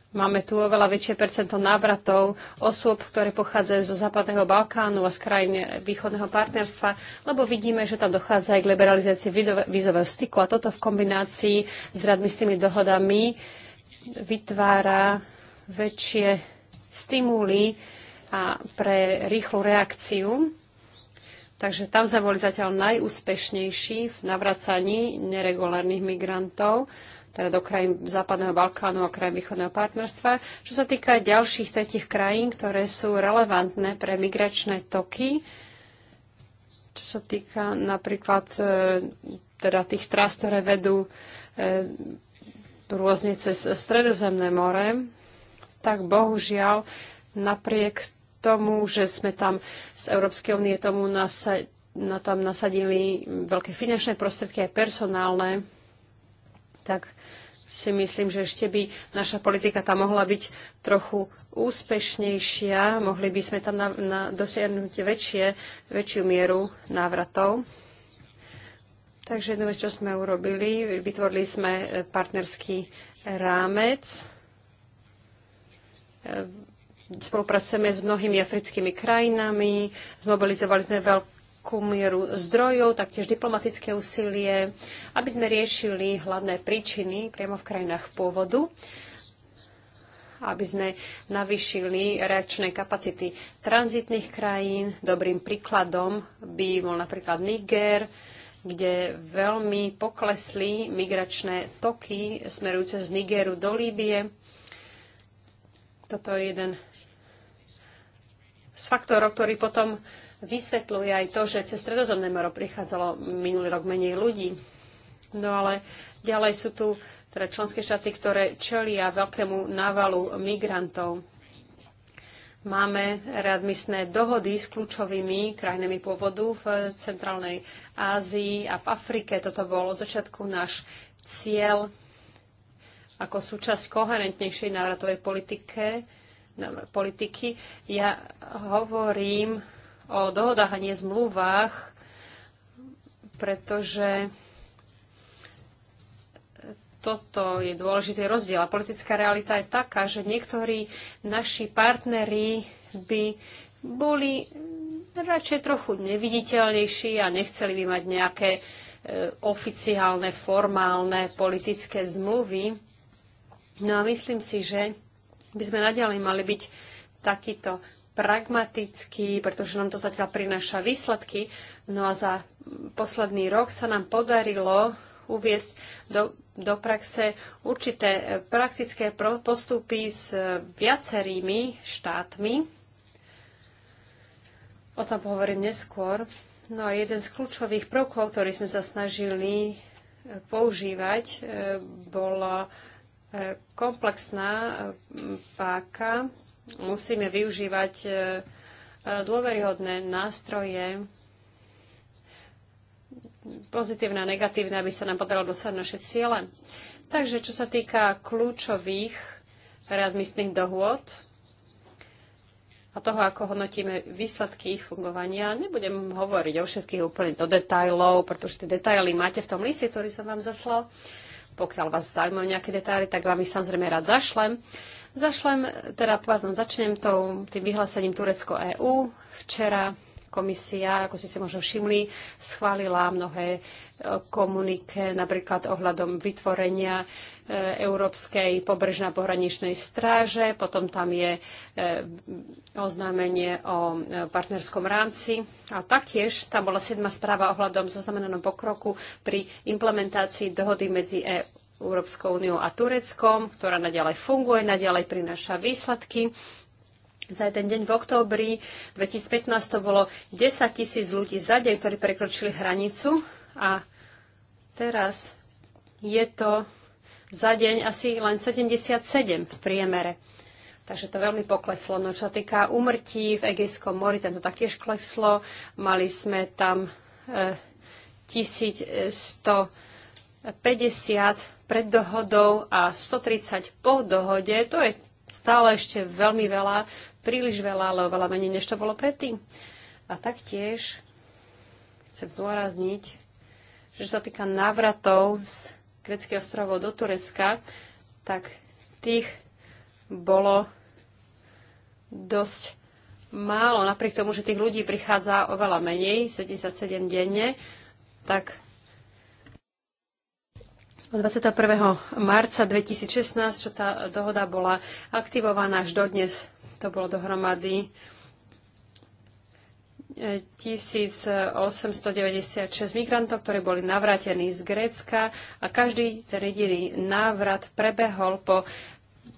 Máme tu oveľa väčšie percento návratov osôb, ktoré pochádzajú zo Západného Balkánu a z krajín východného partnerstva, lebo vidíme, že tam dochádza aj k liberalizácii vízového styku a toto v kombinácii s radmistými dohodami vytvára väčšie stimuly a pre rýchlu reakciu. Takže tam sme boli zatiaľ najúspešnejší v navracaní neregulárnych migrantov teda do krajín Západného Balkánu a krajín Východného partnerstva. Čo sa týka ďalších tretich krajín, ktoré sú relevantné pre migračné toky, čo sa týka napríklad e, teda tých trás, ktoré vedú e, rôzne cez Stredozemné more, tak bohužiaľ napriek tomu, že sme tam z Európskej únie tomu nasa- na tam nasadili veľké finančné prostriedky aj personálne, tak si myslím, že ešte by naša politika tam mohla byť trochu úspešnejšia. Mohli by sme tam na, na dosiahnuť väčšie, väčšiu mieru návratov. Takže jedno, čo sme urobili, vytvorili sme e, partnerský rámec. E, spolupracujeme s mnohými africkými krajinami, zmobilizovali sme veľkú veľkú mieru zdrojov, taktiež diplomatické úsilie, aby sme riešili hlavné príčiny priamo v krajinách pôvodu aby sme navýšili reakčné kapacity tranzitných krajín. Dobrým príkladom by bol napríklad Niger, kde veľmi poklesli migračné toky smerujúce z Nigeru do Líbie. Toto je jeden z faktorov, ktorý potom vysvetľuje aj to, že cez Stredozemné moro prichádzalo minulý rok menej ľudí. No ale ďalej sú tu teda členské štáty, ktoré čelia veľkému návalu migrantov. Máme readmisné dohody s kľúčovými krajinami pôvodu v Centrálnej Ázii a v Afrike. Toto bol od začiatku náš cieľ ako súčasť koherentnejšej návratovej politiky. Ja hovorím o dohodách a nie zmluvách, pretože toto je dôležitý rozdiel. A politická realita je taká, že niektorí naši partneri by boli radšej trochu neviditeľnejší a nechceli by mať nejaké e, oficiálne, formálne politické zmluvy. No a myslím si, že by sme naďalej mali byť takýto pragmatickí, pretože nám to zatiaľ prináša výsledky. No a za posledný rok sa nám podarilo uviesť do, do praxe určité praktické postupy s viacerými štátmi. O tom pohovorím neskôr. No a jeden z kľúčových prvkov, ktorý sme sa snažili e, používať, e, bola e, komplexná páka musíme využívať e, e, dôveryhodné nástroje, pozitívne a negatívne, aby sa nám podarilo dosať naše ciele. Takže čo sa týka kľúčových readmisných dohôd a toho, ako hodnotíme výsledky ich fungovania, nebudem hovoriť o všetkých úplne do detajlov, pretože tie detaily máte v tom liste, ktorý som vám zaslal. Pokiaľ vás zaujímajú nejaké detaily, tak vám ich samozrejme rád zašlem. Zašlem, teda, pardon, začnem tou, tým vyhlásením Turecko-EU. Včera Komisia, ako si si možno všimli, schválila mnohé e, komunike, napríklad ohľadom vytvorenia e, Európskej pobrežná pohraničnej stráže, potom tam je e, oznámenie o partnerskom rámci a taktiež tam bola siedma správa ohľadom zaznamenanom pokroku pri implementácii dohody medzi EU Európskou úniou a Tureckom, ktorá naďalej funguje, naďalej prináša výsledky. Za jeden deň v októbri 2015 to bolo 10 tisíc ľudí za deň, ktorí prekročili hranicu a teraz je to za deň asi len 77 v priemere. Takže to veľmi pokleslo. No čo sa týka úmrtí v Egejskom mori, tento taktiež kleslo. Mali sme tam e, 1150 pred dohodou a 130 po dohode. To je stále ešte veľmi veľa, príliš veľa, ale oveľa menej, než to bolo predtým. A taktiež chcem zdôrazniť, že sa týka návratov z greckých ostrovov do Turecka, tak tých bolo dosť málo, napriek tomu, že tých ľudí prichádza oveľa menej, 77 denne, tak 21. marca 2016, čo tá dohoda bola aktivovaná až dodnes. To bolo dohromady 1896 migrantov, ktorí boli navrátení z Grécka a každý ten jediný návrat prebehol po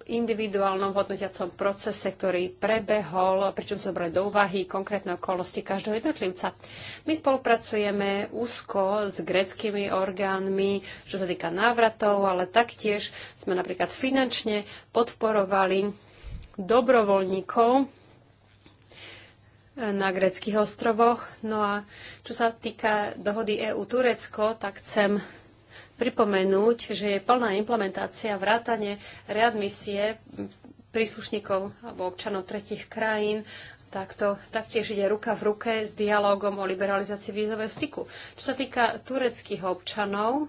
individuálnom hodnotiacom procese, ktorý prebehol, pričom sa brali do úvahy konkrétne okolnosti každého jednotlivca. My spolupracujeme úzko s greckými orgánmi, čo sa týka návratov, ale taktiež sme napríklad finančne podporovali dobrovoľníkov na greckých ostrovoch. No a čo sa týka dohody EU-Turecko, tak chcem pripomenúť, že je plná implementácia vrátane readmisie príslušníkov alebo občanov tretich krajín. tak to taktiež ide ruka v ruke s dialogom o liberalizácii vízového styku. Čo sa týka tureckých občanov,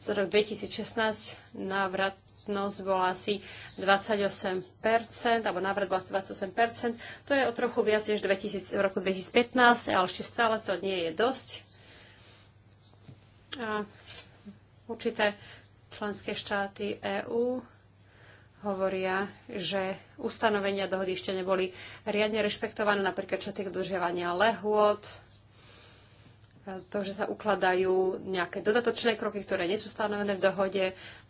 za rok 2016 návratnosť bola asi 28%, alebo návrat bola asi 28%. To je o trochu viac než 2000, v roku 2015, ale ešte stále to nie je dosť. A Určité členské štáty EÚ hovoria, že ustanovenia dohody ešte neboli riadne rešpektované, napríklad čo tých dodržiavania lehôd, to, že sa ukladajú nejaké dodatočné kroky, ktoré nie sú stanovené v dohode,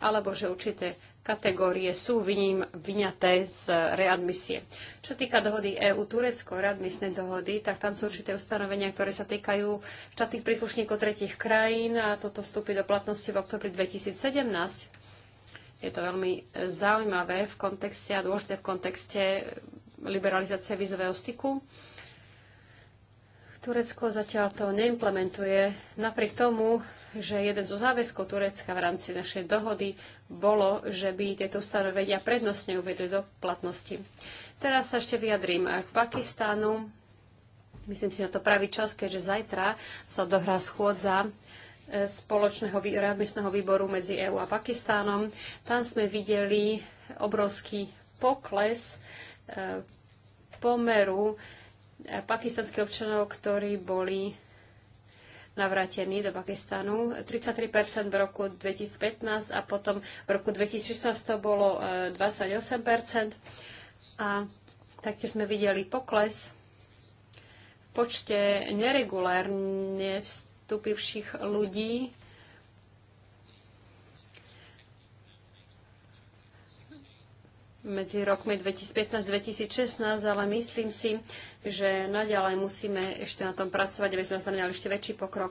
alebo že určité kategórie sú vyním vyňaté z readmisie. Čo týka dohody EU-Turecko, readmisné dohody, tak tam sú určité ustanovenia, ktoré sa týkajú štátnych príslušníkov tretich krajín a toto vstúpi do platnosti v oktobri 2017. Je to veľmi e, zaujímavé v kontexte a dôležité v kontexte e, liberalizácie vízového styku. Turecko zatiaľ to neimplementuje. Napriek tomu že jeden zo záväzkov Turecka v rámci našej dohody bolo, že by tieto ustanovenia prednostne uvedli do platnosti. Teraz sa ešte vyjadrím k Pakistánu. Myslím si na to pravý čas, keďže zajtra sa dohrá schôdza e, spoločného readmisného výboru medzi EÚ a Pakistánom. Tam sme videli obrovský pokles e, pomeru e, pakistanských občanov, ktorí boli navrátení do Pakistanu. 33% v roku 2015 a potom v roku 2016 to bolo 28%. E, a taktiež sme videli pokles v počte neregulárne vstupivších ľudí medzi rokmi 2015-2016, ale myslím si, že naďalej musíme ešte na tom pracovať, aby sme znamenali ešte väčší pokrok.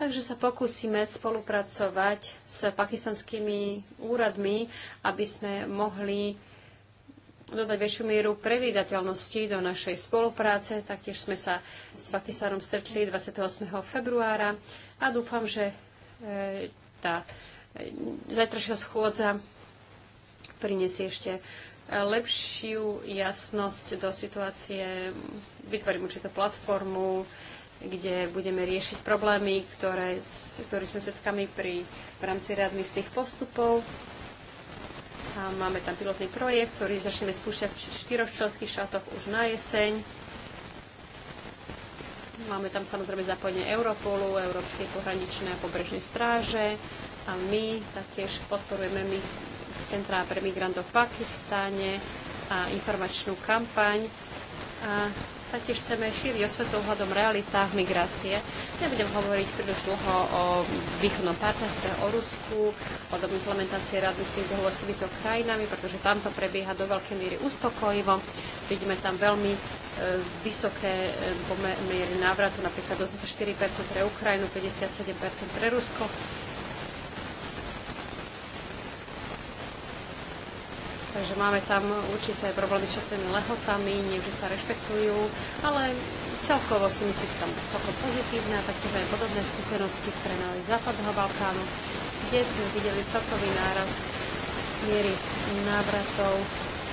Takže sa pokúsime spolupracovať s pakistanskými úradmi, aby sme mohli dodať väčšiu mieru previdateľnosti do našej spolupráce. Taktiež sme sa s Pakistanom stretli 28. februára a dúfam, že e, tá e, zajtrašia schôdza priniesie ešte lepšiu jasnosť do situácie, vytvorím určitú platformu, kde budeme riešiť problémy, ktoré, ktoré sme setkami pri, v rámci readmisných postupov. A máme tam pilotný projekt, ktorý začneme spúšťať v štyroch členských štátoch už na jeseň. Máme tam samozrejme zapojenie Europolu, Európskej pohraničnej a pobrežnej stráže a my taktiež podporujeme my centrá pre migrantov v Pakistáne a informačnú kampaň. A taktiež chceme šíriť osvetu ohľadom realitách migrácie. Nebudem hovoriť príliš dlho o východnom partnerstve, o Rusku, o implementácie rady s tým s týmito krajinami, pretože tamto prebieha do veľkej miery uspokojivo. Vidíme tam veľmi e, vysoké e, pomery miery návratu, napríklad 84% pre Ukrajinu, 57% pre Rusko Takže máme tam určité problémy s časovými lehotami, nie vždy sa rešpektujú, ale celkovo si myslím, že tam celkom pozitívne a taktiež aj podobné skúsenosti z krajinami Západného Balkánu, kde sme videli celkový nárast miery návratov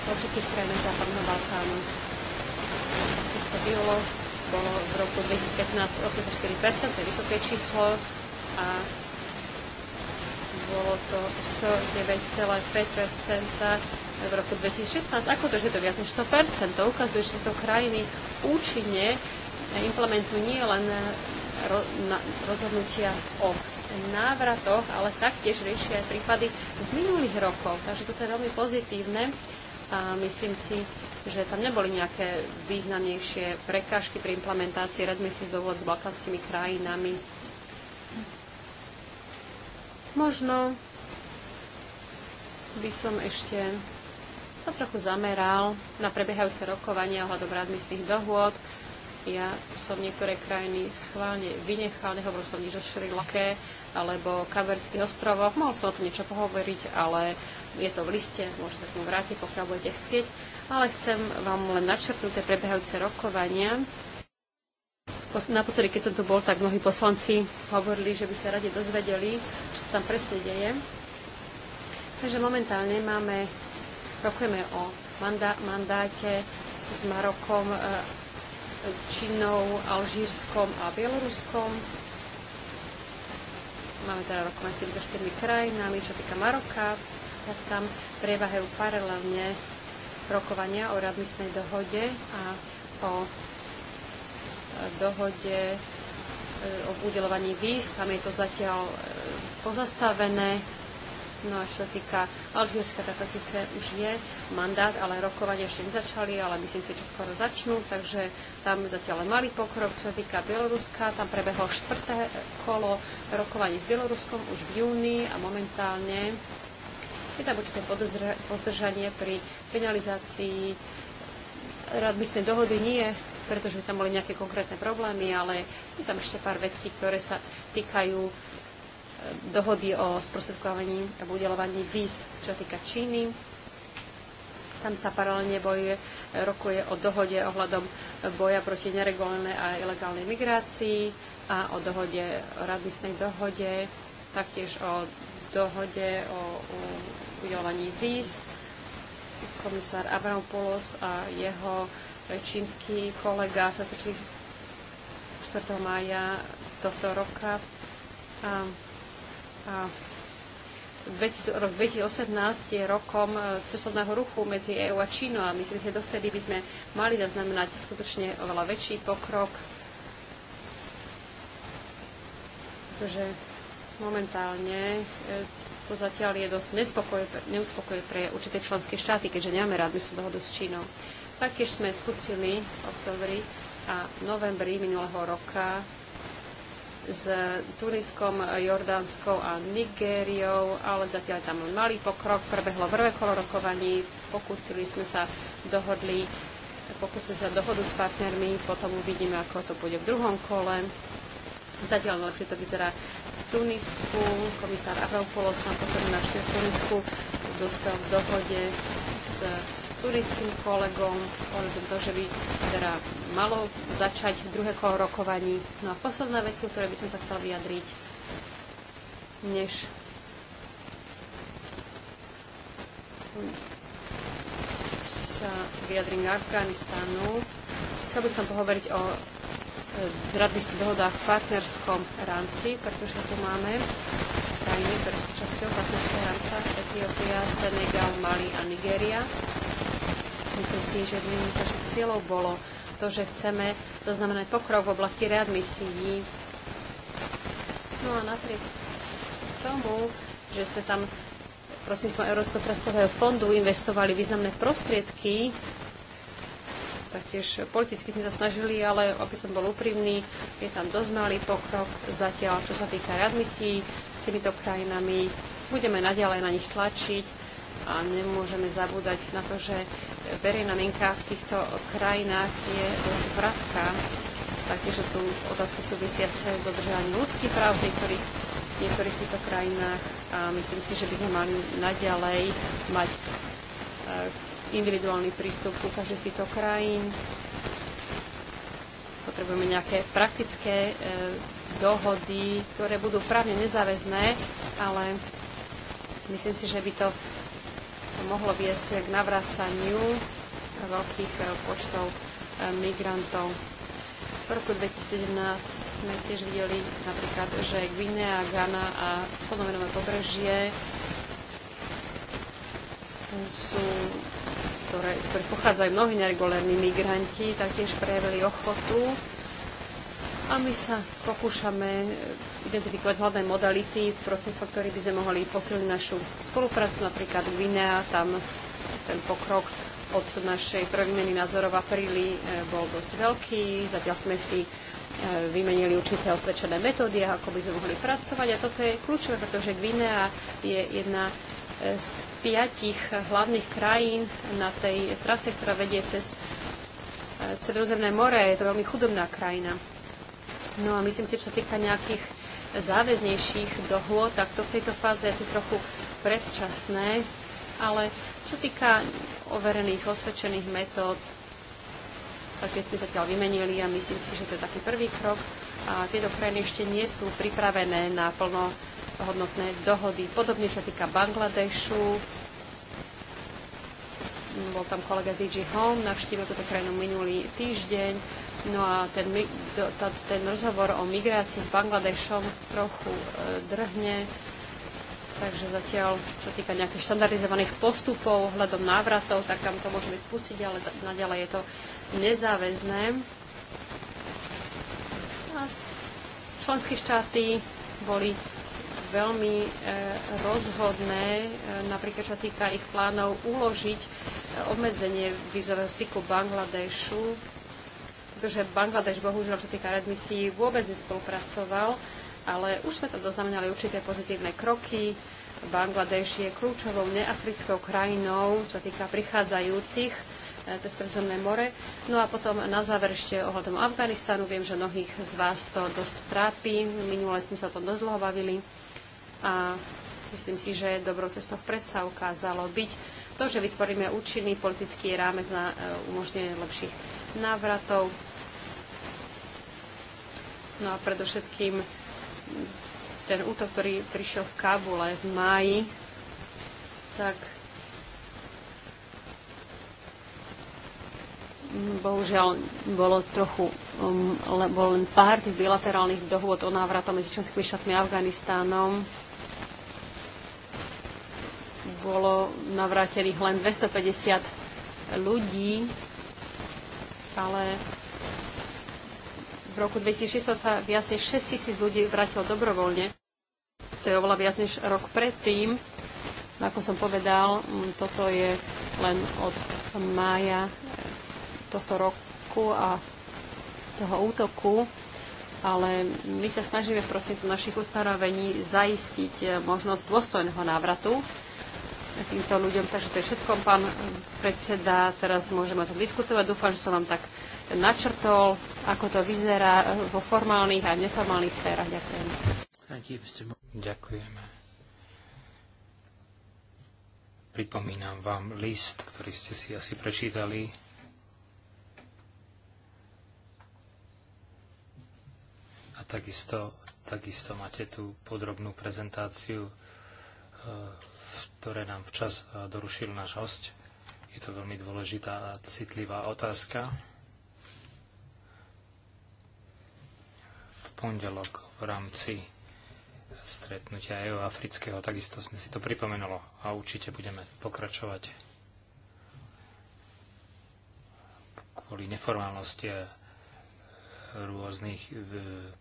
vo všetkých krajinách Západného Balkánu. Takisto to bylo, bolo v roku 2015 84%, to je vysoké číslo a bolo to 109,5% v roku 2016. Ako to, že to viac než 100%? To ukazuje, že tieto krajiny účinne implementujú nie len rozhodnutia o návratoch, ale taktiež riešia aj prípady z minulých rokov. Takže toto je veľmi pozitívne a myslím si, že tam neboli nejaké významnejšie prekážky pri implementácii redmisných dovod s balkánskymi krajinami. Možno by som ešte sa trochu zameral na prebiehajúce rokovania ohľadom radmistných dohôd. Ja som niektoré krajiny schválne vynechal, nehovoril som nič o Šri Lanke alebo Kaverských ostrovoch. Mohol som o tom niečo pohovoriť, ale je to v liste, môžete sa k tomu vrátiť, pokiaľ budete chcieť. Ale chcem vám len načrtnúť tie prebiehajúce rokovania. Naposledy, keď som tu bol, tak mnohí poslanci hovorili, že by sa radi dozvedeli, čo sa tam presne deje. Takže momentálne máme Rokujeme o mandá- mandáte s Marokom, e, Čínou, Alžírskom a Bieloruskom. Máme teda rokovať s týmito štyrmi krajinami, čo týka Maroka, tak tam prebiehajú paralelne rokovania o radmisnej dohode a o e, dohode e, o udelovaní víz. Tam je to zatiaľ pozastavené. No a čo sa týka Alžírska, tak síce už je mandát, ale rokovať ešte nezačali, ale myslím si, že skoro začnú, takže tam zatiaľ malý pokrok. Čo sa týka Bieloruska, tam prebehlo štvrté kolo rokovaní s Bieloruskom už v júni a momentálne je tam určité pozdržanie pri penalizácii sme dohody nie, pretože by tam boli nejaké konkrétne problémy, ale je tam ešte pár vecí, ktoré sa týkajú dohody o sprostredkovaní a udelovaní víz, čo týka Číny. Tam sa paralelne bojuje, rokuje o dohode ohľadom boja proti neregulárnej a ilegálnej migrácii a o dohode, o radmisnej dohode, taktiež o dohode o, o udelovaní víz. Komisár Avramopoulos a jeho čínsky kolega sa stretli 4. mája tohto roka. A a rok 2018 je rokom e, cestovného ruchu medzi EÚ a Čínou a myslím, že dovtedy by sme mali zaznamenať skutočne oveľa väčší pokrok, pretože momentálne e, to zatiaľ je dosť neuspokoje pre určité členské štáty, keďže nemáme readmisiu dohodu s Čínou. Taktiež sme spustili v oktobri a novembri minulého roka s Tuniskom, Jordánskou a Nigériou, ale zatiaľ tam malý pokrok. Prebehlo prvé kolo rokovaní, pokúsili sme sa dohodli, pokúsili sa dohodu s partnermi, potom uvidíme, ako to bude v druhom kole. Zatiaľ no, lepšie to vyzerá v Tunisku. Komisár Avramopoulos na poslednú návštevu v Tunisku dostal v dohode s tuniským kolegom, ohľadom toho, že by teda malo začať druhé kolo rokovaní. No a posledná vec, ku ktorej by som sa chcel vyjadriť, než sa vyjadrím k Afganistánu, chcel by som pohovoriť o e, radných dohodách v partnerskom rámci, pretože tu máme krajiny, ktoré sú časťou partnerského rámca, Etiópia, Senegal, Mali a Nigéria. Myslím si, že jedným z našich cieľov bolo to, že chceme zaznamenať pokrok v oblasti readmisií. No a napriek tomu, že sme tam prosím Európskeho trastového fondu investovali významné prostriedky, taktiež politicky sme sa snažili, ale aby som bol úprimný, je tam dosť malý pokrok zatiaľ, čo sa týka readmisií s týmito krajinami. Budeme naďalej na nich tlačiť, a nemôžeme zabúdať na to, že verejná mienka v týchto krajinách je dosť vratká. Taktiež sú tu otázky súvisiace s dodržovaním ľudských práv v niektorých, v niektorých týchto krajinách a myslím si, že by sme mali naďalej mať e, individuálny prístup ku každej z týchto krajín. Potrebujeme nejaké praktické e, dohody, ktoré budú právne nezáväzné, ale myslím si, že by to to mohlo viesť k navracaniu veľkých eh, počtov eh, migrantov. V roku 2017 sme tiež videli napríklad, že Guinea, Ghana a Slovenové pobrežie sú, ktoré, pochádzajú mnohí neregulárni migranti, taktiež prejavili ochotu a my sa pokúšame eh, identifikovať hlavné modality, prostredstvom ktoré by sme mohli posilniť našu spoluprácu, napríklad Guinea, tam ten pokrok od našej prvej výmeny názorov v apríli eh, bol dosť veľký. Zatiaľ sme si eh, vymenili určité osvedčené metódy, ako by sme mohli pracovať. A toto je kľúčové, pretože Guinea je jedna z piatich hlavných krajín na tej trase, ktorá vedie cez Cedrozemné more. Je to veľmi chudobná krajina. No a myslím si, čo sa týka nejakých záväznejších dohôd, tak to v tejto fáze asi trochu predčasné, ale čo týka overených, osvedčených metód, tak tie sme zatiaľ vymenili a myslím si, že to je taký prvý krok. A tieto krajiny ešte nie sú pripravené na plnohodnotné dohody. Podobne sa týka Bangladešu. Bol tam kolega DG Home, navštívil túto krajinu minulý týždeň No a ten, ten rozhovor o migrácii s Bangladešom trochu e, drhne, takže zatiaľ, čo týka nejakých štandardizovaných postupov hľadom návratov, tak tam to môžeme spustiť, ale naďalej je to nezáväzné. A členské štáty boli veľmi e, rozhodné, e, napríklad čo týka ich plánov uložiť obmedzenie vízového styku Bangladešu pretože Bangladeš bohužiaľ, čo týka readmisií, vôbec nespolupracoval, ale už sme tam zaznamenali určité pozitívne kroky. Bangladeš je kľúčovou neafrickou krajinou, čo týka prichádzajúcich eh, cez Stredozemné more. No a potom na záver ešte ohľadom Afganistanu. Viem, že mnohých z vás to dosť trápi. Minule sme sa o tom dosť dlho bavili. A myslím si, že dobrou cestou vpred sa ukázalo byť to, že vytvoríme účinný politický rámec na eh, umožnenie lepších návratov. No a predovšetkým ten útok, ktorý prišiel v Kábule v máji, tak bohužiaľ bolo trochu, um, le, bol len pár tých bilaterálnych dohôd o návratu medzi členskými štátmi a Afganistánom. Bolo navrátených len 250 ľudí, ale v roku 2016 sa viac než 6 tisíc ľudí vrátilo dobrovoľne. To je oveľa viac než rok predtým. Ako som povedal, toto je len od mája tohto roku a toho útoku, ale my sa snažíme tu našich ustanovení zaistiť e, možnosť dôstojného návratu týmto ľuďom. Takže to je všetko, pán predseda. Teraz môžeme o tom diskutovať. Dúfam, že som vám tak načrtol, ako to vyzerá eh, vo formálnych a neformálnych sférach. Ďakujem. Ďakujeme. Pripomínam vám list, ktorý ste si asi prečítali. A takisto, takisto máte tú podrobnú prezentáciu, eh, ktoré nám včas eh, dorušil náš host. Je to veľmi dôležitá a citlivá otázka. pondelok v rámci stretnutia EU afrického, takisto sme si to pripomenulo a určite budeme pokračovať kvôli neformálnosti rôznych e,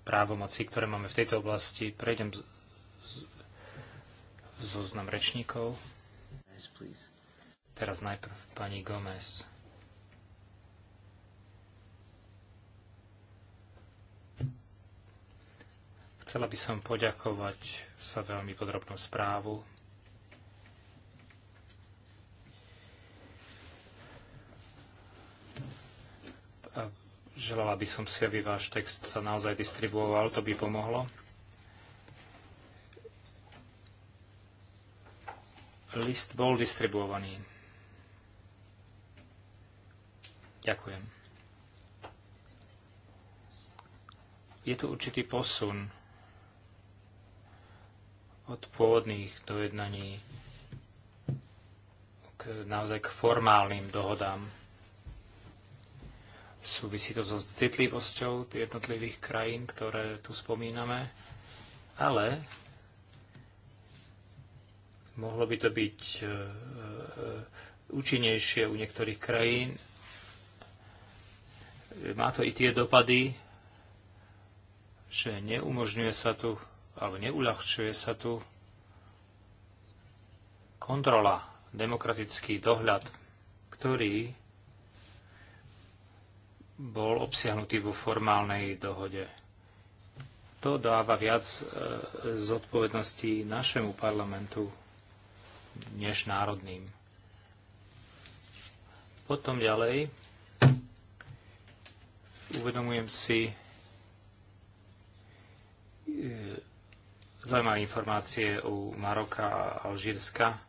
právomocí, ktoré máme v tejto oblasti. Prejdem zoznam rečníkov. Teraz najprv pani Gomez. Chcela by som poďakovať za veľmi podrobnú správu. A želala by som si, aby váš text sa naozaj distribuoval, to by pomohlo. List bol distribuovaný. Ďakujem. Je tu určitý posun od pôvodných dojednaní k, naozaj k formálnym dohodám. Súvisí to so citlivosťou jednotlivých krajín, ktoré tu spomíname, ale mohlo by to byť e, e, účinnejšie u niektorých krajín. Má to i tie dopady, že neumožňuje sa tu alebo neuľahčuje sa tu kontrola, demokratický dohľad, ktorý bol obsiahnutý vo formálnej dohode. To dáva viac e, zodpovedností našemu parlamentu než národným. Potom ďalej uvedomujem si e, Zaujímavé informácie u Maroka a Alžírska.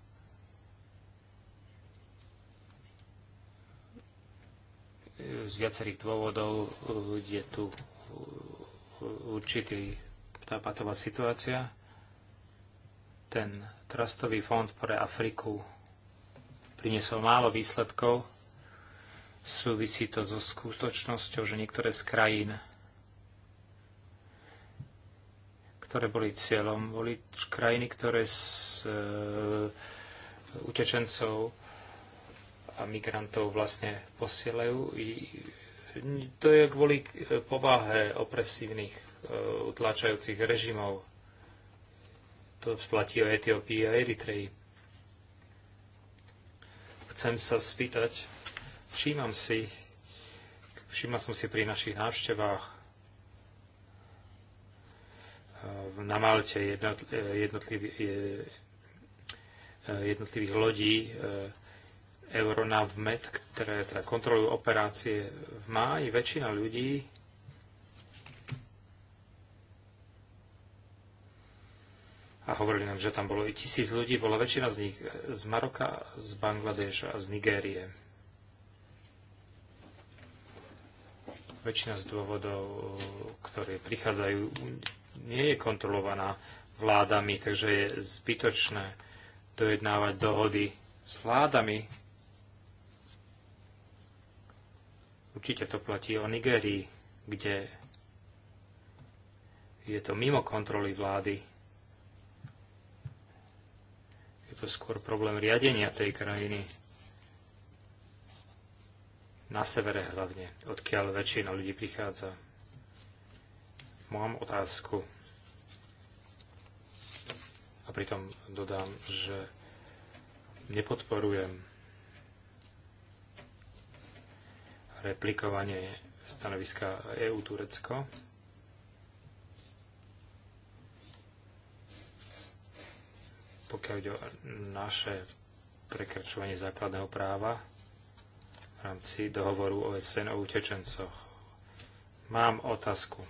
Z viacerých dôvodov eh, je tu eh, určitý tá patová situácia. Ten trastový fond pre Afriku priniesol málo výsledkov. Súvisí to so skutočnosťou, že niektoré z krajín ktoré boli cieľom, boli krajiny, ktoré s e, utečencov a migrantov vlastne posielajú. To je kvôli e, povahe opresívnych e, utláčajúcich režimov. To platí o Etiópii a Eritreji. Chcem sa spýtať, všímam si, všímal som si pri našich návštevách na Malte jednotlivý, jednotlivých lodí e, Euronavmet, Med, ktoré teda kontrolujú operácie v máji. Väčšina ľudí a hovorili nám, že tam bolo i tisíc ľudí, bola väčšina z nich z Maroka, z Bangladeša a z Nigérie. Väčšina z dôvodov, ktoré prichádzajú nie je kontrolovaná vládami, takže je zbytočné dojednávať dohody s vládami. Určite to platí o Nigérii, kde je to mimo kontroly vlády. Je to skôr problém riadenia tej krajiny. Na severe hlavne, odkiaľ väčšina ľudí prichádza. Mám otázku. A pritom dodám, že nepodporujem replikovanie stanoviska EU Turecko. Pokiaľ ide o naše prekračovanie základného práva v rámci dohovoru OSN o utečencoch. Mám otázku.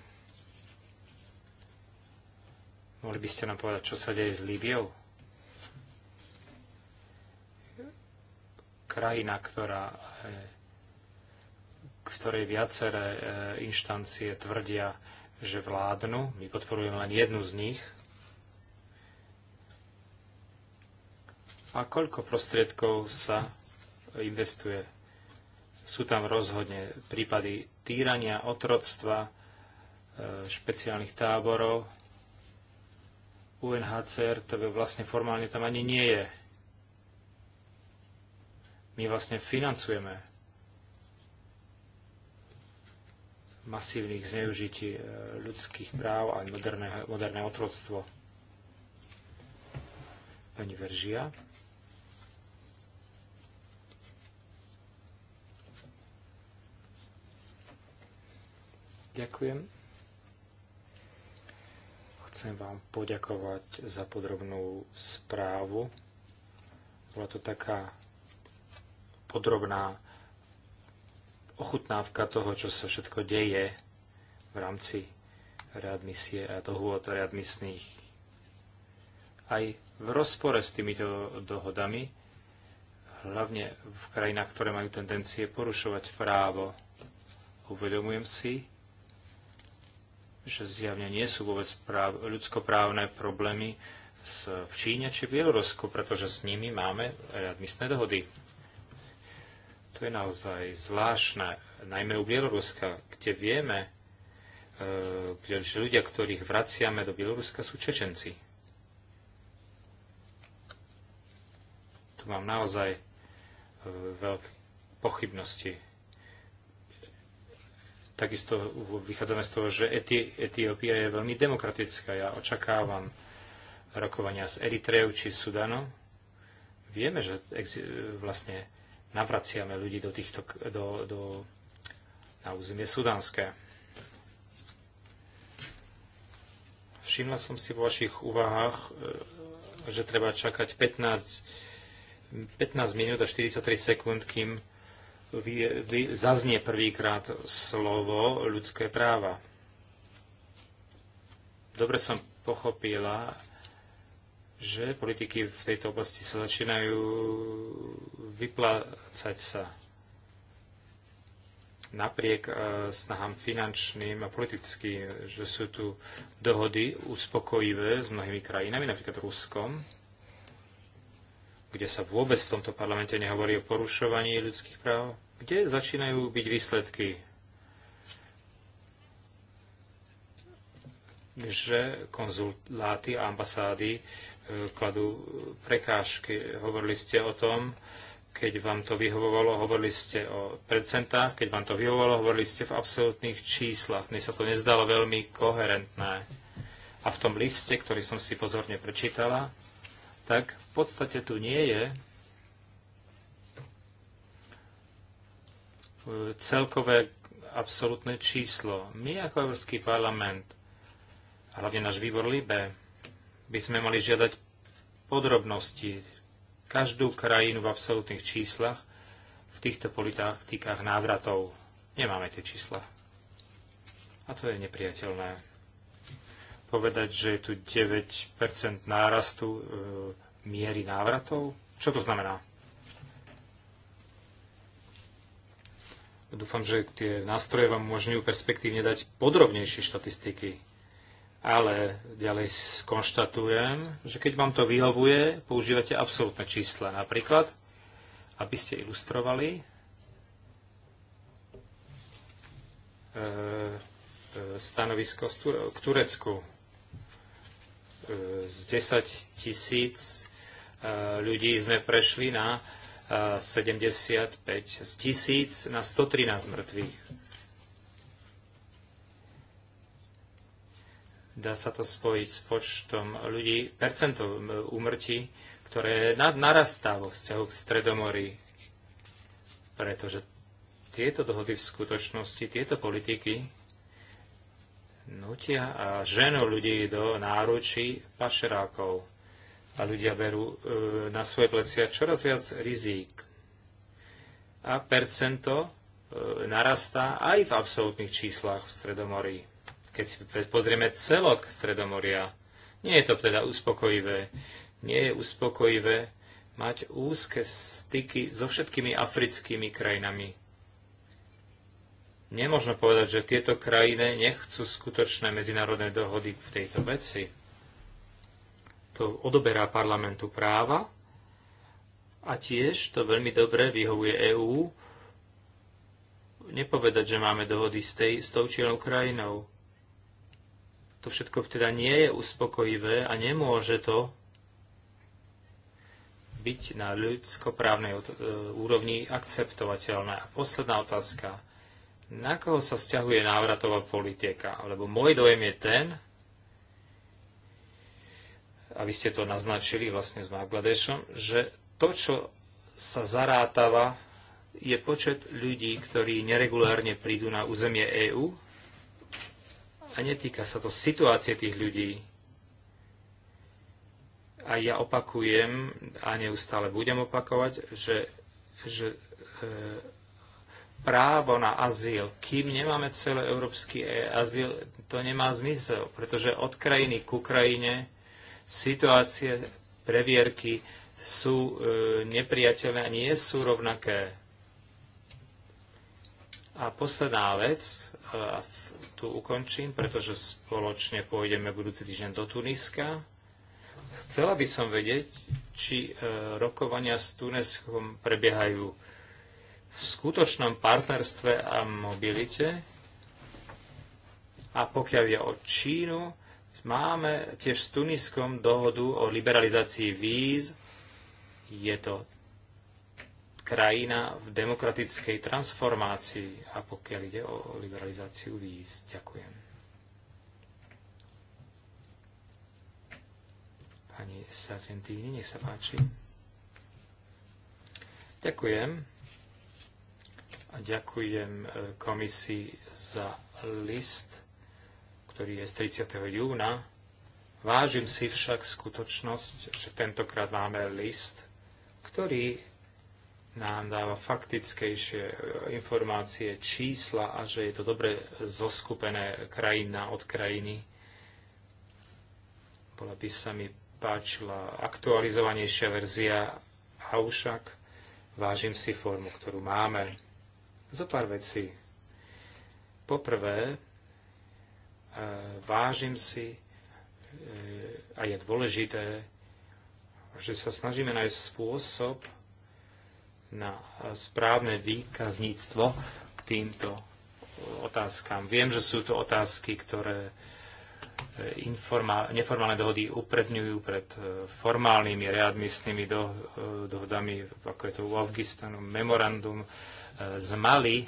Mohli by ste nám povedať, čo sa deje s Líbiou? Krajina, ktorá, eh, v ktorej viaceré eh, inštancie tvrdia, že vládnu. My podporujeme len jednu z nich. A koľko prostriedkov sa investuje? Sú tam rozhodne prípady týrania, otroctva, eh, špeciálnych táborov, UNHCR to vlastne formálne tam ani nie je. My vlastne financujeme masívnych zneužití e, ľudských práv a moderné, moderné otroctvo. Pani Veržia. Ďakujem. Chcem vám poďakovať za podrobnú správu. Bola to taká podrobná ochutnávka toho, čo sa všetko deje v rámci readmisie a dohôd readmisných. Aj v rozpore s týmito dohodami, hlavne v krajinách, ktoré majú tendencie porušovať právo, uvedomujem si, že zjavne nie sú vôbec práv, ľudskoprávne problémy s, v Číne či Bielorusku, pretože s nimi máme admisné dohody. To je naozaj zvláštne, najmä u Bieloruska, kde vieme, e, že ľudia, ktorých vraciame do Bieloruska, sú Čečenci. Tu mám naozaj e, veľké pochybnosti Takisto vychádzame z toho, že Eti- Etiópia je veľmi demokratická. Ja očakávam rokovania s Eritreou či Sudanom. Vieme, že vlastne navraciame ľudí do, týchto, do, do, na územie sudanské. Všimla som si vo vašich úvahách, e, že treba čakať 15, 15 minút a 43 sekúnd, kým zaznie prvýkrát slovo ľudské práva. Dobre som pochopila, že politiky v tejto oblasti sa začínajú vyplácať sa napriek e, snahám finančným a politickým, že sú tu dohody uspokojivé s mnohými krajinami, napríklad Ruskom, kde sa vôbec v tomto parlamente nehovorí o porušovaní ľudských práv, kde začínajú byť výsledky, že konzuláty a ambasády e, kladú prekážky. Hovorili ste o tom, keď vám to vyhovovalo, hovorili ste o percentách, keď vám to vyhovovalo, hovorili ste v absolútnych číslach. Mne sa to nezdalo veľmi koherentné. A v tom liste, ktorý som si pozorne prečítala, tak v podstate tu nie je e, celkové absolútne číslo. My ako Európsky parlament, hlavne náš výbor LIBE, by sme mali žiadať podrobnosti každú krajinu v absolútnych číslach v týchto politikách návratov. Nemáme tie čísla. A to je nepriateľné povedať, že je tu 9% nárastu e, miery návratov? Čo to znamená? Dúfam, že tie nástroje vám umožňujú perspektívne dať podrobnejšie štatistiky. Ale ďalej skonštatujem, že keď vám to vyhovuje, používate absolútne čísla. Napríklad, aby ste ilustrovali e, e, stanovisko k Turecku z 10 tisíc e, ľudí sme prešli na 75 e, z tisíc na 113 mŕtvych. Dá sa to spojiť s počtom ľudí, percentov úmrtí, ktoré narastá vo vzťahu k Stredomorí, pretože tieto dohody v skutočnosti, tieto politiky nutia a ženú ľudí do náručí pašerákov. A ľudia berú e, na svoje plecia čoraz viac rizík. A percento e, narastá aj v absolútnych číslach v Stredomorí. Keď si pozrieme celok Stredomoria, nie je to teda uspokojivé. Nie je uspokojivé mať úzke styky so všetkými africkými krajinami. Nemôžno povedať, že tieto krajiny nechcú skutočné medzinárodné dohody v tejto veci. To odoberá parlamentu práva a tiež to veľmi dobre vyhovuje EÚ nepovedať, že máme dohody s, tej, s tou čiernou krajinou. To všetko teda nie je uspokojivé a nemôže to byť na ľudskoprávnej e, úrovni akceptovateľné. A posledná otázka na koho sa vzťahuje návratová politika? Lebo môj dojem je ten, a vy ste to naznačili vlastne s Bangladešom, že to, čo sa zarátava, je počet ľudí, ktorí neregulárne prídu na územie EÚ a netýka sa to situácie tých ľudí. A ja opakujem a neustále budem opakovať, že, že e, právo na azyl. Kým nemáme celý európsky e, azyl, to nemá zmysel, pretože od krajiny ku krajine situácie previerky sú e, nepriateľné a nie sú rovnaké. A posledná vec, e, a tu ukončím, pretože spoločne pôjdeme budúci týždeň do Tuniska. Chcela by som vedieť, či e, rokovania s Tuneskom prebiehajú v skutočnom partnerstve a mobilite. A pokiaľ je o Čínu, máme tiež s Tuniskom dohodu o liberalizácii víz. Je to krajina v demokratickej transformácii a pokiaľ ide o liberalizáciu víz. Ďakujem. Pani Sargentini, nech sa páči. Ďakujem. A ďakujem e, komisii za list, ktorý je z 30. júna. Vážim si však skutočnosť, že tentokrát máme list, ktorý nám dáva faktickejšie e, informácie, čísla a že je to dobre zoskupené krajina od krajiny. Bola by sa mi páčila aktualizovanejšia verzia a však vážim si formu, ktorú máme. Zo pár vecí. Poprvé, e, vážim si e, a je dôležité, že sa snažíme nájsť spôsob na správne výkazníctvo k týmto otázkam. Viem, že sú to otázky, ktoré e, informa- neformálne dohody upredňujú pred formálnymi readmisnými do- dohodami, ako je to u Afganistanu, memorandum z Mali,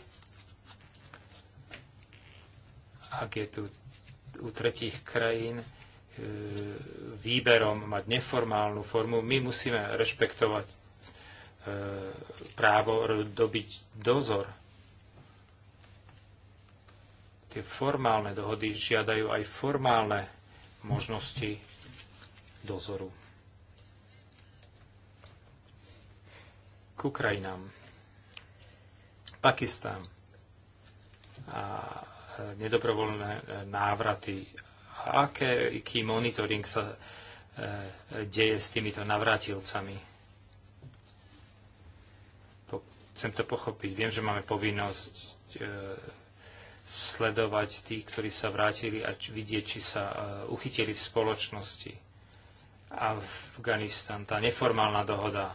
ak je tu u tretích krajín e, výberom mať neformálnu formu, my musíme rešpektovať e, právo dobiť dozor. Tie formálne dohody žiadajú aj formálne možnosti dozoru. K Ukrajinám. Pakistán a e, nedobrovoľné e, návraty. A aký monitoring sa e, deje s týmito navrátilcami? Chcem to pochopiť. Viem, že máme povinnosť sledovať tých, ktorí sa vrátili a vidieť, či sa uchytili v spoločnosti. Afganistan, tá neformálna dohoda.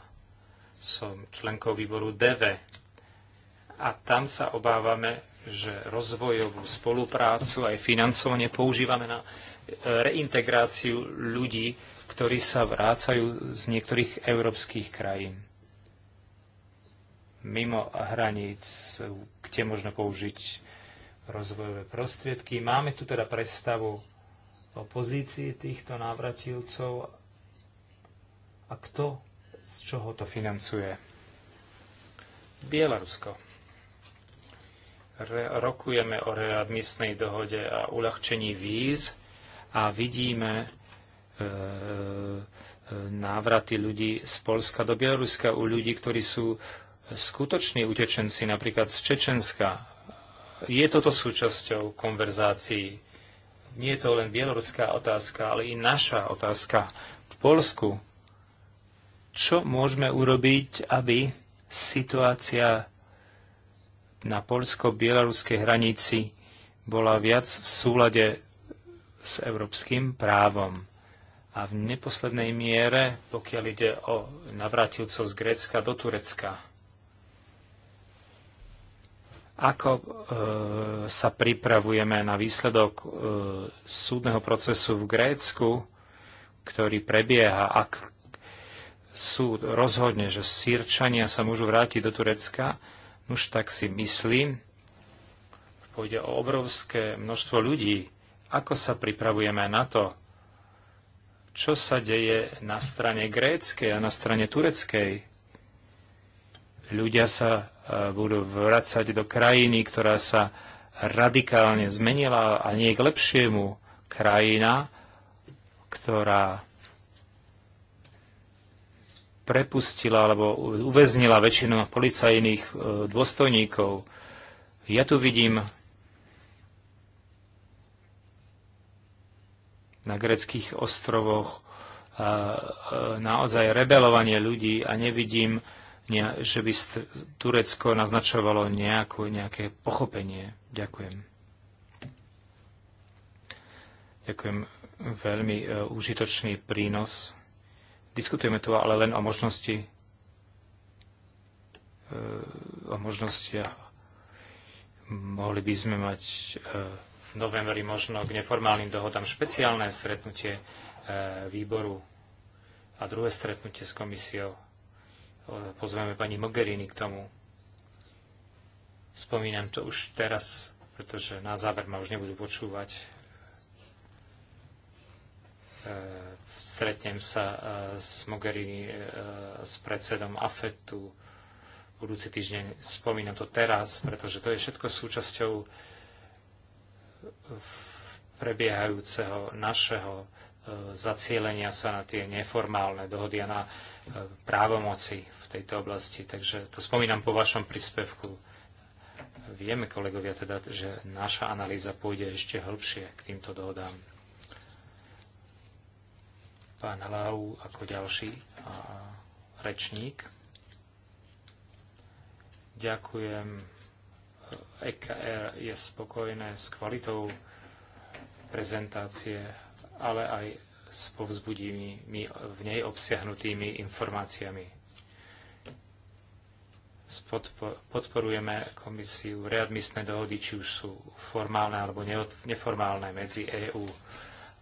Som členkou výboru DEVE, a tam sa obávame, že rozvojovú spoluprácu aj financovanie používame na e, reintegráciu ľudí, ktorí sa vrácajú z niektorých európskych krajín mimo hraníc, kde možno použiť rozvojové prostriedky. Máme tu teda predstavu o pozícii týchto návratilcov a kto z čoho to financuje. Bielorusko rokujeme o readmisnej dohode a uľahčení víz a vidíme e, e, návraty ľudí z Polska do Bieloruska u ľudí, ktorí sú skutoční utečenci, napríklad z Čečenska. Je toto súčasťou konverzácií? Nie je to len bieloruská otázka, ale i naša otázka v Polsku. Čo môžeme urobiť, aby situácia na polsko-bieloruskej hranici bola viac v súlade s európskym právom. A v neposlednej miere, pokiaľ ide o navrátilcov z Grécka do Turecka. Ako e, sa pripravujeme na výsledok e, súdneho procesu v Grécku, ktorý prebieha, ak súd rozhodne, že sírčania sa môžu vrátiť do Turecka, už tak si myslím, pôjde o obrovské množstvo ľudí. Ako sa pripravujeme na to, čo sa deje na strane gréckej a na strane tureckej? Ľudia sa e, budú vracať do krajiny, ktorá sa radikálne zmenila a nie k lepšiemu. Krajina, ktorá prepustila alebo uväznila väčšinu policajných e, dôstojníkov. Ja tu vidím na greckých ostrovoch e, e, naozaj rebelovanie ľudí a nevidím, že by Turecko naznačovalo nejakú, nejaké pochopenie. Ďakujem. Ďakujem veľmi užitočný prínos. Diskutujeme tu ale len o možnosti e, o a Mohli by sme mať e, v novembri možno k neformálnym dohodám špeciálne stretnutie e, výboru a druhé stretnutie s komisiou. Pozveme pani Mogherini k tomu. Spomínam to už teraz, pretože na záver ma už nebudú počúvať Stretnem sa e, s Mogherini, e, s predsedom AFETu budúci týždeň. Spomínam to teraz, pretože to je všetko súčasťou prebiehajúceho našeho e, zacielenia sa na tie neformálne dohody a na právomoci v tejto oblasti. Takže to spomínam po vašom príspevku. Vieme, kolegovia, teda, že naša analýza pôjde ešte hĺbšie k týmto dohodám pán Lau ako ďalší rečník. Ďakujem. EKR je spokojné s kvalitou prezentácie, ale aj s povzbudivými v nej obsiahnutými informáciami. Podporujeme komisiu readmisné dohody, či už sú formálne alebo neformálne medzi EÚ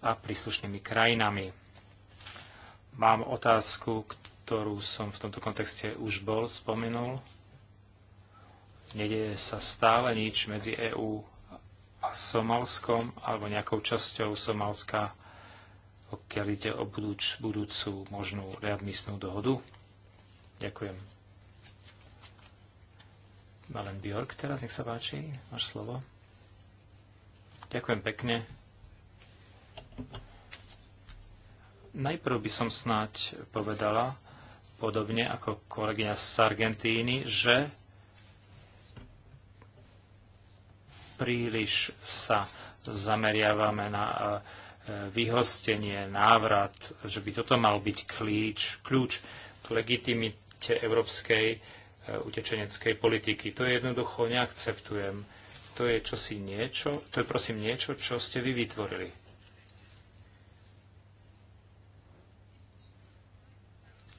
a príslušnými krajinami Mám otázku, ktorú som v tomto kontexte už bol spomenul. Nedeje sa stále nič medzi EÚ a Somalskom alebo nejakou časťou Somalska, pokiaľ ide o budúč, budúcu možnú readmisnú dohodu. Ďakujem. Malen Bjork teraz, nech sa páči, máš slovo. Ďakujem pekne. Najprv by som snáď povedala, podobne ako kolegyňa z Argentíny, že príliš sa zameriavame na e, e, vyhostenie, návrat, že by toto mal byť klíč, kľúč k legitimite európskej e, utečeneckej politiky. To jednoducho neakceptujem. To je čosi niečo, to je prosím niečo, čo ste vy vytvorili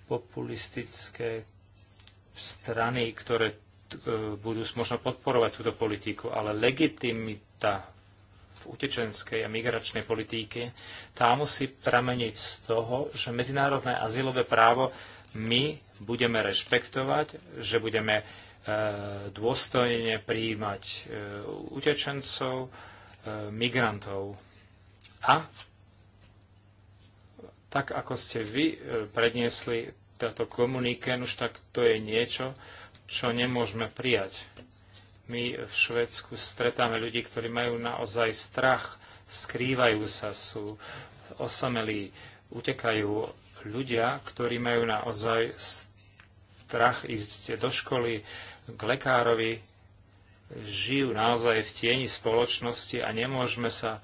populistické strany, ktoré e, budú možno podporovať túto politiku, ale legitimita v utečenskej a migračnej politike, tá musí prameniť z toho, že medzinárodné azylové právo my budeme rešpektovať, že budeme e, dôstojne prijímať e, utečencov, migrantov. A tak ako ste vy e, predniesli táto komuniken, už tak to je niečo, čo nemôžeme prijať. My v Švedsku stretáme ľudí, ktorí majú naozaj strach, skrývajú sa, sú osamelí, utekajú ľudia, ktorí majú naozaj strach ísť do školy, k lekárovi, žijú naozaj v tieni spoločnosti a nemôžeme sa uh,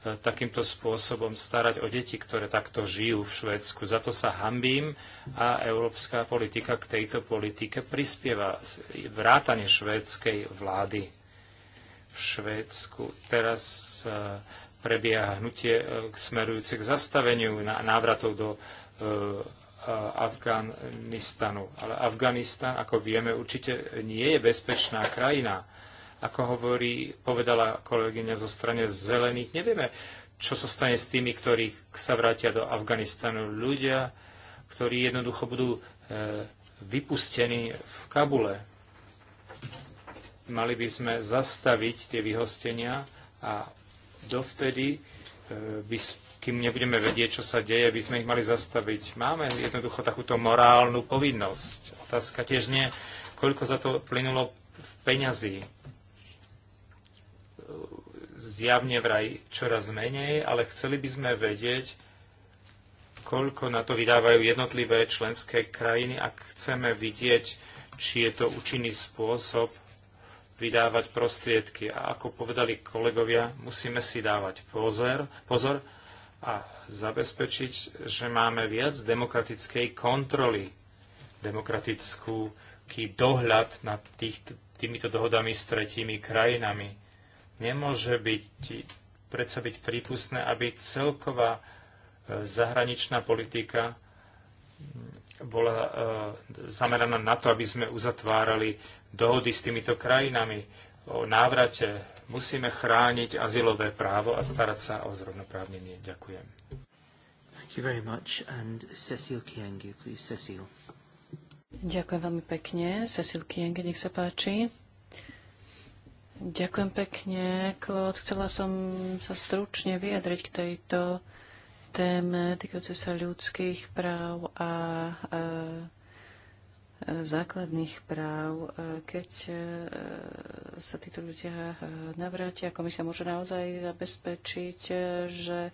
E, takýmto spôsobom starať o deti, ktoré takto žijú v Švédsku. Za to sa hambím a európska politika k tejto politike prispieva vrátane švédskej vlády v Švédsku. Teraz e, prebieha hnutie e, smerujúce k zastaveniu návratov do Afganistanu. Ale Afganistan, ako vieme, určite nie je bezpečná krajina ako hovorí, povedala kolegyňa zo strane zelených, nevieme, čo sa stane s tými, ktorí sa vrátia do Afganistanu. Ľudia, ktorí jednoducho budú e, vypustení v Kabule. Mali by sme zastaviť tie vyhostenia a dovtedy, e, by, kým nebudeme vedieť, čo sa deje, by sme ich mali zastaviť. Máme jednoducho takúto morálnu povinnosť. Otázka tiež nie, koľko za to plynulo v peňazí zjavne vraj čoraz menej, ale chceli by sme vedieť, koľko na to vydávajú jednotlivé členské krajiny, ak chceme vidieť, či je to účinný spôsob vydávať prostriedky. A ako povedali kolegovia, musíme si dávať pozor, pozor a zabezpečiť, že máme viac demokratickej kontroly, demokratickú dohľad nad tých, týmito dohodami s tretími krajinami Nemôže byť, predsa byť prípustné, aby celková e, zahraničná politika bola e, zameraná na to, aby sme uzatvárali dohody s týmito krajinami o návrate. Musíme chrániť azylové právo a starať sa o zrovnoprávnenie. Ďakujem. Ďakujem veľmi pekne. Cecil Kienge, nech sa páči. Ďakujem pekne, Klod. Chcela som sa stručne vyjadriť k tejto téme týkajúce sa ľudských práv a e, základných práv. Keď e, sa títo ľudia e, navrátia, ako komisia môže naozaj zabezpečiť, e, že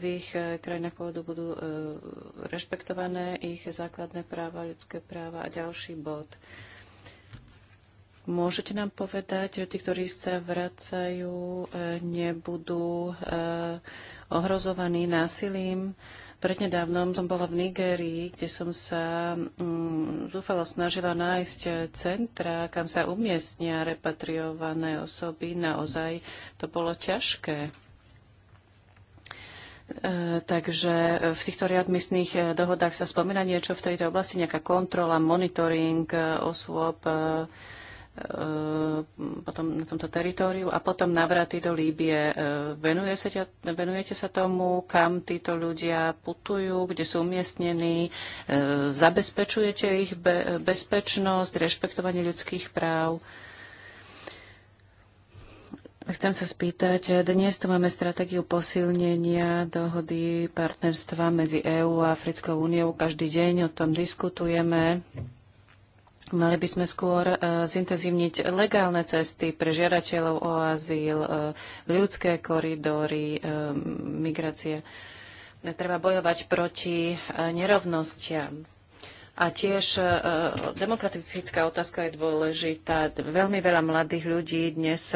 v ich e, krajinách pôvodu budú e, rešpektované ich základné práva, ľudské práva a ďalší bod. E, Môžete nám povedať, že tí, ktorí sa vracajú, e, nebudú e, ohrozovaní násilím? Prednedávnom som bola v Nigérii, kde som sa mm, zúfalo snažila nájsť centra, kam sa umiestnia repatriované osoby. Naozaj to bolo ťažké. E, takže v týchto riadmisných e, dohodách sa spomína niečo v tejto oblasti, nejaká kontrola, monitoring osôb, e, E, potom na tomto teritóriu a potom navraty do Líbie. E, venuje sa ťa, venujete sa tomu, kam títo ľudia putujú, kde sú umiestnení, e, zabezpečujete ich be- bezpečnosť, rešpektovanie ľudských práv. Chcem sa spýtať, dnes tu máme stratégiu posilnenia dohody partnerstva medzi EÚ a Africkou úniou. Každý deň o tom diskutujeme. Mali by sme skôr e, zintenzívniť legálne cesty pre žiadateľov o azyl, e, ľudské koridory, e, migrácie. Treba bojovať proti nerovnostiam. A tiež demokratická otázka je dôležitá. Veľmi veľa mladých ľudí dnes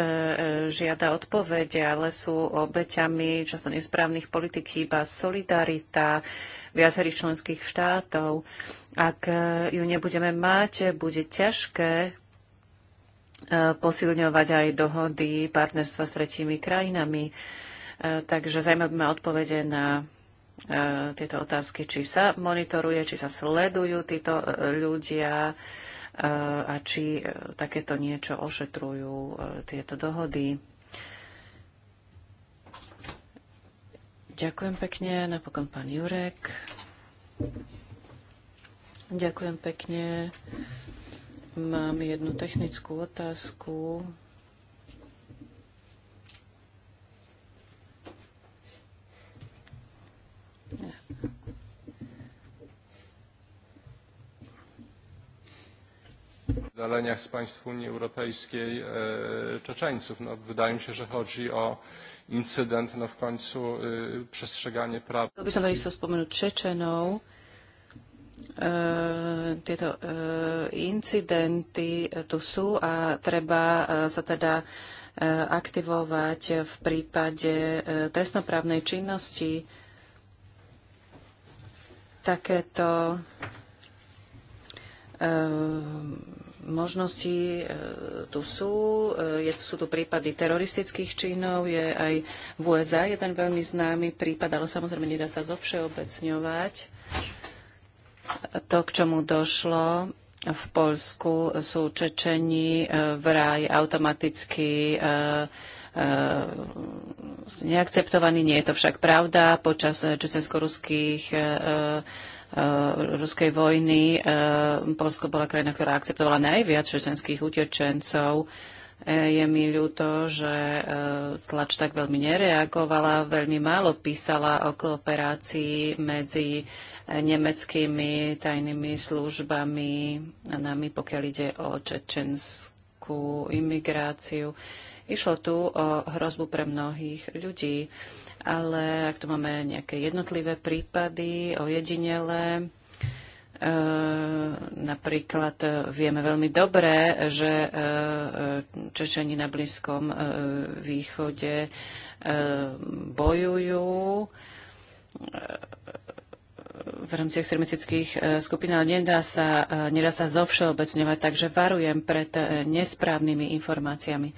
žiada odpovede, ale sú obeťami často nesprávnych politik, chýba solidarita viacerých členských štátov. Ak e, ju nebudeme mať, bude ťažké e, posilňovať aj dohody partnerstva s tretími krajinami. E, takže zaujímavé ma odpovede na tieto otázky, či sa monitoruje, či sa sledujú títo ľudia a či takéto niečo ošetrujú tieto dohody. Ďakujem pekne. Napokon pán Jurek. Ďakujem pekne. Mám jednu technickú otázku. z państw Unii Europejskiej e, Czeczeńców. No, wydaje mi się, że chodzi o incydent, no w końcu e, przestrzeganie praw. Chciałbym sobie wspomnieć Czeczenów E, tieto e, incidenty tu sú a treba e, sa teda aktivovať v prípade trestnoprávnej činnosti. Takéto možnosti tu sú. sú tu prípady teroristických činov, je aj v USA jeden veľmi známy prípad, ale samozrejme nedá sa zovšeobecňovať. To, k čomu došlo v Polsku, sú Čečení e, Raj automaticky e, e, vlastne neakceptovaní. Nie je to však pravda. Počas čečensko-ruských ruskej vojny Polsko bola krajina, ktorá akceptovala najviac čečenských utečencov. Je mi ľúto, že tlač tak veľmi nereagovala, veľmi málo písala o kooperácii medzi nemeckými tajnými službami a nami, pokiaľ ide o čečenskú imigráciu. Išlo tu o hrozbu pre mnohých ľudí, ale ak tu máme nejaké jednotlivé prípady, ojedinele, napríklad vieme veľmi dobre, že e, Čečeni na Blízkom e, východe e, bojujú v rámci extremistických e, skupín, ale nedá sa, e, nedá sa zovšeobecňovať, takže varujem pred e, nesprávnymi informáciami.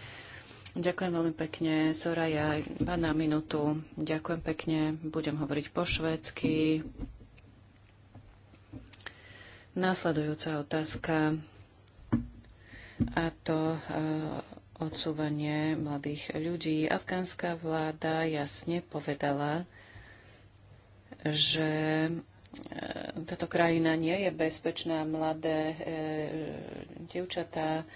Ďakujem veľmi pekne, Soraya, iba na minútu. Ďakujem pekne, budem hovoriť po švedsky. Následujúca otázka a to odsúvanie mladých ľudí. Afgánska vláda jasne povedala, že E, táto krajina nie je bezpečná. Mladé e, dievčatá,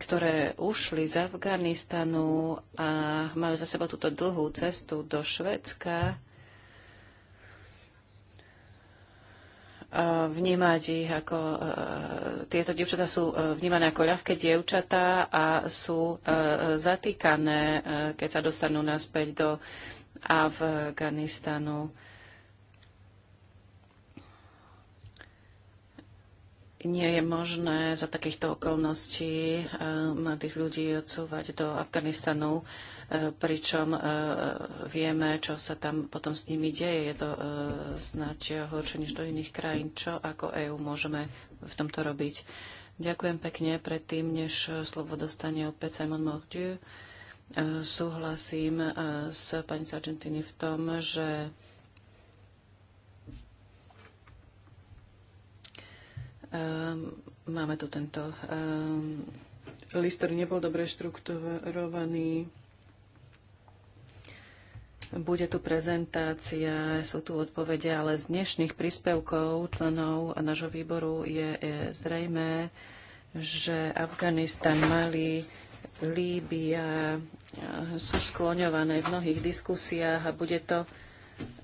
ktoré ušli z Afganistanu a majú za sebou túto dlhú cestu do Švedska, vnímať ich ako... E, tieto dievčatá sú e, vnímané ako ľahké dievčatá a sú zatýkané, keď sa dostanú naspäť do Afganistanu. nie je možné za takýchto okolností eh, mladých ľudí odsúvať do Afganistanu, eh, pričom eh, vieme, čo sa tam potom s nimi deje. Je to snáď horšie než do iných krajín. Čo ako EÚ môžeme v tomto robiť? Ďakujem pekne. Predtým, než slovo dostane opäť Simon Mordieu, súhlasím s pani Sargentini v tom, že Ehm, máme tu tento ehm, list, ktorý nebol dobre štrukturovaný. Bude tu prezentácia, sú tu odpovede, ale z dnešných príspevkov členov nášho výboru je, je zrejmé, že Afganistan, Mali, Líbia eh, sú skloňované v mnohých diskusiách a bude to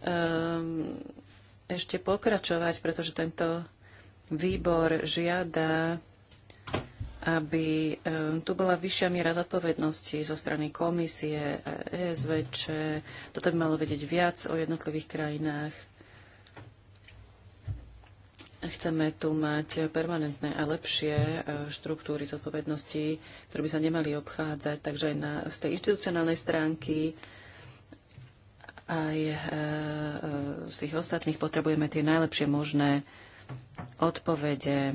um, ešte pokračovať, pretože tento Výbor žiada, aby eh, tu bola vyššia miera zodpovednosti zo strany komisie, ESVČ. Toto by malo vedieť viac o jednotlivých krajinách. Chceme tu mať permanentné a lepšie eh, štruktúry zodpovednosti, ktoré by sa nemali obchádzať. Takže aj na, z tej inštitucionálnej stránky aj eh, z tých ostatných potrebujeme tie najlepšie možné odpovede.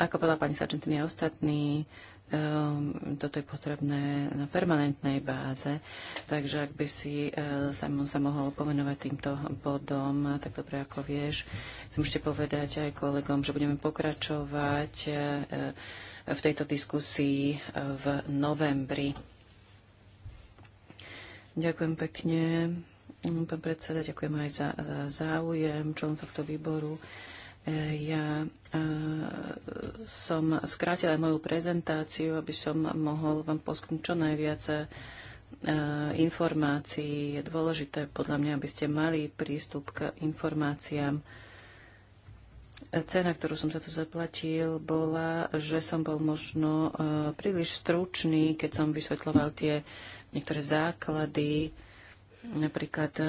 Ako povedala pani Sargentini a ostatní, um, toto je potrebné na permanentnej báze. Takže ak by si uh, sa mohol pomenovať týmto bodom, tak dobre ako vieš, chcem môžete povedať aj kolegom, že budeme pokračovať uh, v tejto diskusii v novembri. Ďakujem pekne. Mm, pán predseda, ďakujem aj za e, záujem členom tohto výboru. E, ja e, som skrátila moju prezentáciu, aby som mohol vám poskytnúť čo najviac informácií. Je dôležité podľa mňa, aby ste mali prístup k informáciám. Cena, ktorú som za to zaplatil, bola, že som bol možno príliš stručný, keď som vysvetľoval tie niektoré základy Napríklad e, e,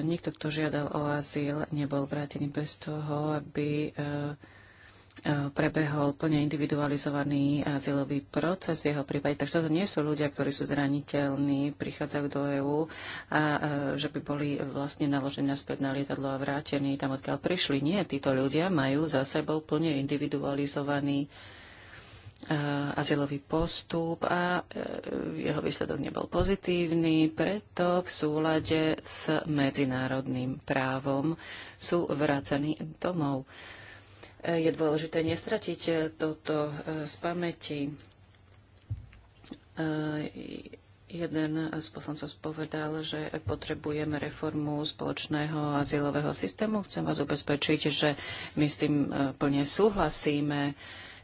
niekto, kto žiadal o azyl, nebol vrátený bez toho, aby e, prebehol plne individualizovaný azylový proces v jeho prípade. Takže toto nie sú ľudia, ktorí sú zraniteľní, prichádzajú do EÚ a že by boli vlastne naložení naspäť na lietadlo a vrátení tam, odkiaľ prišli. Nie, títo ľudia majú za sebou plne individualizovaný E, azylový postup a e, jeho výsledok nebol pozitívny, preto v súlade s medzinárodným právom sú vrácaní domov. E, je dôležité nestratiť toto z pamäti. Jeden z poslancov povedal, že potrebujeme reformu spoločného azylového systému. Chcem vás ubezpečiť, že my s tým plne súhlasíme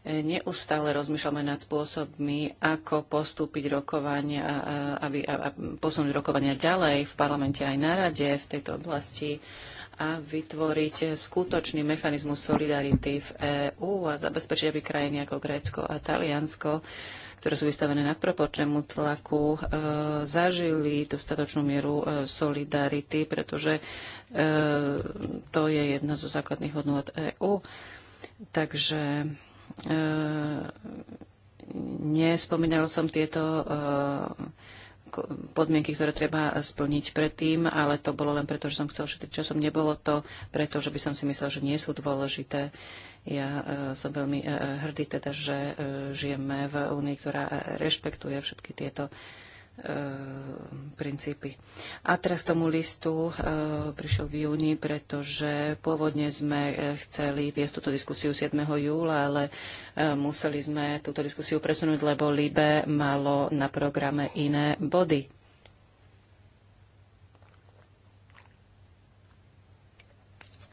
neustále rozmýšľame nad spôsobmi, ako postúpiť rokovania, aby, a, a posunúť rokovania ďalej v parlamente aj na rade v tejto oblasti a vytvoriť skutočný mechanizmus solidarity v EÚ a zabezpečiť, aby krajiny ako Grécko a Taliansko ktoré sú vystavené nadproporčnému tlaku, e, zažili dostatočnú mieru e, solidarity, pretože e, to je jedna zo základných hodnot EÚ. Takže E, nespomínal som tieto e, podmienky, ktoré treba splniť predtým, ale to bolo len preto, že som chcel šetriť časom. Nebolo to preto, že by som si myslel, že nie sú dôležité. Ja e, som veľmi hrdý teda, že žijeme v únii, ktorá rešpektuje všetky tieto E, princípy. A teraz k tomu listu e, prišiel v júni, pretože pôvodne sme e, chceli viesť túto diskusiu 7. júla, ale museli sme túto diskusiu presunúť, lebo Libe malo na programe iné body.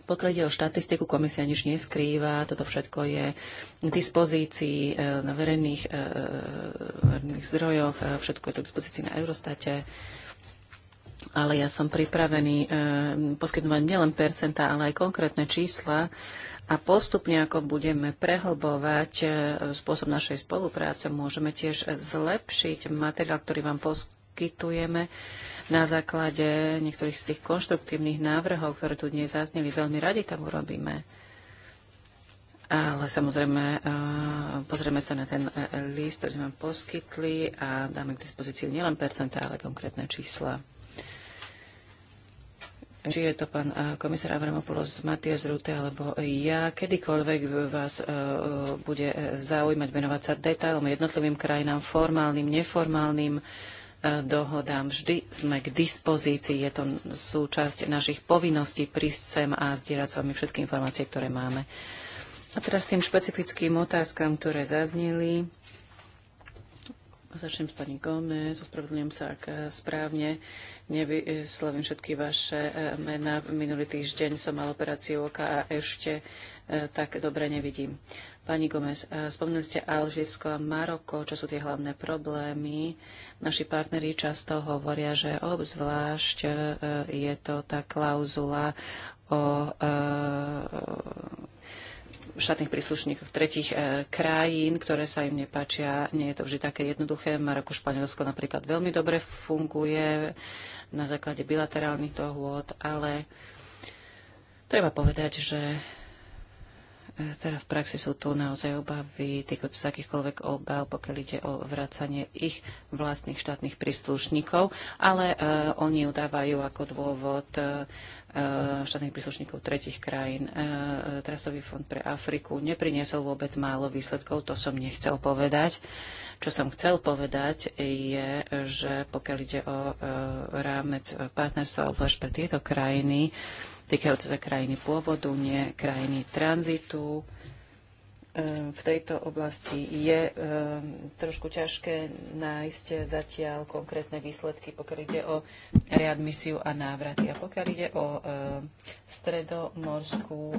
Pokiaľ ide o štatistiku, komisia nič neskrýva, toto všetko je k dispozícii e, na verejných, e, e, verejných zdrojoch, všetko je to k dispozícii na Eurostate. Ale ja som pripravený poskytnúť nielen percentá, ale aj konkrétne čísla a postupne, ako budeme prehlbovať spôsob našej spolupráce, môžeme tiež zlepšiť materiál, ktorý vám poskytnúť poskytujeme na základe niektorých z tých konštruktívnych návrhov, ktoré tu dnes zazneli. Veľmi radi tam urobíme. Ale samozrejme, eh, pozrieme sa na ten eh, list, ktorý sme poskytli a dáme k dispozícii nielen percentá, ale konkrétne čísla. Či je to pán eh, komisár Avramopoulos, Matias Rute alebo ja, kedykoľvek vás bude zaujímať venovať sa detailom, jednotlivým krajinám, formálnym, neformálnym, dohodám. Vždy sme k dispozícii, je to súčasť našich povinností prísť sem a zdieľať s vami všetky informácie, ktoré máme. A teraz tým špecifickým otázkam, ktoré zazneli. Začnem s pani Gomez, ospravedlňujem sa, ak správne nevyslovím všetky vaše eh, mená. Minulý týždeň som mal operáciu oka a ešte eh, tak dobre nevidím. Pani Gomez, e, spomínali ste Alžírsko a Maroko, čo sú tie hlavné problémy. Naši partneri často hovoria, že obzvlášť e, je to tá klauzula o e, štátnych príslušníkov tretich e, krajín, ktoré sa im nepáčia. Nie je to vždy také jednoduché. Maroko, Španielsko napríklad veľmi dobre funguje na základe bilaterálnych dohôd, ale treba povedať, že teda v praxi sú tu naozaj obavy týkajúce sa akýchkoľvek obav, pokiaľ ide o vracanie ich vlastných štátnych príslušníkov, ale e, oni udávajú ako dôvod e, e, štátnych príslušníkov tretich krajín. E, e fond pre Afriku nepriniesol vôbec málo výsledkov, to som nechcel povedať. Čo som chcel povedať je, že pokiaľ ide o e, rámec partnerstva, obzvlášť pre tieto krajiny, týkajúce sa krajiny pôvodu, nie krajiny tranzitu. Ehm, v tejto oblasti je ehm, trošku ťažké nájsť zatiaľ konkrétne výsledky, pokiaľ ide o readmisiu a návraty. A pokiaľ ide o ehm, stredomorskú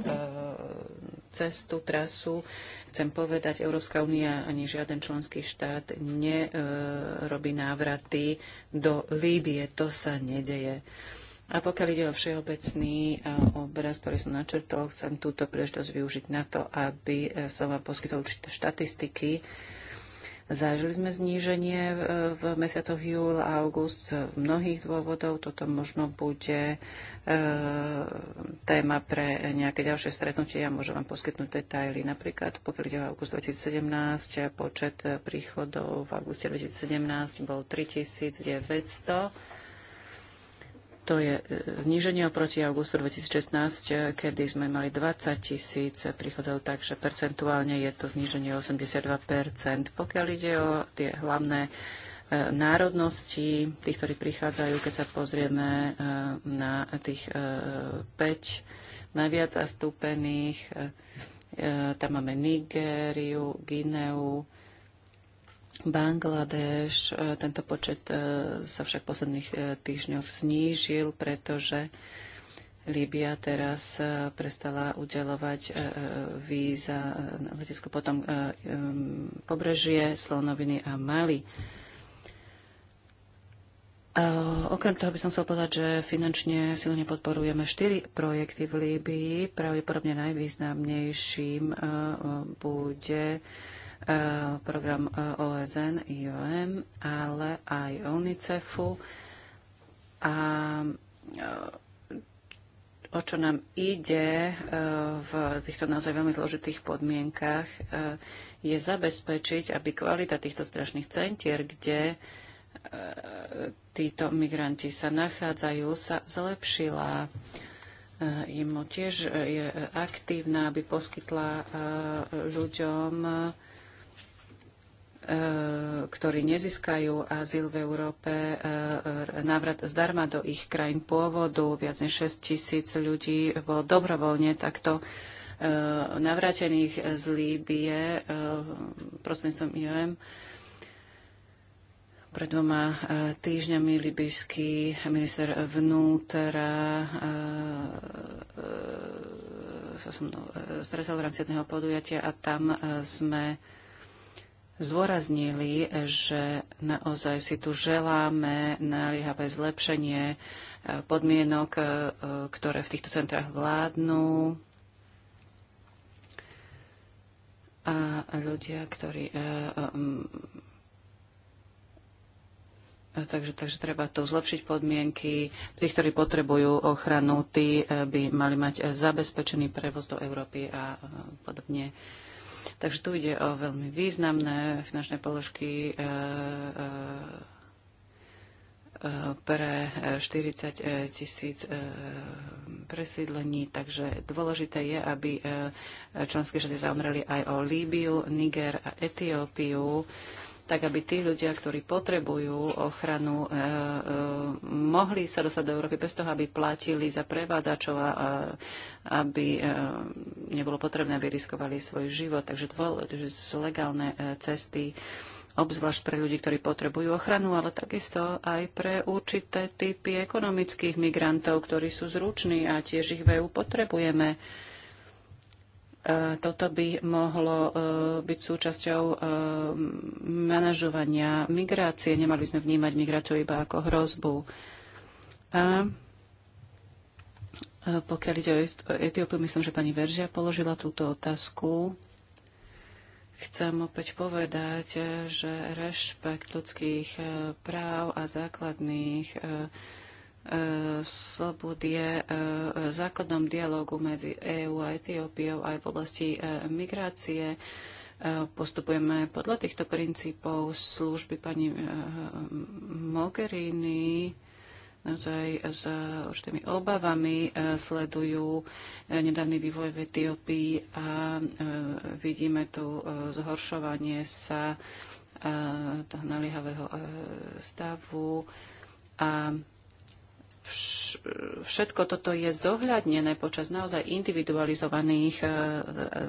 cestu, trasu, chcem povedať, Európska únia ani žiaden členský štát nerobí návraty do Líbie. To sa nedeje. A pokiaľ ide o všeobecný eh, obraz, ktorý som načrtol, chcem túto príležitosť využiť na to, aby eh, som vám poskytol určité štatistiky. Zažili sme zníženie eh, v mesiacoch júl a august z mnohých dôvodov. Toto možno bude téma pre nejaké ďalšie stretnutie. Ja môžem vám poskytnúť detaily. Napríklad, pokiaľ ide o august 2017, počet príchodov v auguste 2017 bol 3900 to je e, zníženie oproti augustu 2016, e, kedy sme mali 20 tisíc príchodov, takže percentuálne je to zníženie 82 Pokiaľ ide o tie hlavné e, národnosti, tých, ktorí prichádzajú, keď sa pozrieme na tých 5 najviac zastúpených, tam máme Nigériu, Gineu, Bangladeš. E, tento počet e, sa však v posledných e, týždňoch znížil, pretože Líbia teraz prestala udelovať víza na letisko, potom pobrežie, Slonoviny a Mali. Okrem toho by som chcel povedať, že finančne silne podporujeme štyri projekty v Líbii. Pravdepodobne najvýznamnejším bude Eh, program eh, OSN, IOM, ale aj UNICEFu. A eh, o čo nám ide v týchto naozaj veľmi zložitých podmienkach, je zabezpečiť, aby kvalita týchto strašných centier, kde títo migranti sa nachádzajú, sa zlepšila. IMO tiež je aktívna, aby poskytla ľuďom E, ktorí nezískajú azyl v Európe, e, e, návrat zdarma do ich krajín pôvodu. Viac než 6 tisíc ľudí bolo dobrovoľne takto navrátených z Líbie prostredníctvom IOM. Pred dvoma týždňami libyský minister vnútra sa som stretol v rámci jedného podujatia a tam sme zvoraznili, že naozaj si tu želáme naliehavé zlepšenie e, podmienok, e, ktoré v týchto centrách vládnu. A ľudia, ktorí e, Takže, takže treba tu zlepšiť podmienky. Tí, ktorí potrebujú ochranu, tí by mali mať zabezpečený prevoz do Európy a podobne. Takže tu ide o veľmi významné finančné položky e, e, e, pre 40 tisíc presídlení, takže dôležité je, aby členské štáty zaomreli aj o Líbiu, Niger a Etiópiu, tak aby tí ľudia, ktorí potrebujú ochranu, e, e, mohli sa dostať do Európy bez toho, aby platili za prevádzačov a, aby e, nebolo potrebné, aby riskovali svoj život. Takže to sú legálne cesty obzvlášť pre ľudí, ktorí potrebujú ochranu, ale takisto aj pre určité typy ekonomických migrantov, ktorí sú zruční a tiež ich v EU potrebujeme. Uh, E, toto by mohlo e, byť súčasťou e, manažovania migrácie. Nemali sme vnímať migráciu iba ako hrozbu. A pokiaľ ide o Etiópiu, myslím, že pani Veržia položila túto otázku. Chcem opäť povedať, že rešpekt ľudských práv a základných slobod je e, základnom dialogu medzi EÚ a Etiópiou aj v oblasti e, migrácie. E, postupujeme podľa týchto princípov služby pani Mogherini naozaj s určitými obavami sledujú nedávny vývoj v Etiópii a vidíme tu zhoršovanie sa toho naliehavého stavu a všetko toto je zohľadnené počas naozaj individualizovaných e, e,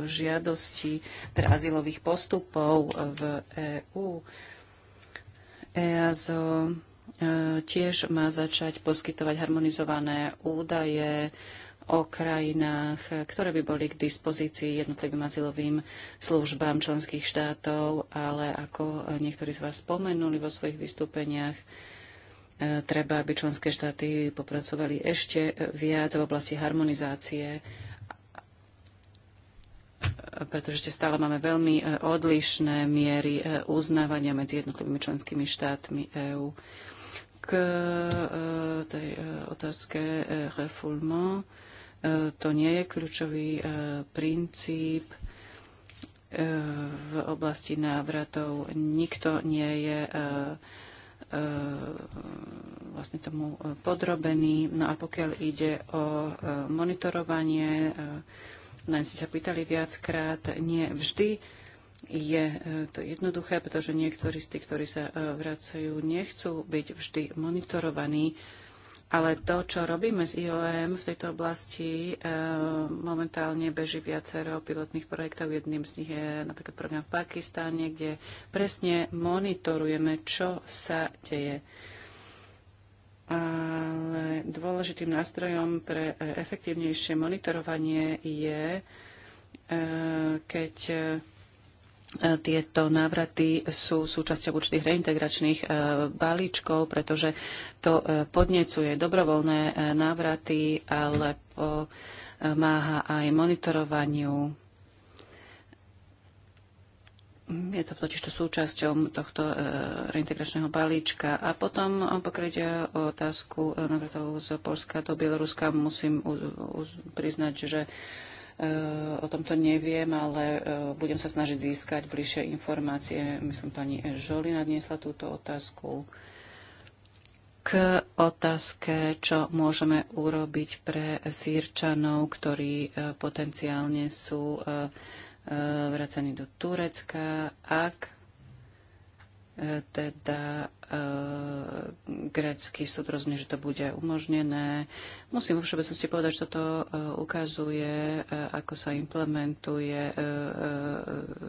žiadostí teda azylových postupov v EÚ. EASO e, tiež má začať poskytovať harmonizované údaje o krajinách, ktoré by boli k dispozícii jednotlivým azylovým službám členských štátov, ale ako niektorí z vás spomenuli vo svojich vystúpeniach, treba, aby členské štáty popracovali ešte viac v oblasti harmonizácie, pretože ešte stále máme veľmi e, odlišné miery e, uznávania medzi jednotlivými členskými štátmi EÚ. K e, tej otázke refoulement, to nie je kľúčový princíp v oblasti návratov. Nikto nie je E, vlastne tomu e, podrobený, No a pokiaľ ide o e, monitorovanie, na si sa pýtali viackrát, nie vždy je to jednoduché, pretože niektorí z tých, ktorí sa vracajú, nechcú byť vždy monitorovaní. Ale to, čo robíme s IOM v tejto oblasti, eh, momentálne beží viacero pilotných projektov. Jedným z nich je napríklad program v Pakistáne, kde presne monitorujeme, čo sa deje. Ale dôležitým nástrojom pre eh, efektívnejšie monitorovanie je, eh, keď E, tieto návraty sú súčasťou určitých reintegračných e, balíčkov, pretože to e, podnecuje dobrovoľné návraty, ale pomáha aj monitorovaniu. Je to totiž to súčasťou tohto reintegračného balíčka. A potom, pokiaľ ide o otázku návratov z Polska do Bieloruska, musím priznať, že Eh, o tomto neviem, ale eh, budem sa snažiť získať bližšie informácie. Myslím, pani Žolina dnesla túto otázku k otázke, čo môžeme urobiť pre sírčanov, ktorí eh, potenciálne sú vracení do Turecka, ak teda E, grécky súd rozhodne, že to bude umožnené. Musím vo všeobecnosti povedať, že toto e, ukazuje, e, ako sa implementuje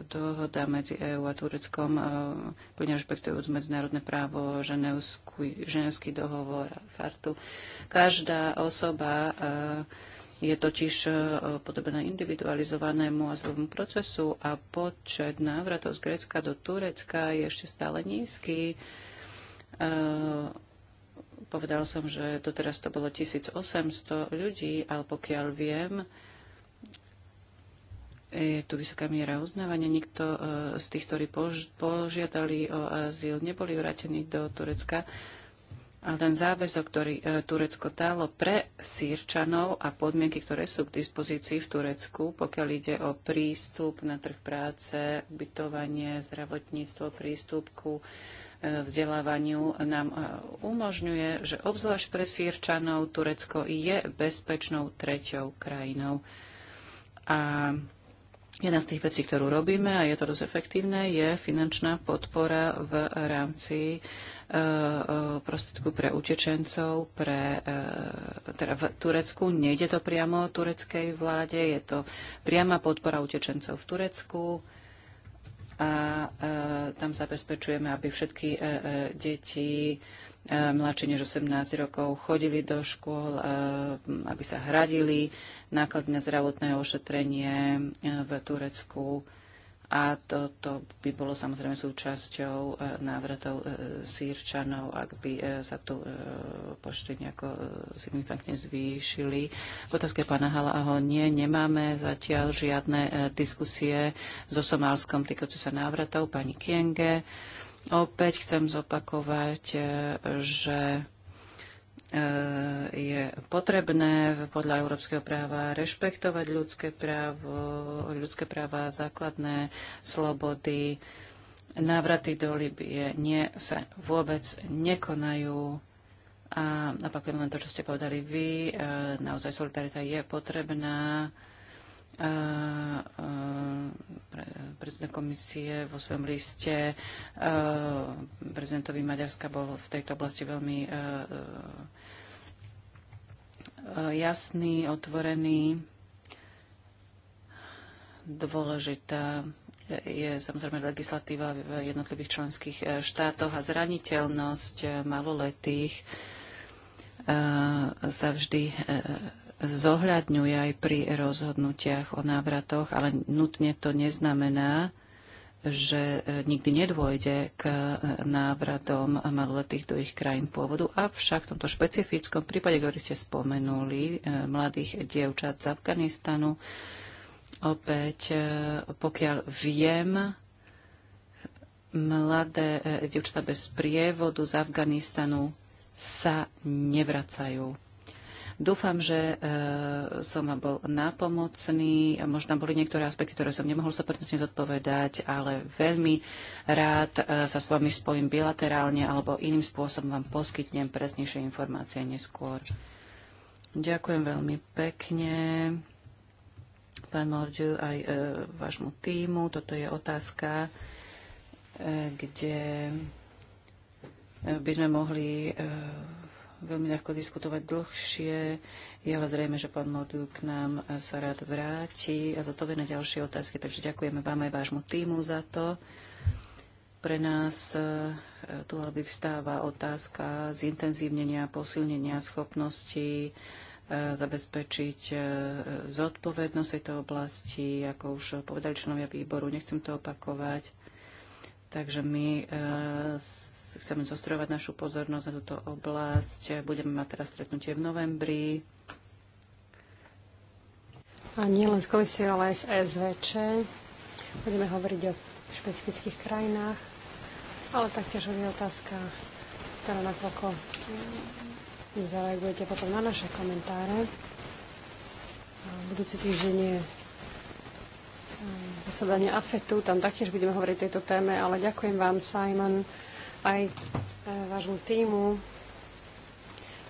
dohoda medzi EÚ a Tureckom, plne rešpektujúc medzinárodné právo, ženevský, dohovor a fartu. Každá osoba je totiž podobená individualizovanému azylovému procesu a počet návratov z Grécka do Turecka je ešte stále nízky Eh, povedal som, že doteraz to bolo 1800 ľudí, ale pokiaľ viem, je tu vysoká miera uznávania. Nikto eh, z tých, ktorí požiadali o azyl, neboli vrátení do Turecka. Ale ten záväzok, ktorý eh, Turecko dalo pre sírčanov a podmienky, ktoré sú k dispozícii v Turecku, pokiaľ ide o prístup na trh práce, ubytovanie, zdravotníctvo, prístup ku vzdelávaniu nám e, umožňuje, že obzvlášť pre Sýrčanov Turecko je bezpečnou treťou krajinou. A jedna z tých vecí, ktorú robíme, a je to dosť efektívne, je finančná podpora v rámci e, e, prostriedku pre utečencov pre, teda v Turecku. Nejde to priamo o tureckej vláde, je to priama podpora utečencov v Turecku a e, tam zabezpečujeme, aby všetky e, e, deti mladší než 18 rokov chodili do škôl, aby sa hradili náklady na zdravotné ošetrenie v Turecku a toto by bolo samozrejme súčasťou e, návratov e, sírčanov, ak by e, sa tu počty nejako signifikantne zvýšili. V otázke pána Halaho nie, nemáme zatiaľ žiadne diskusie so Somálskom týkajúce sa návratov. Pani Kienge, opäť chcem zopakovať, že E, je potrebné podľa európskeho práva rešpektovať ľudské právo, ľudské práva, základné slobody. Návraty do Libie nie, sa vôbec nekonajú. A napakujem len to, čo ste povedali vy. E, naozaj solidarita je potrebná predseda komisie vo svojom liste prezidentovi Maďarska bol v tejto oblasti veľmi jasný, otvorený. Dôležitá je samozrejme legislatíva v jednotlivých členských e, štátoch a zraniteľnosť maloletých sa vždy e, zohľadňuje aj pri rozhodnutiach o návratoch, ale nutne to neznamená, že e, nikdy nedôjde k e, návratom maloletých do ich krajín pôvodu. Avšak v tomto špecifickom prípade, ktorý ste spomenuli, e, mladých dievčat z Afganistanu, opäť, pokiaľ viem, mladé dievčatá bez prievodu z Afganistanu sa nevracajú Dúfam, že e, som vám bol nápomocný. Možno boli niektoré aspekty, ktoré som nemohol sa presne zodpovedať, ale veľmi rád e, sa s vami spojím bilaterálne alebo iným spôsobom vám poskytnem presnejšie informácie neskôr. Ďakujem veľmi pekne pán Mordiu, aj e, vášmu týmu. Toto je otázka, e, kde by sme mohli e, veľmi ľahko diskutovať dlhšie. Je ale zrejme, že pán Modu k nám sa rád vráti a za to na ďalšie otázky. Takže ďakujeme vám aj vášmu týmu za to. Pre nás e, tu ale vstáva otázka zintenzívnenia, posilnenia schopností e, zabezpečiť e, zodpovednosť tejto oblasti, ako už povedali členovia výboru, nechcem to opakovať. Takže my chceme zostrovať našu pozornosť na túto oblasť. Budeme mať teraz stretnutie v novembri. A len s komisiou, ale aj s SVČ. Budeme hovoriť o špecifických krajinách, ale taktiež je otázka, ktorá nakoľko zareagujete potom na naše komentáre. A budúci týždeň je um, zasadanie AFETu, tam taktiež budeme hovoriť o tejto téme, ale ďakujem vám, Simon, aj e, vášmu týmu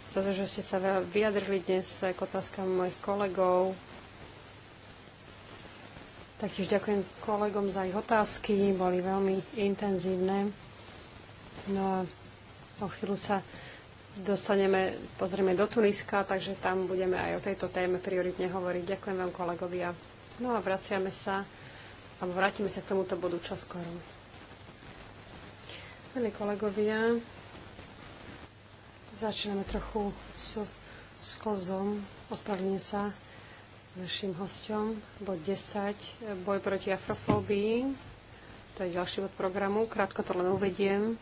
za to, že ste sa vyjadrili dnes k otázkam mojich kolegov. Taktiež ďakujem kolegom za ich otázky, boli veľmi intenzívne. No a o chvíľu sa dostaneme, pozrieme do Tuniska, takže tam budeme aj o tejto téme prioritne hovoriť. Ďakujem vám kolegovia. No a vraciame sa, alebo vrátime sa k tomuto bodu čoskoro. Milí kolegovia, začíname trochu s kozom. Ospravedlňujem sa našim hostom. Bod 10. Boj proti afrofóbii. To je ďalší bod programu. Krátko to len uvediem.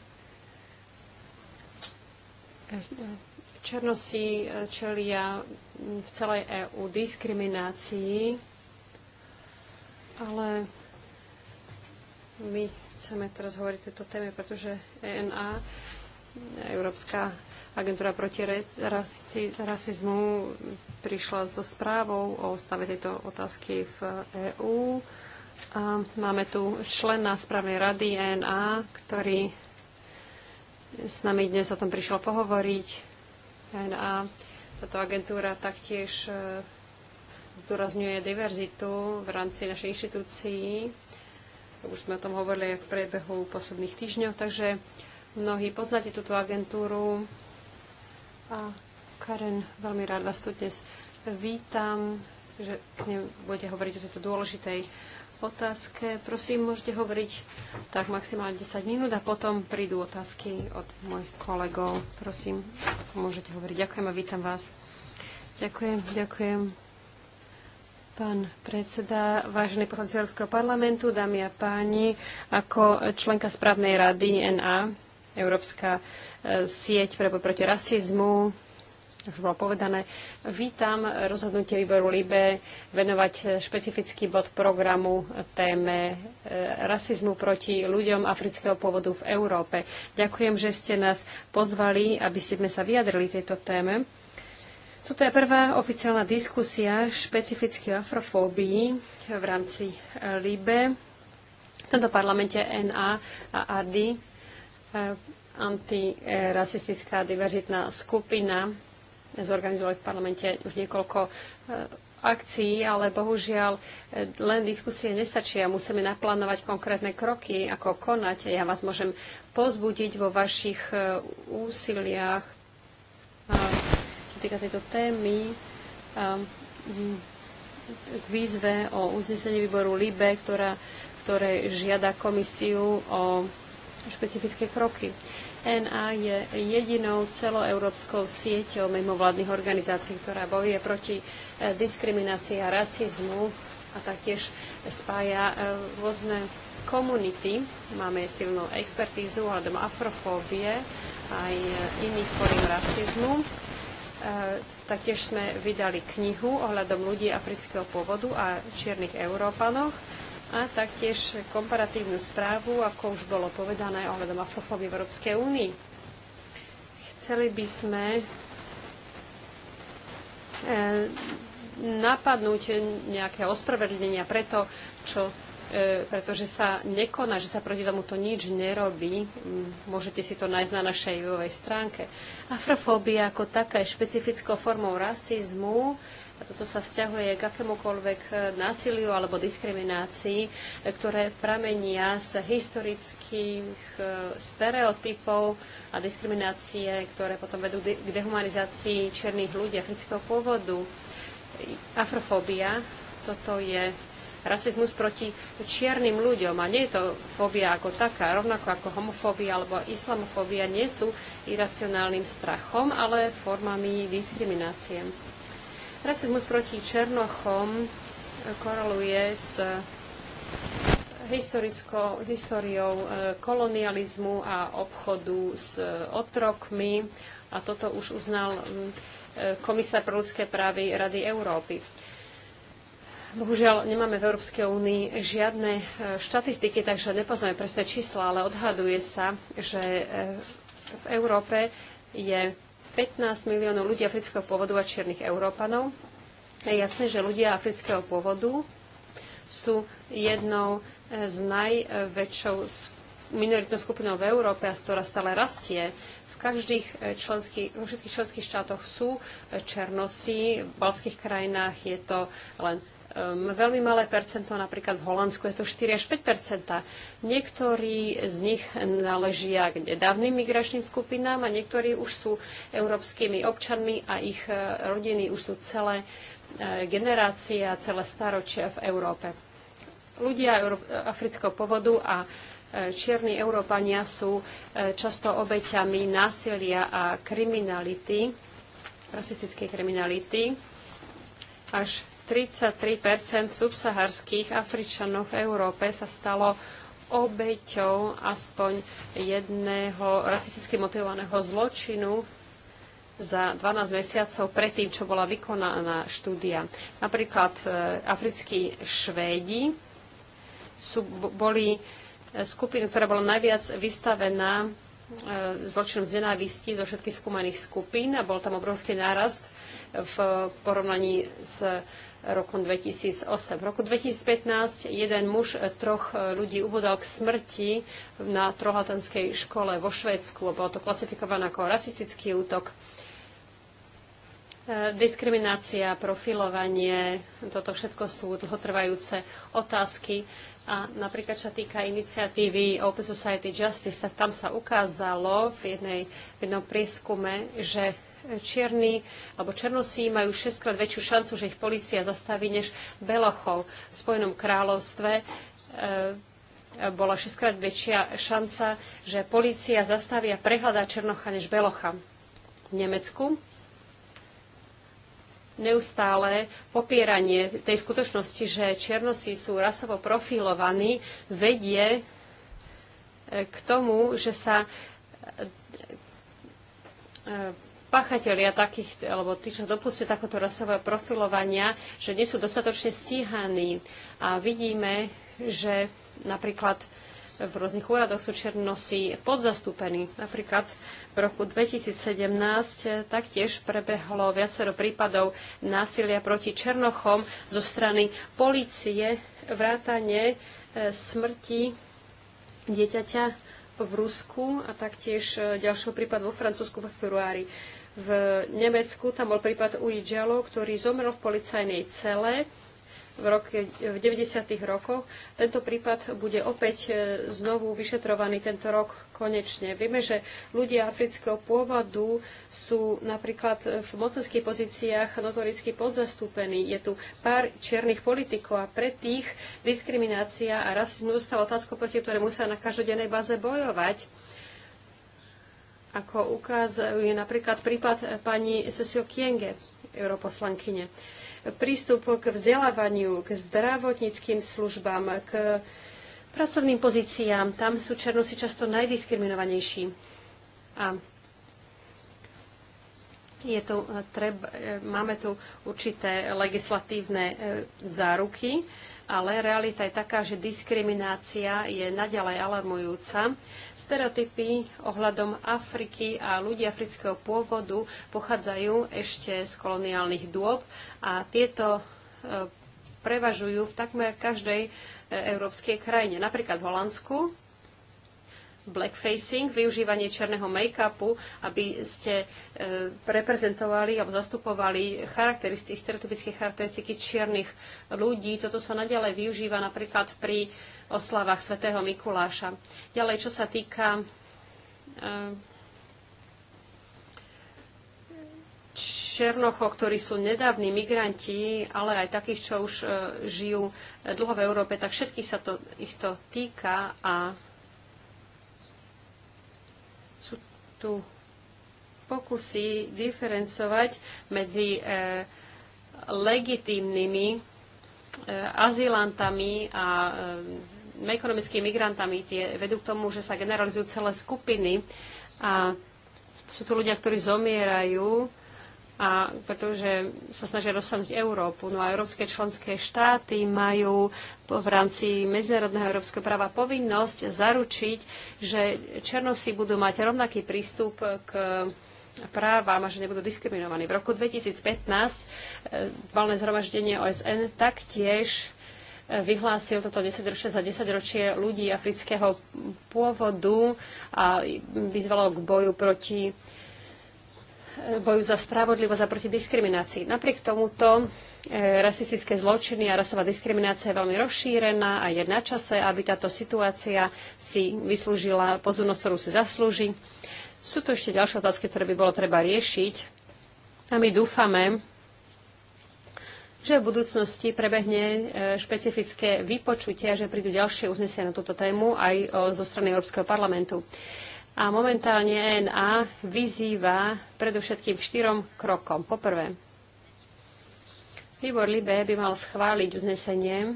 Černosí čelia v celej EÚ diskriminácii, ale my chceme teraz hovoriť o tejto téme, pretože ENA, Európska agentúra proti rasizmu, prišla so správou o stave tejto otázky v EÚ. A máme tu člena správnej rady ENA, ktorý s nami dnes o tom prišiel pohovoriť. ENA, táto agentúra taktiež e, zdôrazňuje diverzitu v rámci našej inštitúcii už sme o tom hovorili aj v priebehu posledných týždňov, takže mnohí poznáte túto agentúru. A Karen, veľmi rád vás tu dnes vítam, že k nej budete hovoriť o tejto dôležitej otázke. Prosím, môžete hovoriť tak maximálne 10 minút a potom prídu otázky od mojich kolegov. Prosím, môžete hovoriť. Ďakujem a vítam vás. Ďakujem, ďakujem. Pán predseda, vážený poslanci Európskeho parlamentu, dámy a páni, ako členka správnej rady NA, Európska e, sieť pre proti rasizmu, už bolo povedané, vítam rozhodnutie výboru LIBE venovať špecifický bod programu téme e, rasizmu proti ľuďom afrického pôvodu v Európe. Ďakujem, že ste nás pozvali, aby ste sa vyjadrili tejto téme. Toto je prvá oficiálna diskusia špecificky o afrofóbii v rámci e, LIBE. V tomto parlamente NA a ADI, e, antirasistická diverzitná skupina, zorganizovali v parlamente už niekoľko e, akcií, ale bohužiaľ len diskusie nestačia. Musíme naplánovať konkrétne kroky, ako konať. Ja vás môžem pozbudiť vo vašich úsiliach týka tejto témy, um, k výzve o uznesenie výboru LIBE, ktorá, ktoré žiada komisiu o špecifické kroky. NA je jedinou celoeurópskou sieťou mimovládnych organizácií, ktorá bojuje proti eh, diskriminácii a rasizmu a taktiež spája eh, rôzne komunity. Máme silnú expertízu hľadom afrofóbie aj eh, iných form rasizmu E, taktiež sme vydali knihu ohľadom ľudí afrického pôvodu a čiernych Európanoch a taktiež komparatívnu správu, ako už bolo povedané, ohľadom afrofóby v Európskej únii. Chceli by sme e, napadnúť nejaké ospravedlenia pre to, čo E, pretože sa nekoná, že sa proti tomu to nič nerobí. Mm, môžete si to nájsť na našej webovej stránke. Afrofóbia ako taká je špecifickou formou rasizmu a toto sa vzťahuje k akémukoľvek e, násiliu alebo diskriminácii, e, ktoré pramenia z historických stereotypov a diskriminácie, ktoré potom vedú k dehumanizácii černých ľudí afrického pôvodu. Afrofóbia, toto je rasizmus proti čiernym ľuďom. A nie je to fóbia ako taká, rovnako ako homofóbia alebo islamofóbia nie sú iracionálnym strachom, ale formami diskriminácie. Rasizmus proti černochom e, koreluje s e, historickou históriou e, kolonializmu a obchodu s otrokmi a toto už uznal mm, komisár pro ľudské právy Rady Európy. Bohužiaľ, nemáme v Európskej únii žiadne e, štatistiky, takže nepoznáme presné čísla, ale odhaduje sa, že e, v Európe je 15 miliónov ľudí afrického pôvodu a čiernych Európanov. Je jasné, že ľudia afrického pôvodu sú jednou e, z najväčšou minoritnou skupinou v Európe, a ktorá stále rastie. V každých členských, vo všetkých členských štátoch sú černosy, v balských krajinách je to len um, veľmi malé percento, napríklad v Holandsku je to 4 až 5 Niektorí z nich náležia k nedávnym migračným skupinám a niektorí už sú európskymi občanmi a ich eh, rodiny už sú celé eh, generácie a celé staročia v Európe. Ľudia Euró- afrického povodu a eh, čierni Európania sú často obeťami násilia a kriminality, rasistickej kriminality. Až 33 subsaharských Afričanov v Európe sa stalo obeťou aspoň jedného rasisticky motivovaného zločinu za 12 mesiacov predtým, čo bola vykonaná štúdia. Napríklad e, africkí Švédi sú, boli e, skupiny, ktorá bola najviac vystavená e, zločinom z nenávisti zo všetkých skúmaných skupín a bol tam obrovský nárast v porovnaní s rokom 2008. V roku 2015 jeden muž troch ľudí ubodal k smrti na trohatanskej škole vo Švédsku. Bolo to klasifikované ako rasistický útok. E, diskriminácia, profilovanie, toto všetko sú dlhotrvajúce otázky. A napríklad, čo týka iniciatívy Open Society Justice, tak tam sa ukázalo v, jednej, v jednom prieskume, že čierni alebo černosí majú 6 krát väčšiu šancu, že ich policia zastaví, než belochov. V Spojenom kráľovstve e, bola 6 krát väčšia šanca, že policia zastaví a prehľadá černocha, než belocha. V Nemecku neustále popieranie tej skutočnosti, že Černosí sú rasovo profilovaní, vedie e, k tomu, že sa e, páchatelia takých, alebo tí, čo dopustia takéto rasové profilovania, že nie sú dostatočne stíhaní. A vidíme, že napríklad v rôznych úradoch sú černosti podzastúpení. Napríklad v roku 2017 taktiež prebehlo viacero prípadov násilia proti Černochom zo strany policie, vrátane e, smrti dieťaťa v Rusku a taktiež e, ďalšieho prípad vo Francúzsku vo februári v Nemecku. Tam bol prípad Uji Jello, ktorý zomrel v policajnej cele v, roke, v 90. rokoch. Tento prípad bude opäť e, znovu vyšetrovaný tento rok konečne. Vieme, že ľudia afrického pôvodu sú napríklad v mocenských pozíciách notoricky podzastúpení. Je tu pár čiernych politikov a pre tých diskriminácia a rasizmus dostala otázka, proti ktorému sa na každodennej báze bojovať ako ukazuje napríklad prípad pani Sesio Kienge, europoslankyne. Prístup k vzdelávaniu, k zdravotníckým službám, k pracovným pozíciám, tam sú Černosi často najdiskriminovanejší. A je tu, eh, treba, eh, máme tu určité legislatívne eh, záruky, ale realita je taká, že diskriminácia je naďalej alarmujúca. Stereotypy ohľadom Afriky a ľudí afrického pôvodu pochádzajú ešte z koloniálnych dôb a tieto e, prevažujú v takmer každej e, európskej krajine. Napríklad v Holandsku blackfacing, využívanie černého make-upu, aby ste e, reprezentovali alebo zastupovali charakteristiky, stereotypické charakteristiky čiernych ľudí. Toto sa nadalej využíva napríklad pri oslavách svätého Mikuláša. Ďalej, čo sa týka e, Černochov, ktorí sú nedávni migranti, ale aj takých, čo už e, žijú dlho v Európe, tak všetkých sa to, ich to týka a tu pokusí diferencovať medzi eh, legitímnymi eh, azylantami a eh, ekonomickými migrantami. Tie vedú k tomu, že sa generalizujú celé skupiny a sú to ľudia, ktorí zomierajú a pretože sa snažia dosiahnuť Európu. No a európske členské štáty majú v rámci medzinárodného európskeho práva povinnosť zaručiť, že Černosy budú mať rovnaký prístup k právam a že nebudú diskriminovaní. V roku 2015 eh, valné zhromaždenie OSN taktiež eh, vyhlásil toto 10 ročie za 10 ročie ľudí afrického pôvodu a vyzvalo k boju proti E, boju za spravodlivosť a proti diskriminácii. Napriek tomuto e, rasistické zločiny a rasová diskriminácia je veľmi rozšírená a je na čase, aby táto situácia si vyslúžila pozornosť, ktorú si zaslúži. Sú tu ešte ďalšie otázky, ktoré by bolo treba riešiť. A my dúfame, že v budúcnosti prebehne e, špecifické vypočutia, že prídu ďalšie uznesenia na túto tému aj zo strany Európskeho parlamentu. A momentálne ENA vyzýva predovšetkým štyrom krokom. Poprvé, výbor Libe by mal schváliť uznesenie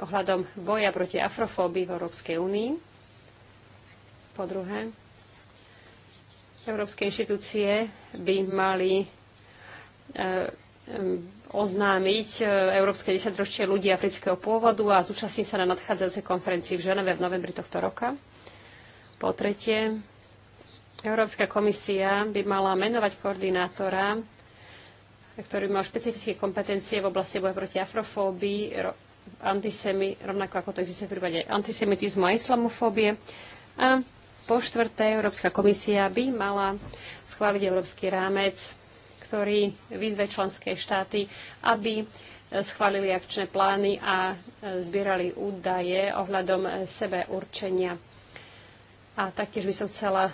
ohľadom boja proti afrofóbii v Európskej únii. Po druhé, európske inštitúcie by mali e, oznámiť e, Európske desaťročie ľudí afrického pôvodu a zúčastní sa na nadchádzajúcej konferencii v Ženeve v novembri tohto roka. Po tretie, Európska komisia by mala menovať koordinátora, ktorý mal špecifické kompetencie v oblasti boja proti afrofóbii, antisemi, rovnako ako to existuje v prípade antisemitizmu a islamofóbie. A po štvrté, Európska komisia by mala schváliť európsky rámec, ktorý vyzve členské štáty, aby schválili akčné plány a e, zbierali údaje ohľadom sebe určenia a taktiež by som chcela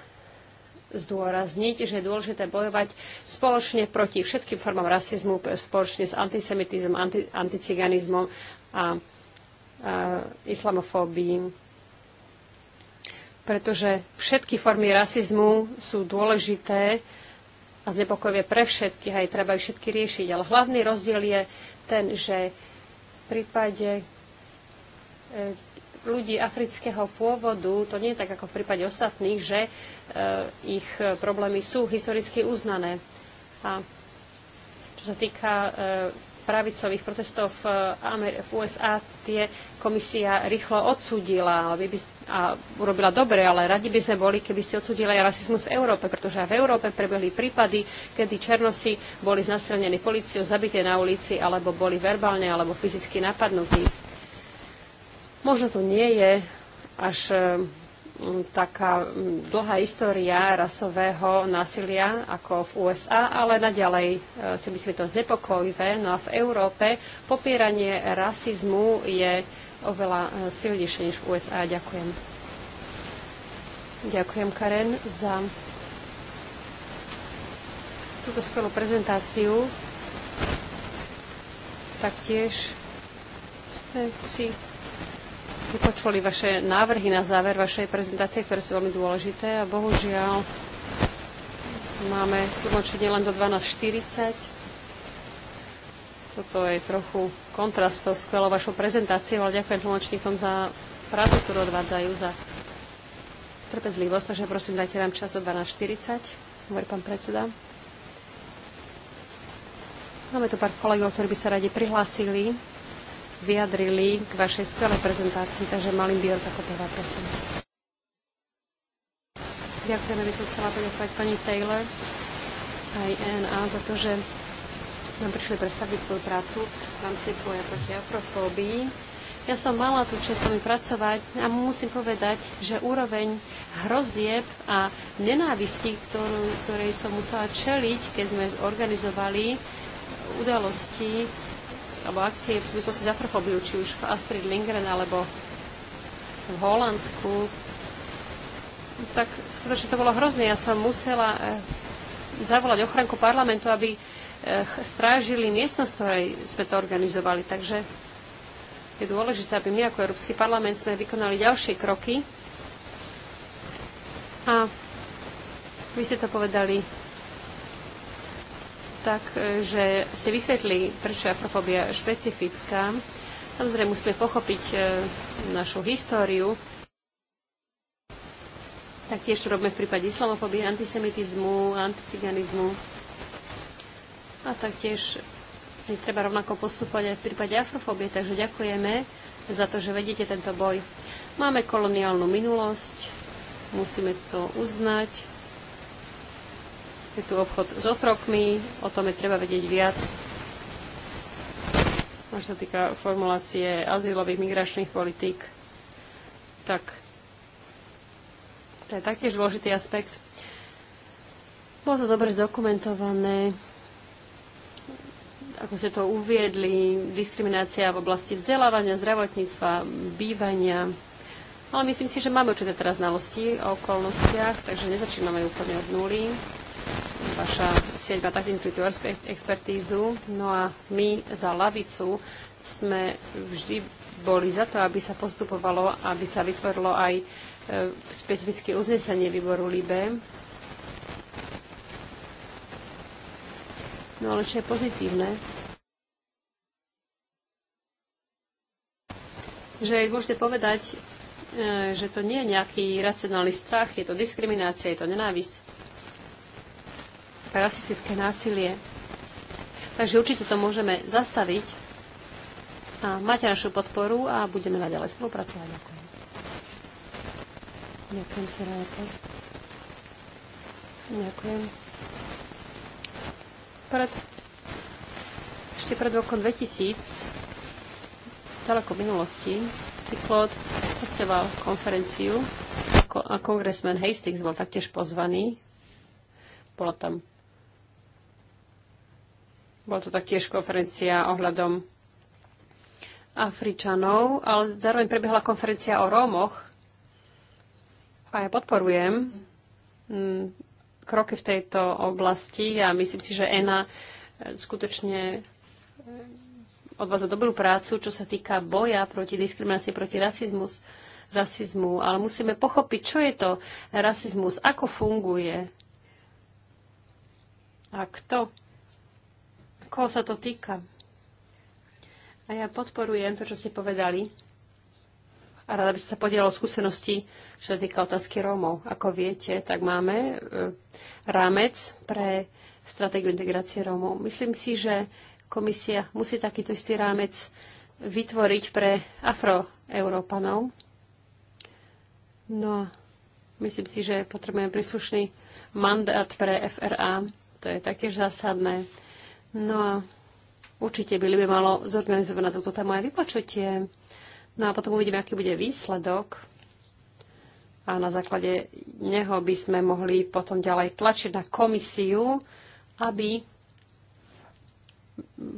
zdôrazniť, že je dôležité bojovať spoločne proti všetkým formám rasizmu, spoločne s antisemitizmom, anti, anticiganizmom a, a islamofóbií. Pretože všetky formy rasizmu sú dôležité a znepokojivé pre všetkých, aj treba ich všetky riešiť. Ale hlavný rozdiel je ten, že v prípade e, ľudí afrického pôvodu, to nie je tak ako v prípade ostatných, že e, ich problémy sú historicky uznané. A čo sa týka e, pravicových protestov v, e, Amer- v USA, tie komisia rýchlo odsúdila aby by, a urobila dobre, ale radi by sme boli, keby ste odsúdili aj rasizmus v Európe, pretože aj v Európe prebehli prípady, kedy černosi boli znasilnení policiou, zabité na ulici, alebo boli verbálne alebo fyzicky napadnutí. Možno to nie je až e, taká dlhá história rasového násilia ako v USA, ale naďalej e, si myslím, že to znepokojivé. No a v Európe popieranie rasizmu je oveľa e, silnejšie než v USA. Ďakujem. Ďakujem, Karen, za túto skvelú prezentáciu. Taktiež sme si vypočuli vaše návrhy na záver vašej prezentácie, ktoré sú veľmi dôležité a bohužiaľ máme tlmočenie len do 12.40. Toto je trochu kontrastov skvelou vašou prezentáciou, ale ďakujem tlmočníkom za prácu, ktorú odvádzajú, za trpezlivosť, takže prosím, dajte nám čas do 12.40, hovorí pán predseda. Máme tu pár kolegov, ktorí by sa radi prihlásili vyjadrili k vašej skvelej prezentácii, takže malým Bjorka Kopová, prosím. Ďakujem, aby som chcela poďakovať pani Taylor aj ENA za to, že nám prišli predstaviť svoju prácu v rámci boja proti afrofóbii. Ja som mala tu čas sami pracovať a musím povedať, že úroveň hrozieb a nenávisti, ktorú, ktorej som musela čeliť, keď sme zorganizovali udalosti alebo akcie v súvislosti s Afrofóbiou, či už v Astrid Lindgren alebo v Holandsku, tak skutočne to bolo hrozné. Ja som musela eh, zavolať ochranku parlamentu, aby eh, strážili miestnosť, ktorej sme to organizovali. Takže je dôležité, aby my ako Európsky parlament sme vykonali ďalšie kroky. A vy ste to povedali tak, e, že ste vysvetli, prečo je afrofóbia špecifická. Samozrejme, musíme pochopiť e, našu históriu. Taktiež to robíme v prípade islamofóbie, antisemitizmu, anticiganizmu. A taktiež je treba rovnako postupovať aj v prípade afrofóbie, takže ďakujeme za to, že vedete tento boj. Máme koloniálnu minulosť, musíme to uznať, je tu obchod s otrokmi, o tom je treba vedieť viac. Až sa týka formulácie azylových migračných politík, tak to je taktiež dôležitý aspekt. Bolo to dobre zdokumentované, ako ste to uviedli, diskriminácia v oblasti vzdelávania, zdravotníctva, bývania. Ale myslím si, že máme určité teraz znalosti o okolnostiach, takže nezačíname úplne od nuly. Vaša sieť má tak intuitú expertízu. No a my za lavicu sme vždy boli za to, aby sa postupovalo, aby sa vytvorilo aj e, specifické uznesenie výboru LIBE. No ale čo je pozitívne, že je dôležité povedať, e, že to nie je nejaký racionálny strach, je to diskriminácia, je to nenávisť rasistické násilie. Takže určite to môžeme zastaviť a máte našu podporu a budeme naďalej spolupracovať. Ďakujem. Ďakujem, Sera Lepos. Ďakujem. Pred, ešte pred rokom 2000, ďaleko v minulosti, si Claude posteval konferenciu a kongresmen Hastings bol taktiež pozvaný. Bolo tam bol to taktiež konferencia ohľadom Afričanov, ale zároveň prebehla konferencia o Rómoch a ja podporujem mm, kroky v tejto oblasti a ja myslím si, že ENA e, skutočne e, odvádza dobrú prácu, čo sa týka boja proti diskriminácii, proti rasizmus, rasizmu, ale musíme pochopiť, čo je to rasizmus, ako funguje a kto koho sa to týka. A ja podporujem to, čo ste povedali. A rada by sa podielala skúsenosti, čo sa týka otázky Rómov. Ako viete, tak máme e, rámec pre stratégiu integrácie Rómov. Myslím si, že komisia musí takýto istý rámec vytvoriť pre afroeurópanov. No myslím si, že potrebujeme príslušný mandát pre FRA. To je taktiež zásadné. No a určite by by malo zorganizovať na túto tému aj vypočutie. No a potom uvidíme, aký bude výsledok. A na základe neho by sme mohli potom ďalej tlačiť na komisiu, aby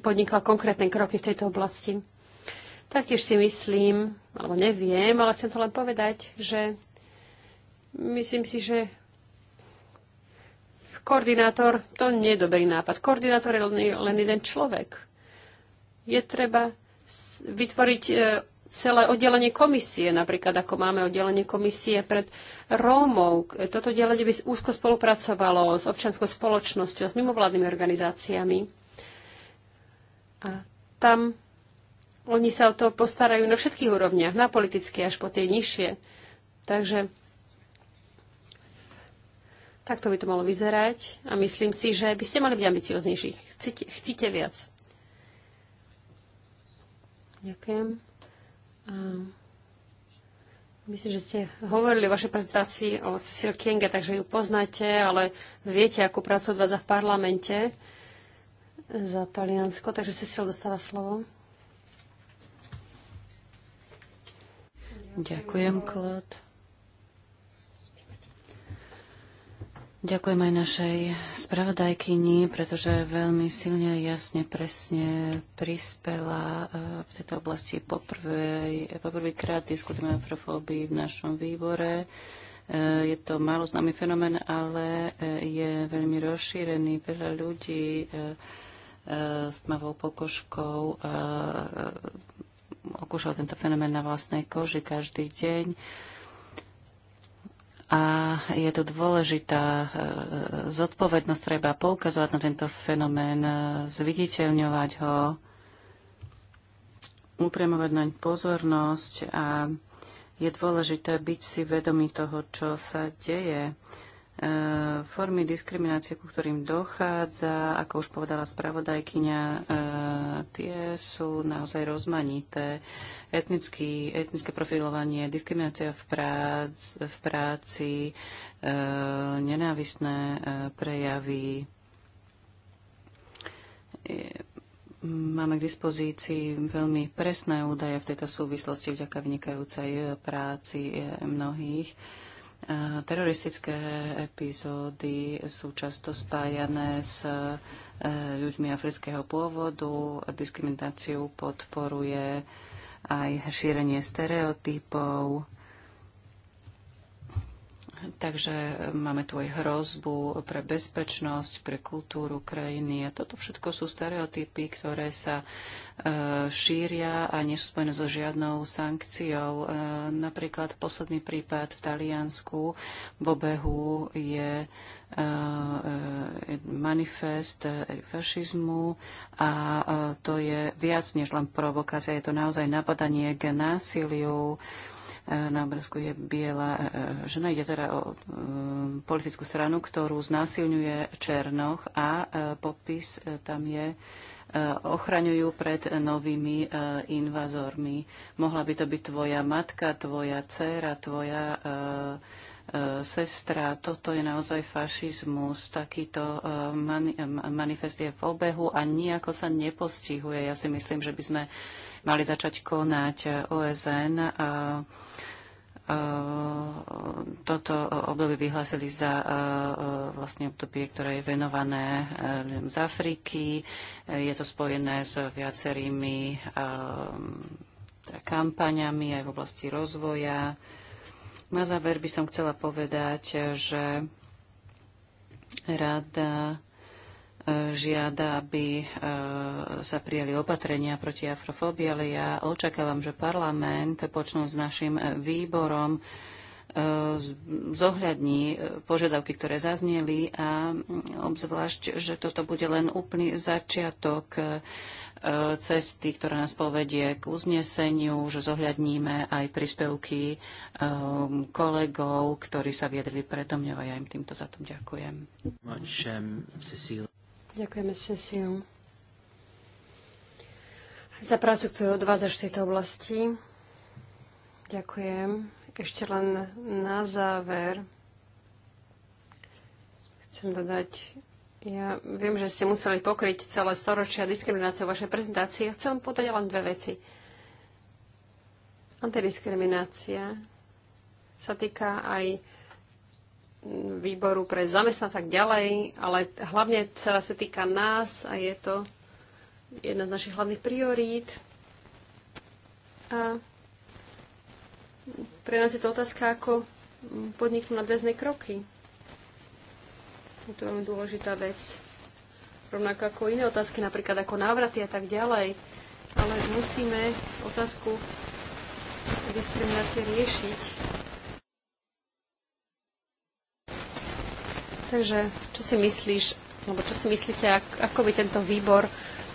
podnikla konkrétne kroky v tejto oblasti. Taktiež si myslím, alebo neviem, ale chcem to len povedať, že myslím si, že Koordinátor, to nie je dobrý nápad. Koordinátor je len jeden človek. Je treba vytvoriť e, celé oddelenie komisie, napríklad ako máme oddelenie komisie pred Rómov. Toto oddelenie by úzko spolupracovalo s občanskou spoločnosťou, s mimovládnymi organizáciami. A tam oni sa o to postarajú na všetkých úrovniach, na politické až po tie nižšie. Takže Takto by to malo vyzerať a myslím si, že by ste mali byť ambicioznejší. Chcete, chcete viac. Ďakujem. A myslím, že ste hovorili o vašej prezentácii o Cecil Kienge, takže ju poznáte, ale viete, ako pracovať za v parlamente za Taliansko, takže Cecil dostala slovo. Ďakujem, Claude. Ďakujem aj našej spravodajkyni, pretože veľmi silne, jasne, presne prispela e, v tejto oblasti poprvej, poprvýkrát diskutujeme o afrofóbii v našom výbore. E, je to málo známy fenomén, ale e, je veľmi rozšírený. Veľa ľudí s tmavou pokožkou okúšal tento fenomén na vlastnej koži každý deň a je tu dôležitá e, zodpovednosť, treba poukazovať na tento fenomén, e, zviditeľňovať ho, upriamovať naň pozornosť a je dôležité byť si vedomý toho, čo sa deje. E, formy diskriminácie, ku ktorým dochádza, ako už povedala spravodajkyňa, e, tie sú naozaj rozmanité. Etnický, etnické profilovanie, diskriminácia v, prác, v práci, e, nenávisné prejavy. Máme k dispozícii veľmi presné údaje v tejto súvislosti vďaka vynikajúcej práci mnohých E, teroristické epizódy sú často spájané s e, ľuďmi afrického pôvodu. Diskrimináciu podporuje aj šírenie stereotypov Takže e, máme tu aj hrozbu pre bezpečnosť, pre kultúru krajiny a toto všetko sú stereotypy, ktoré sa e, šíria a nie sú spojené so žiadnou sankciou. E, napríklad posledný prípad v Taliansku v obehu je e, e, manifest fašizmu a to je viac než len provokácia, je to naozaj napadanie k násiliu na obrázku je biela e, e, žena. Ide teda o e, politickú stranu, ktorú znásilňuje Černoch a popis tam je ochraňujú pred novými invazormi. Mohla by to byť tvoja matka, tvoja dcéra, tvoja sestra, toto je naozaj fašizmus, takýto mani- manifest je v obehu a nejako sa nepostihuje. Ja si myslím, že by sme mali začať konať eh, OSN. Eh, eh, toto obdobie vyhlásili za vlastne obdobie, ktoré je venované z Afriky. Je to spojené s viacerými teda kampaňami aj v oblasti rozvoja. Na záver by som chcela povedať, že rada žiada, aby e, sa prijali opatrenia proti afrofóbii, ale ja očakávam, že parlament počnú s našim e, výborom e, zohľadní požiadavky, ktoré zazneli a mm, obzvlášť, že toto bude len úplný začiatok cesty, ktorá nás povedie k uzneseniu, že zohľadníme aj príspevky kolegov, ktorí sa viedli predo mňa a ja im týmto za to ďakujem. Um, Ďakujeme, Cecil, za prácu, ktorú odvádzaš v tejto oblasti. Ďakujem. Ešte len na záver chcem dodať, ja viem, že ste museli pokryť celé storočia v vašej prezentácie. Chcem povedať len dve veci. Antidiskriminácia sa týka aj výboru pre zamestnanosť tak ďalej, ale hlavne celá sa týka nás a je to jedna z našich hlavných priorít. A pre nás je to otázka, ako podniknúť nadväzné kroky. Je to veľmi dôležitá vec. Rovnako ako iné otázky, napríklad ako návraty a tak ďalej. Ale musíme otázku diskriminácie riešiť Takže čo si myslíš, alebo čo si myslíte, ako by tento výbor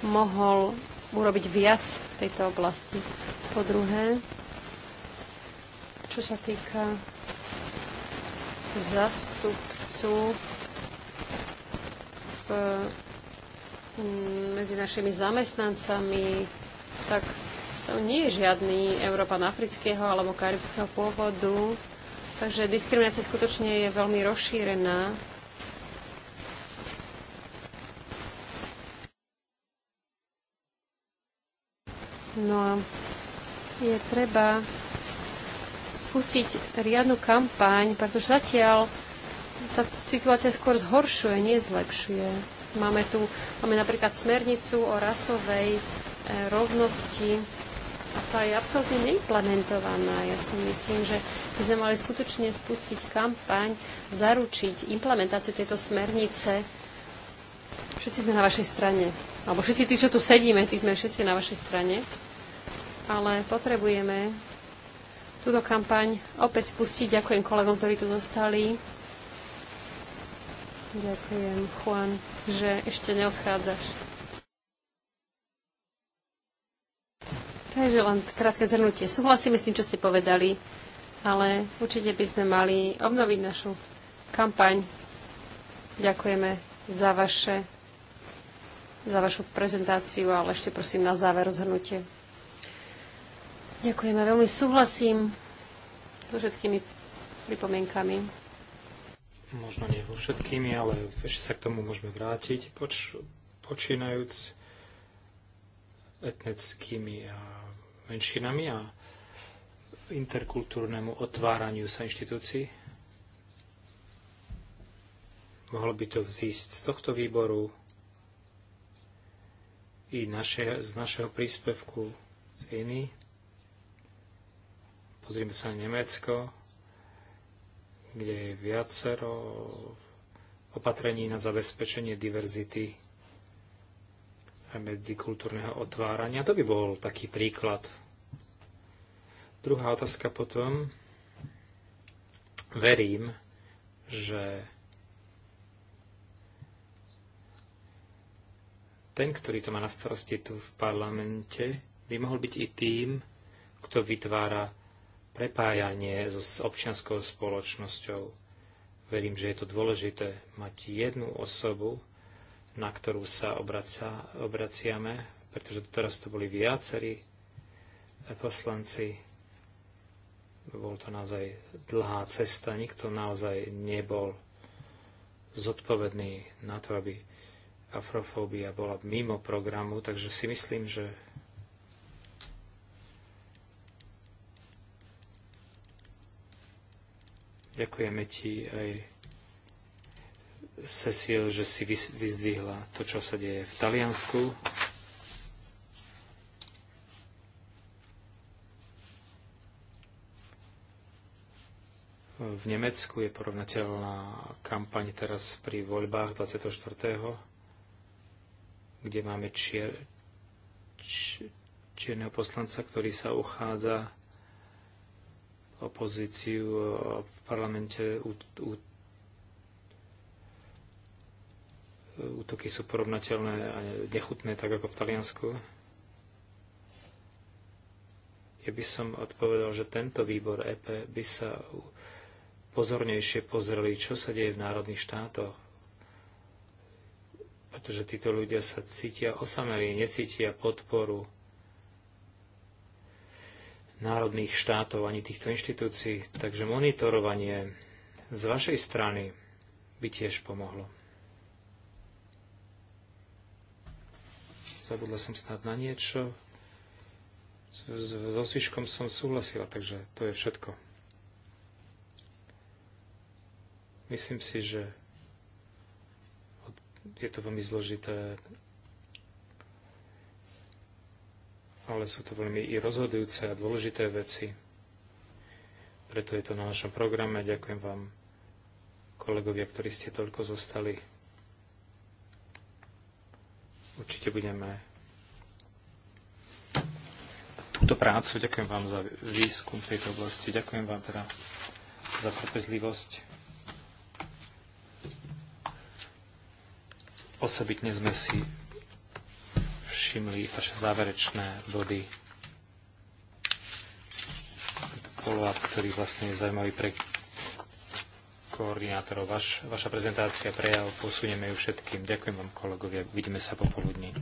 mohol urobiť viac v tejto oblasti? Po druhé, čo sa týka zastupcu v, eh, medzi našimi zamestnancami, tak to nie je žiadny Európan afrického alebo karibského pôvodu. Takže diskriminácia skutočne je veľmi rozšírená No a je treba spustiť riadnu kampaň, pretože zatiaľ sa situácia skôr zhoršuje, nie zlepšuje. Máme tu máme napríklad smernicu o rasovej e, rovnosti a tá je absolútne neimplementovaná. Ja si myslím, že by sme mali skutočne spustiť kampaň, zaručiť implementáciu tejto smernice. Všetci sme na vašej strane. Alebo všetci tí, čo tu sedíme, tí sme všetci na vašej strane ale potrebujeme túto kampaň opäť spustiť. Ďakujem kolegom, ktorí tu zostali. Ďakujem, Juan, že ešte neodchádzaš. Takže len krátke zhrnutie. Súhlasíme s tým, čo ste povedali, ale určite by sme mali obnoviť našu kampaň. Ďakujeme za, vaše, za vašu prezentáciu, ale ešte prosím na záver zhrnutie. Ďakujem a veľmi súhlasím so všetkými pripomienkami. Možno nie vo všetkými, ale ešte sa k tomu môžeme vrátiť, poč, počínajúc etnickými a menšinami a interkultúrnemu otváraniu sa inštitúcií. Mohlo by to vzísť z tohto výboru i naše, z našeho príspevku z iných Pozrieme sa na Nemecko, kde je viacero opatrení na zabezpečenie diverzity a medzikultúrneho otvárania. To by bol taký príklad. Druhá otázka potom. Verím, že ten, ktorý to má na starosti tu v parlamente, by mohol byť i tým, kto vytvára prepájanie so, s občianskou spoločnosťou. Verím, že je to dôležité mať jednu osobu, na ktorú sa obracia, obraciame, pretože teraz to boli viacerí poslanci. Bol to naozaj dlhá cesta, nikto naozaj nebol zodpovedný na to, aby afrofóbia bola mimo programu, takže si myslím, že Ďakujeme ti aj Cecil, že si vyzdvihla to, čo sa deje v Taliansku. V Nemecku je porovnateľná kampaň teraz pri voľbách 24., kde máme čier, čierneho poslanca, ktorý sa uchádza opozíciu e, v parlamente. Útoky sú porovnateľné a nechutné, tak ako v Taliansku. Ja by som odpovedal, že tento výbor EP by sa pozornejšie pozreli, čo sa deje v národných štátoch. Pretože títo ľudia sa cítia osamelí, necítia podporu národných štátov ani týchto inštitúcií, takže monitorovanie z vašej strany by tiež pomohlo. Zabudla som snad na niečo. So zvyškom som súhlasila, takže to je všetko. Myslím si, že je to veľmi zložité ale sú to veľmi i rozhodujúce a dôležité veci. Preto je to na našom programe. Ďakujem vám, kolegovia, ktorí ste toľko zostali. Určite budeme túto prácu. Ďakujem vám za výskum v tejto oblasti. Ďakujem vám teda za trpezlivosť. Osobitne sme si všimli vaše záverečné body. Follow-up, ktorý vlastne je zaujímavý pre koordinátorov. Vaš, vaša prezentácia, prejav, posunieme ju všetkým. Ďakujem vám, kolegovia. Vidíme sa popoludní.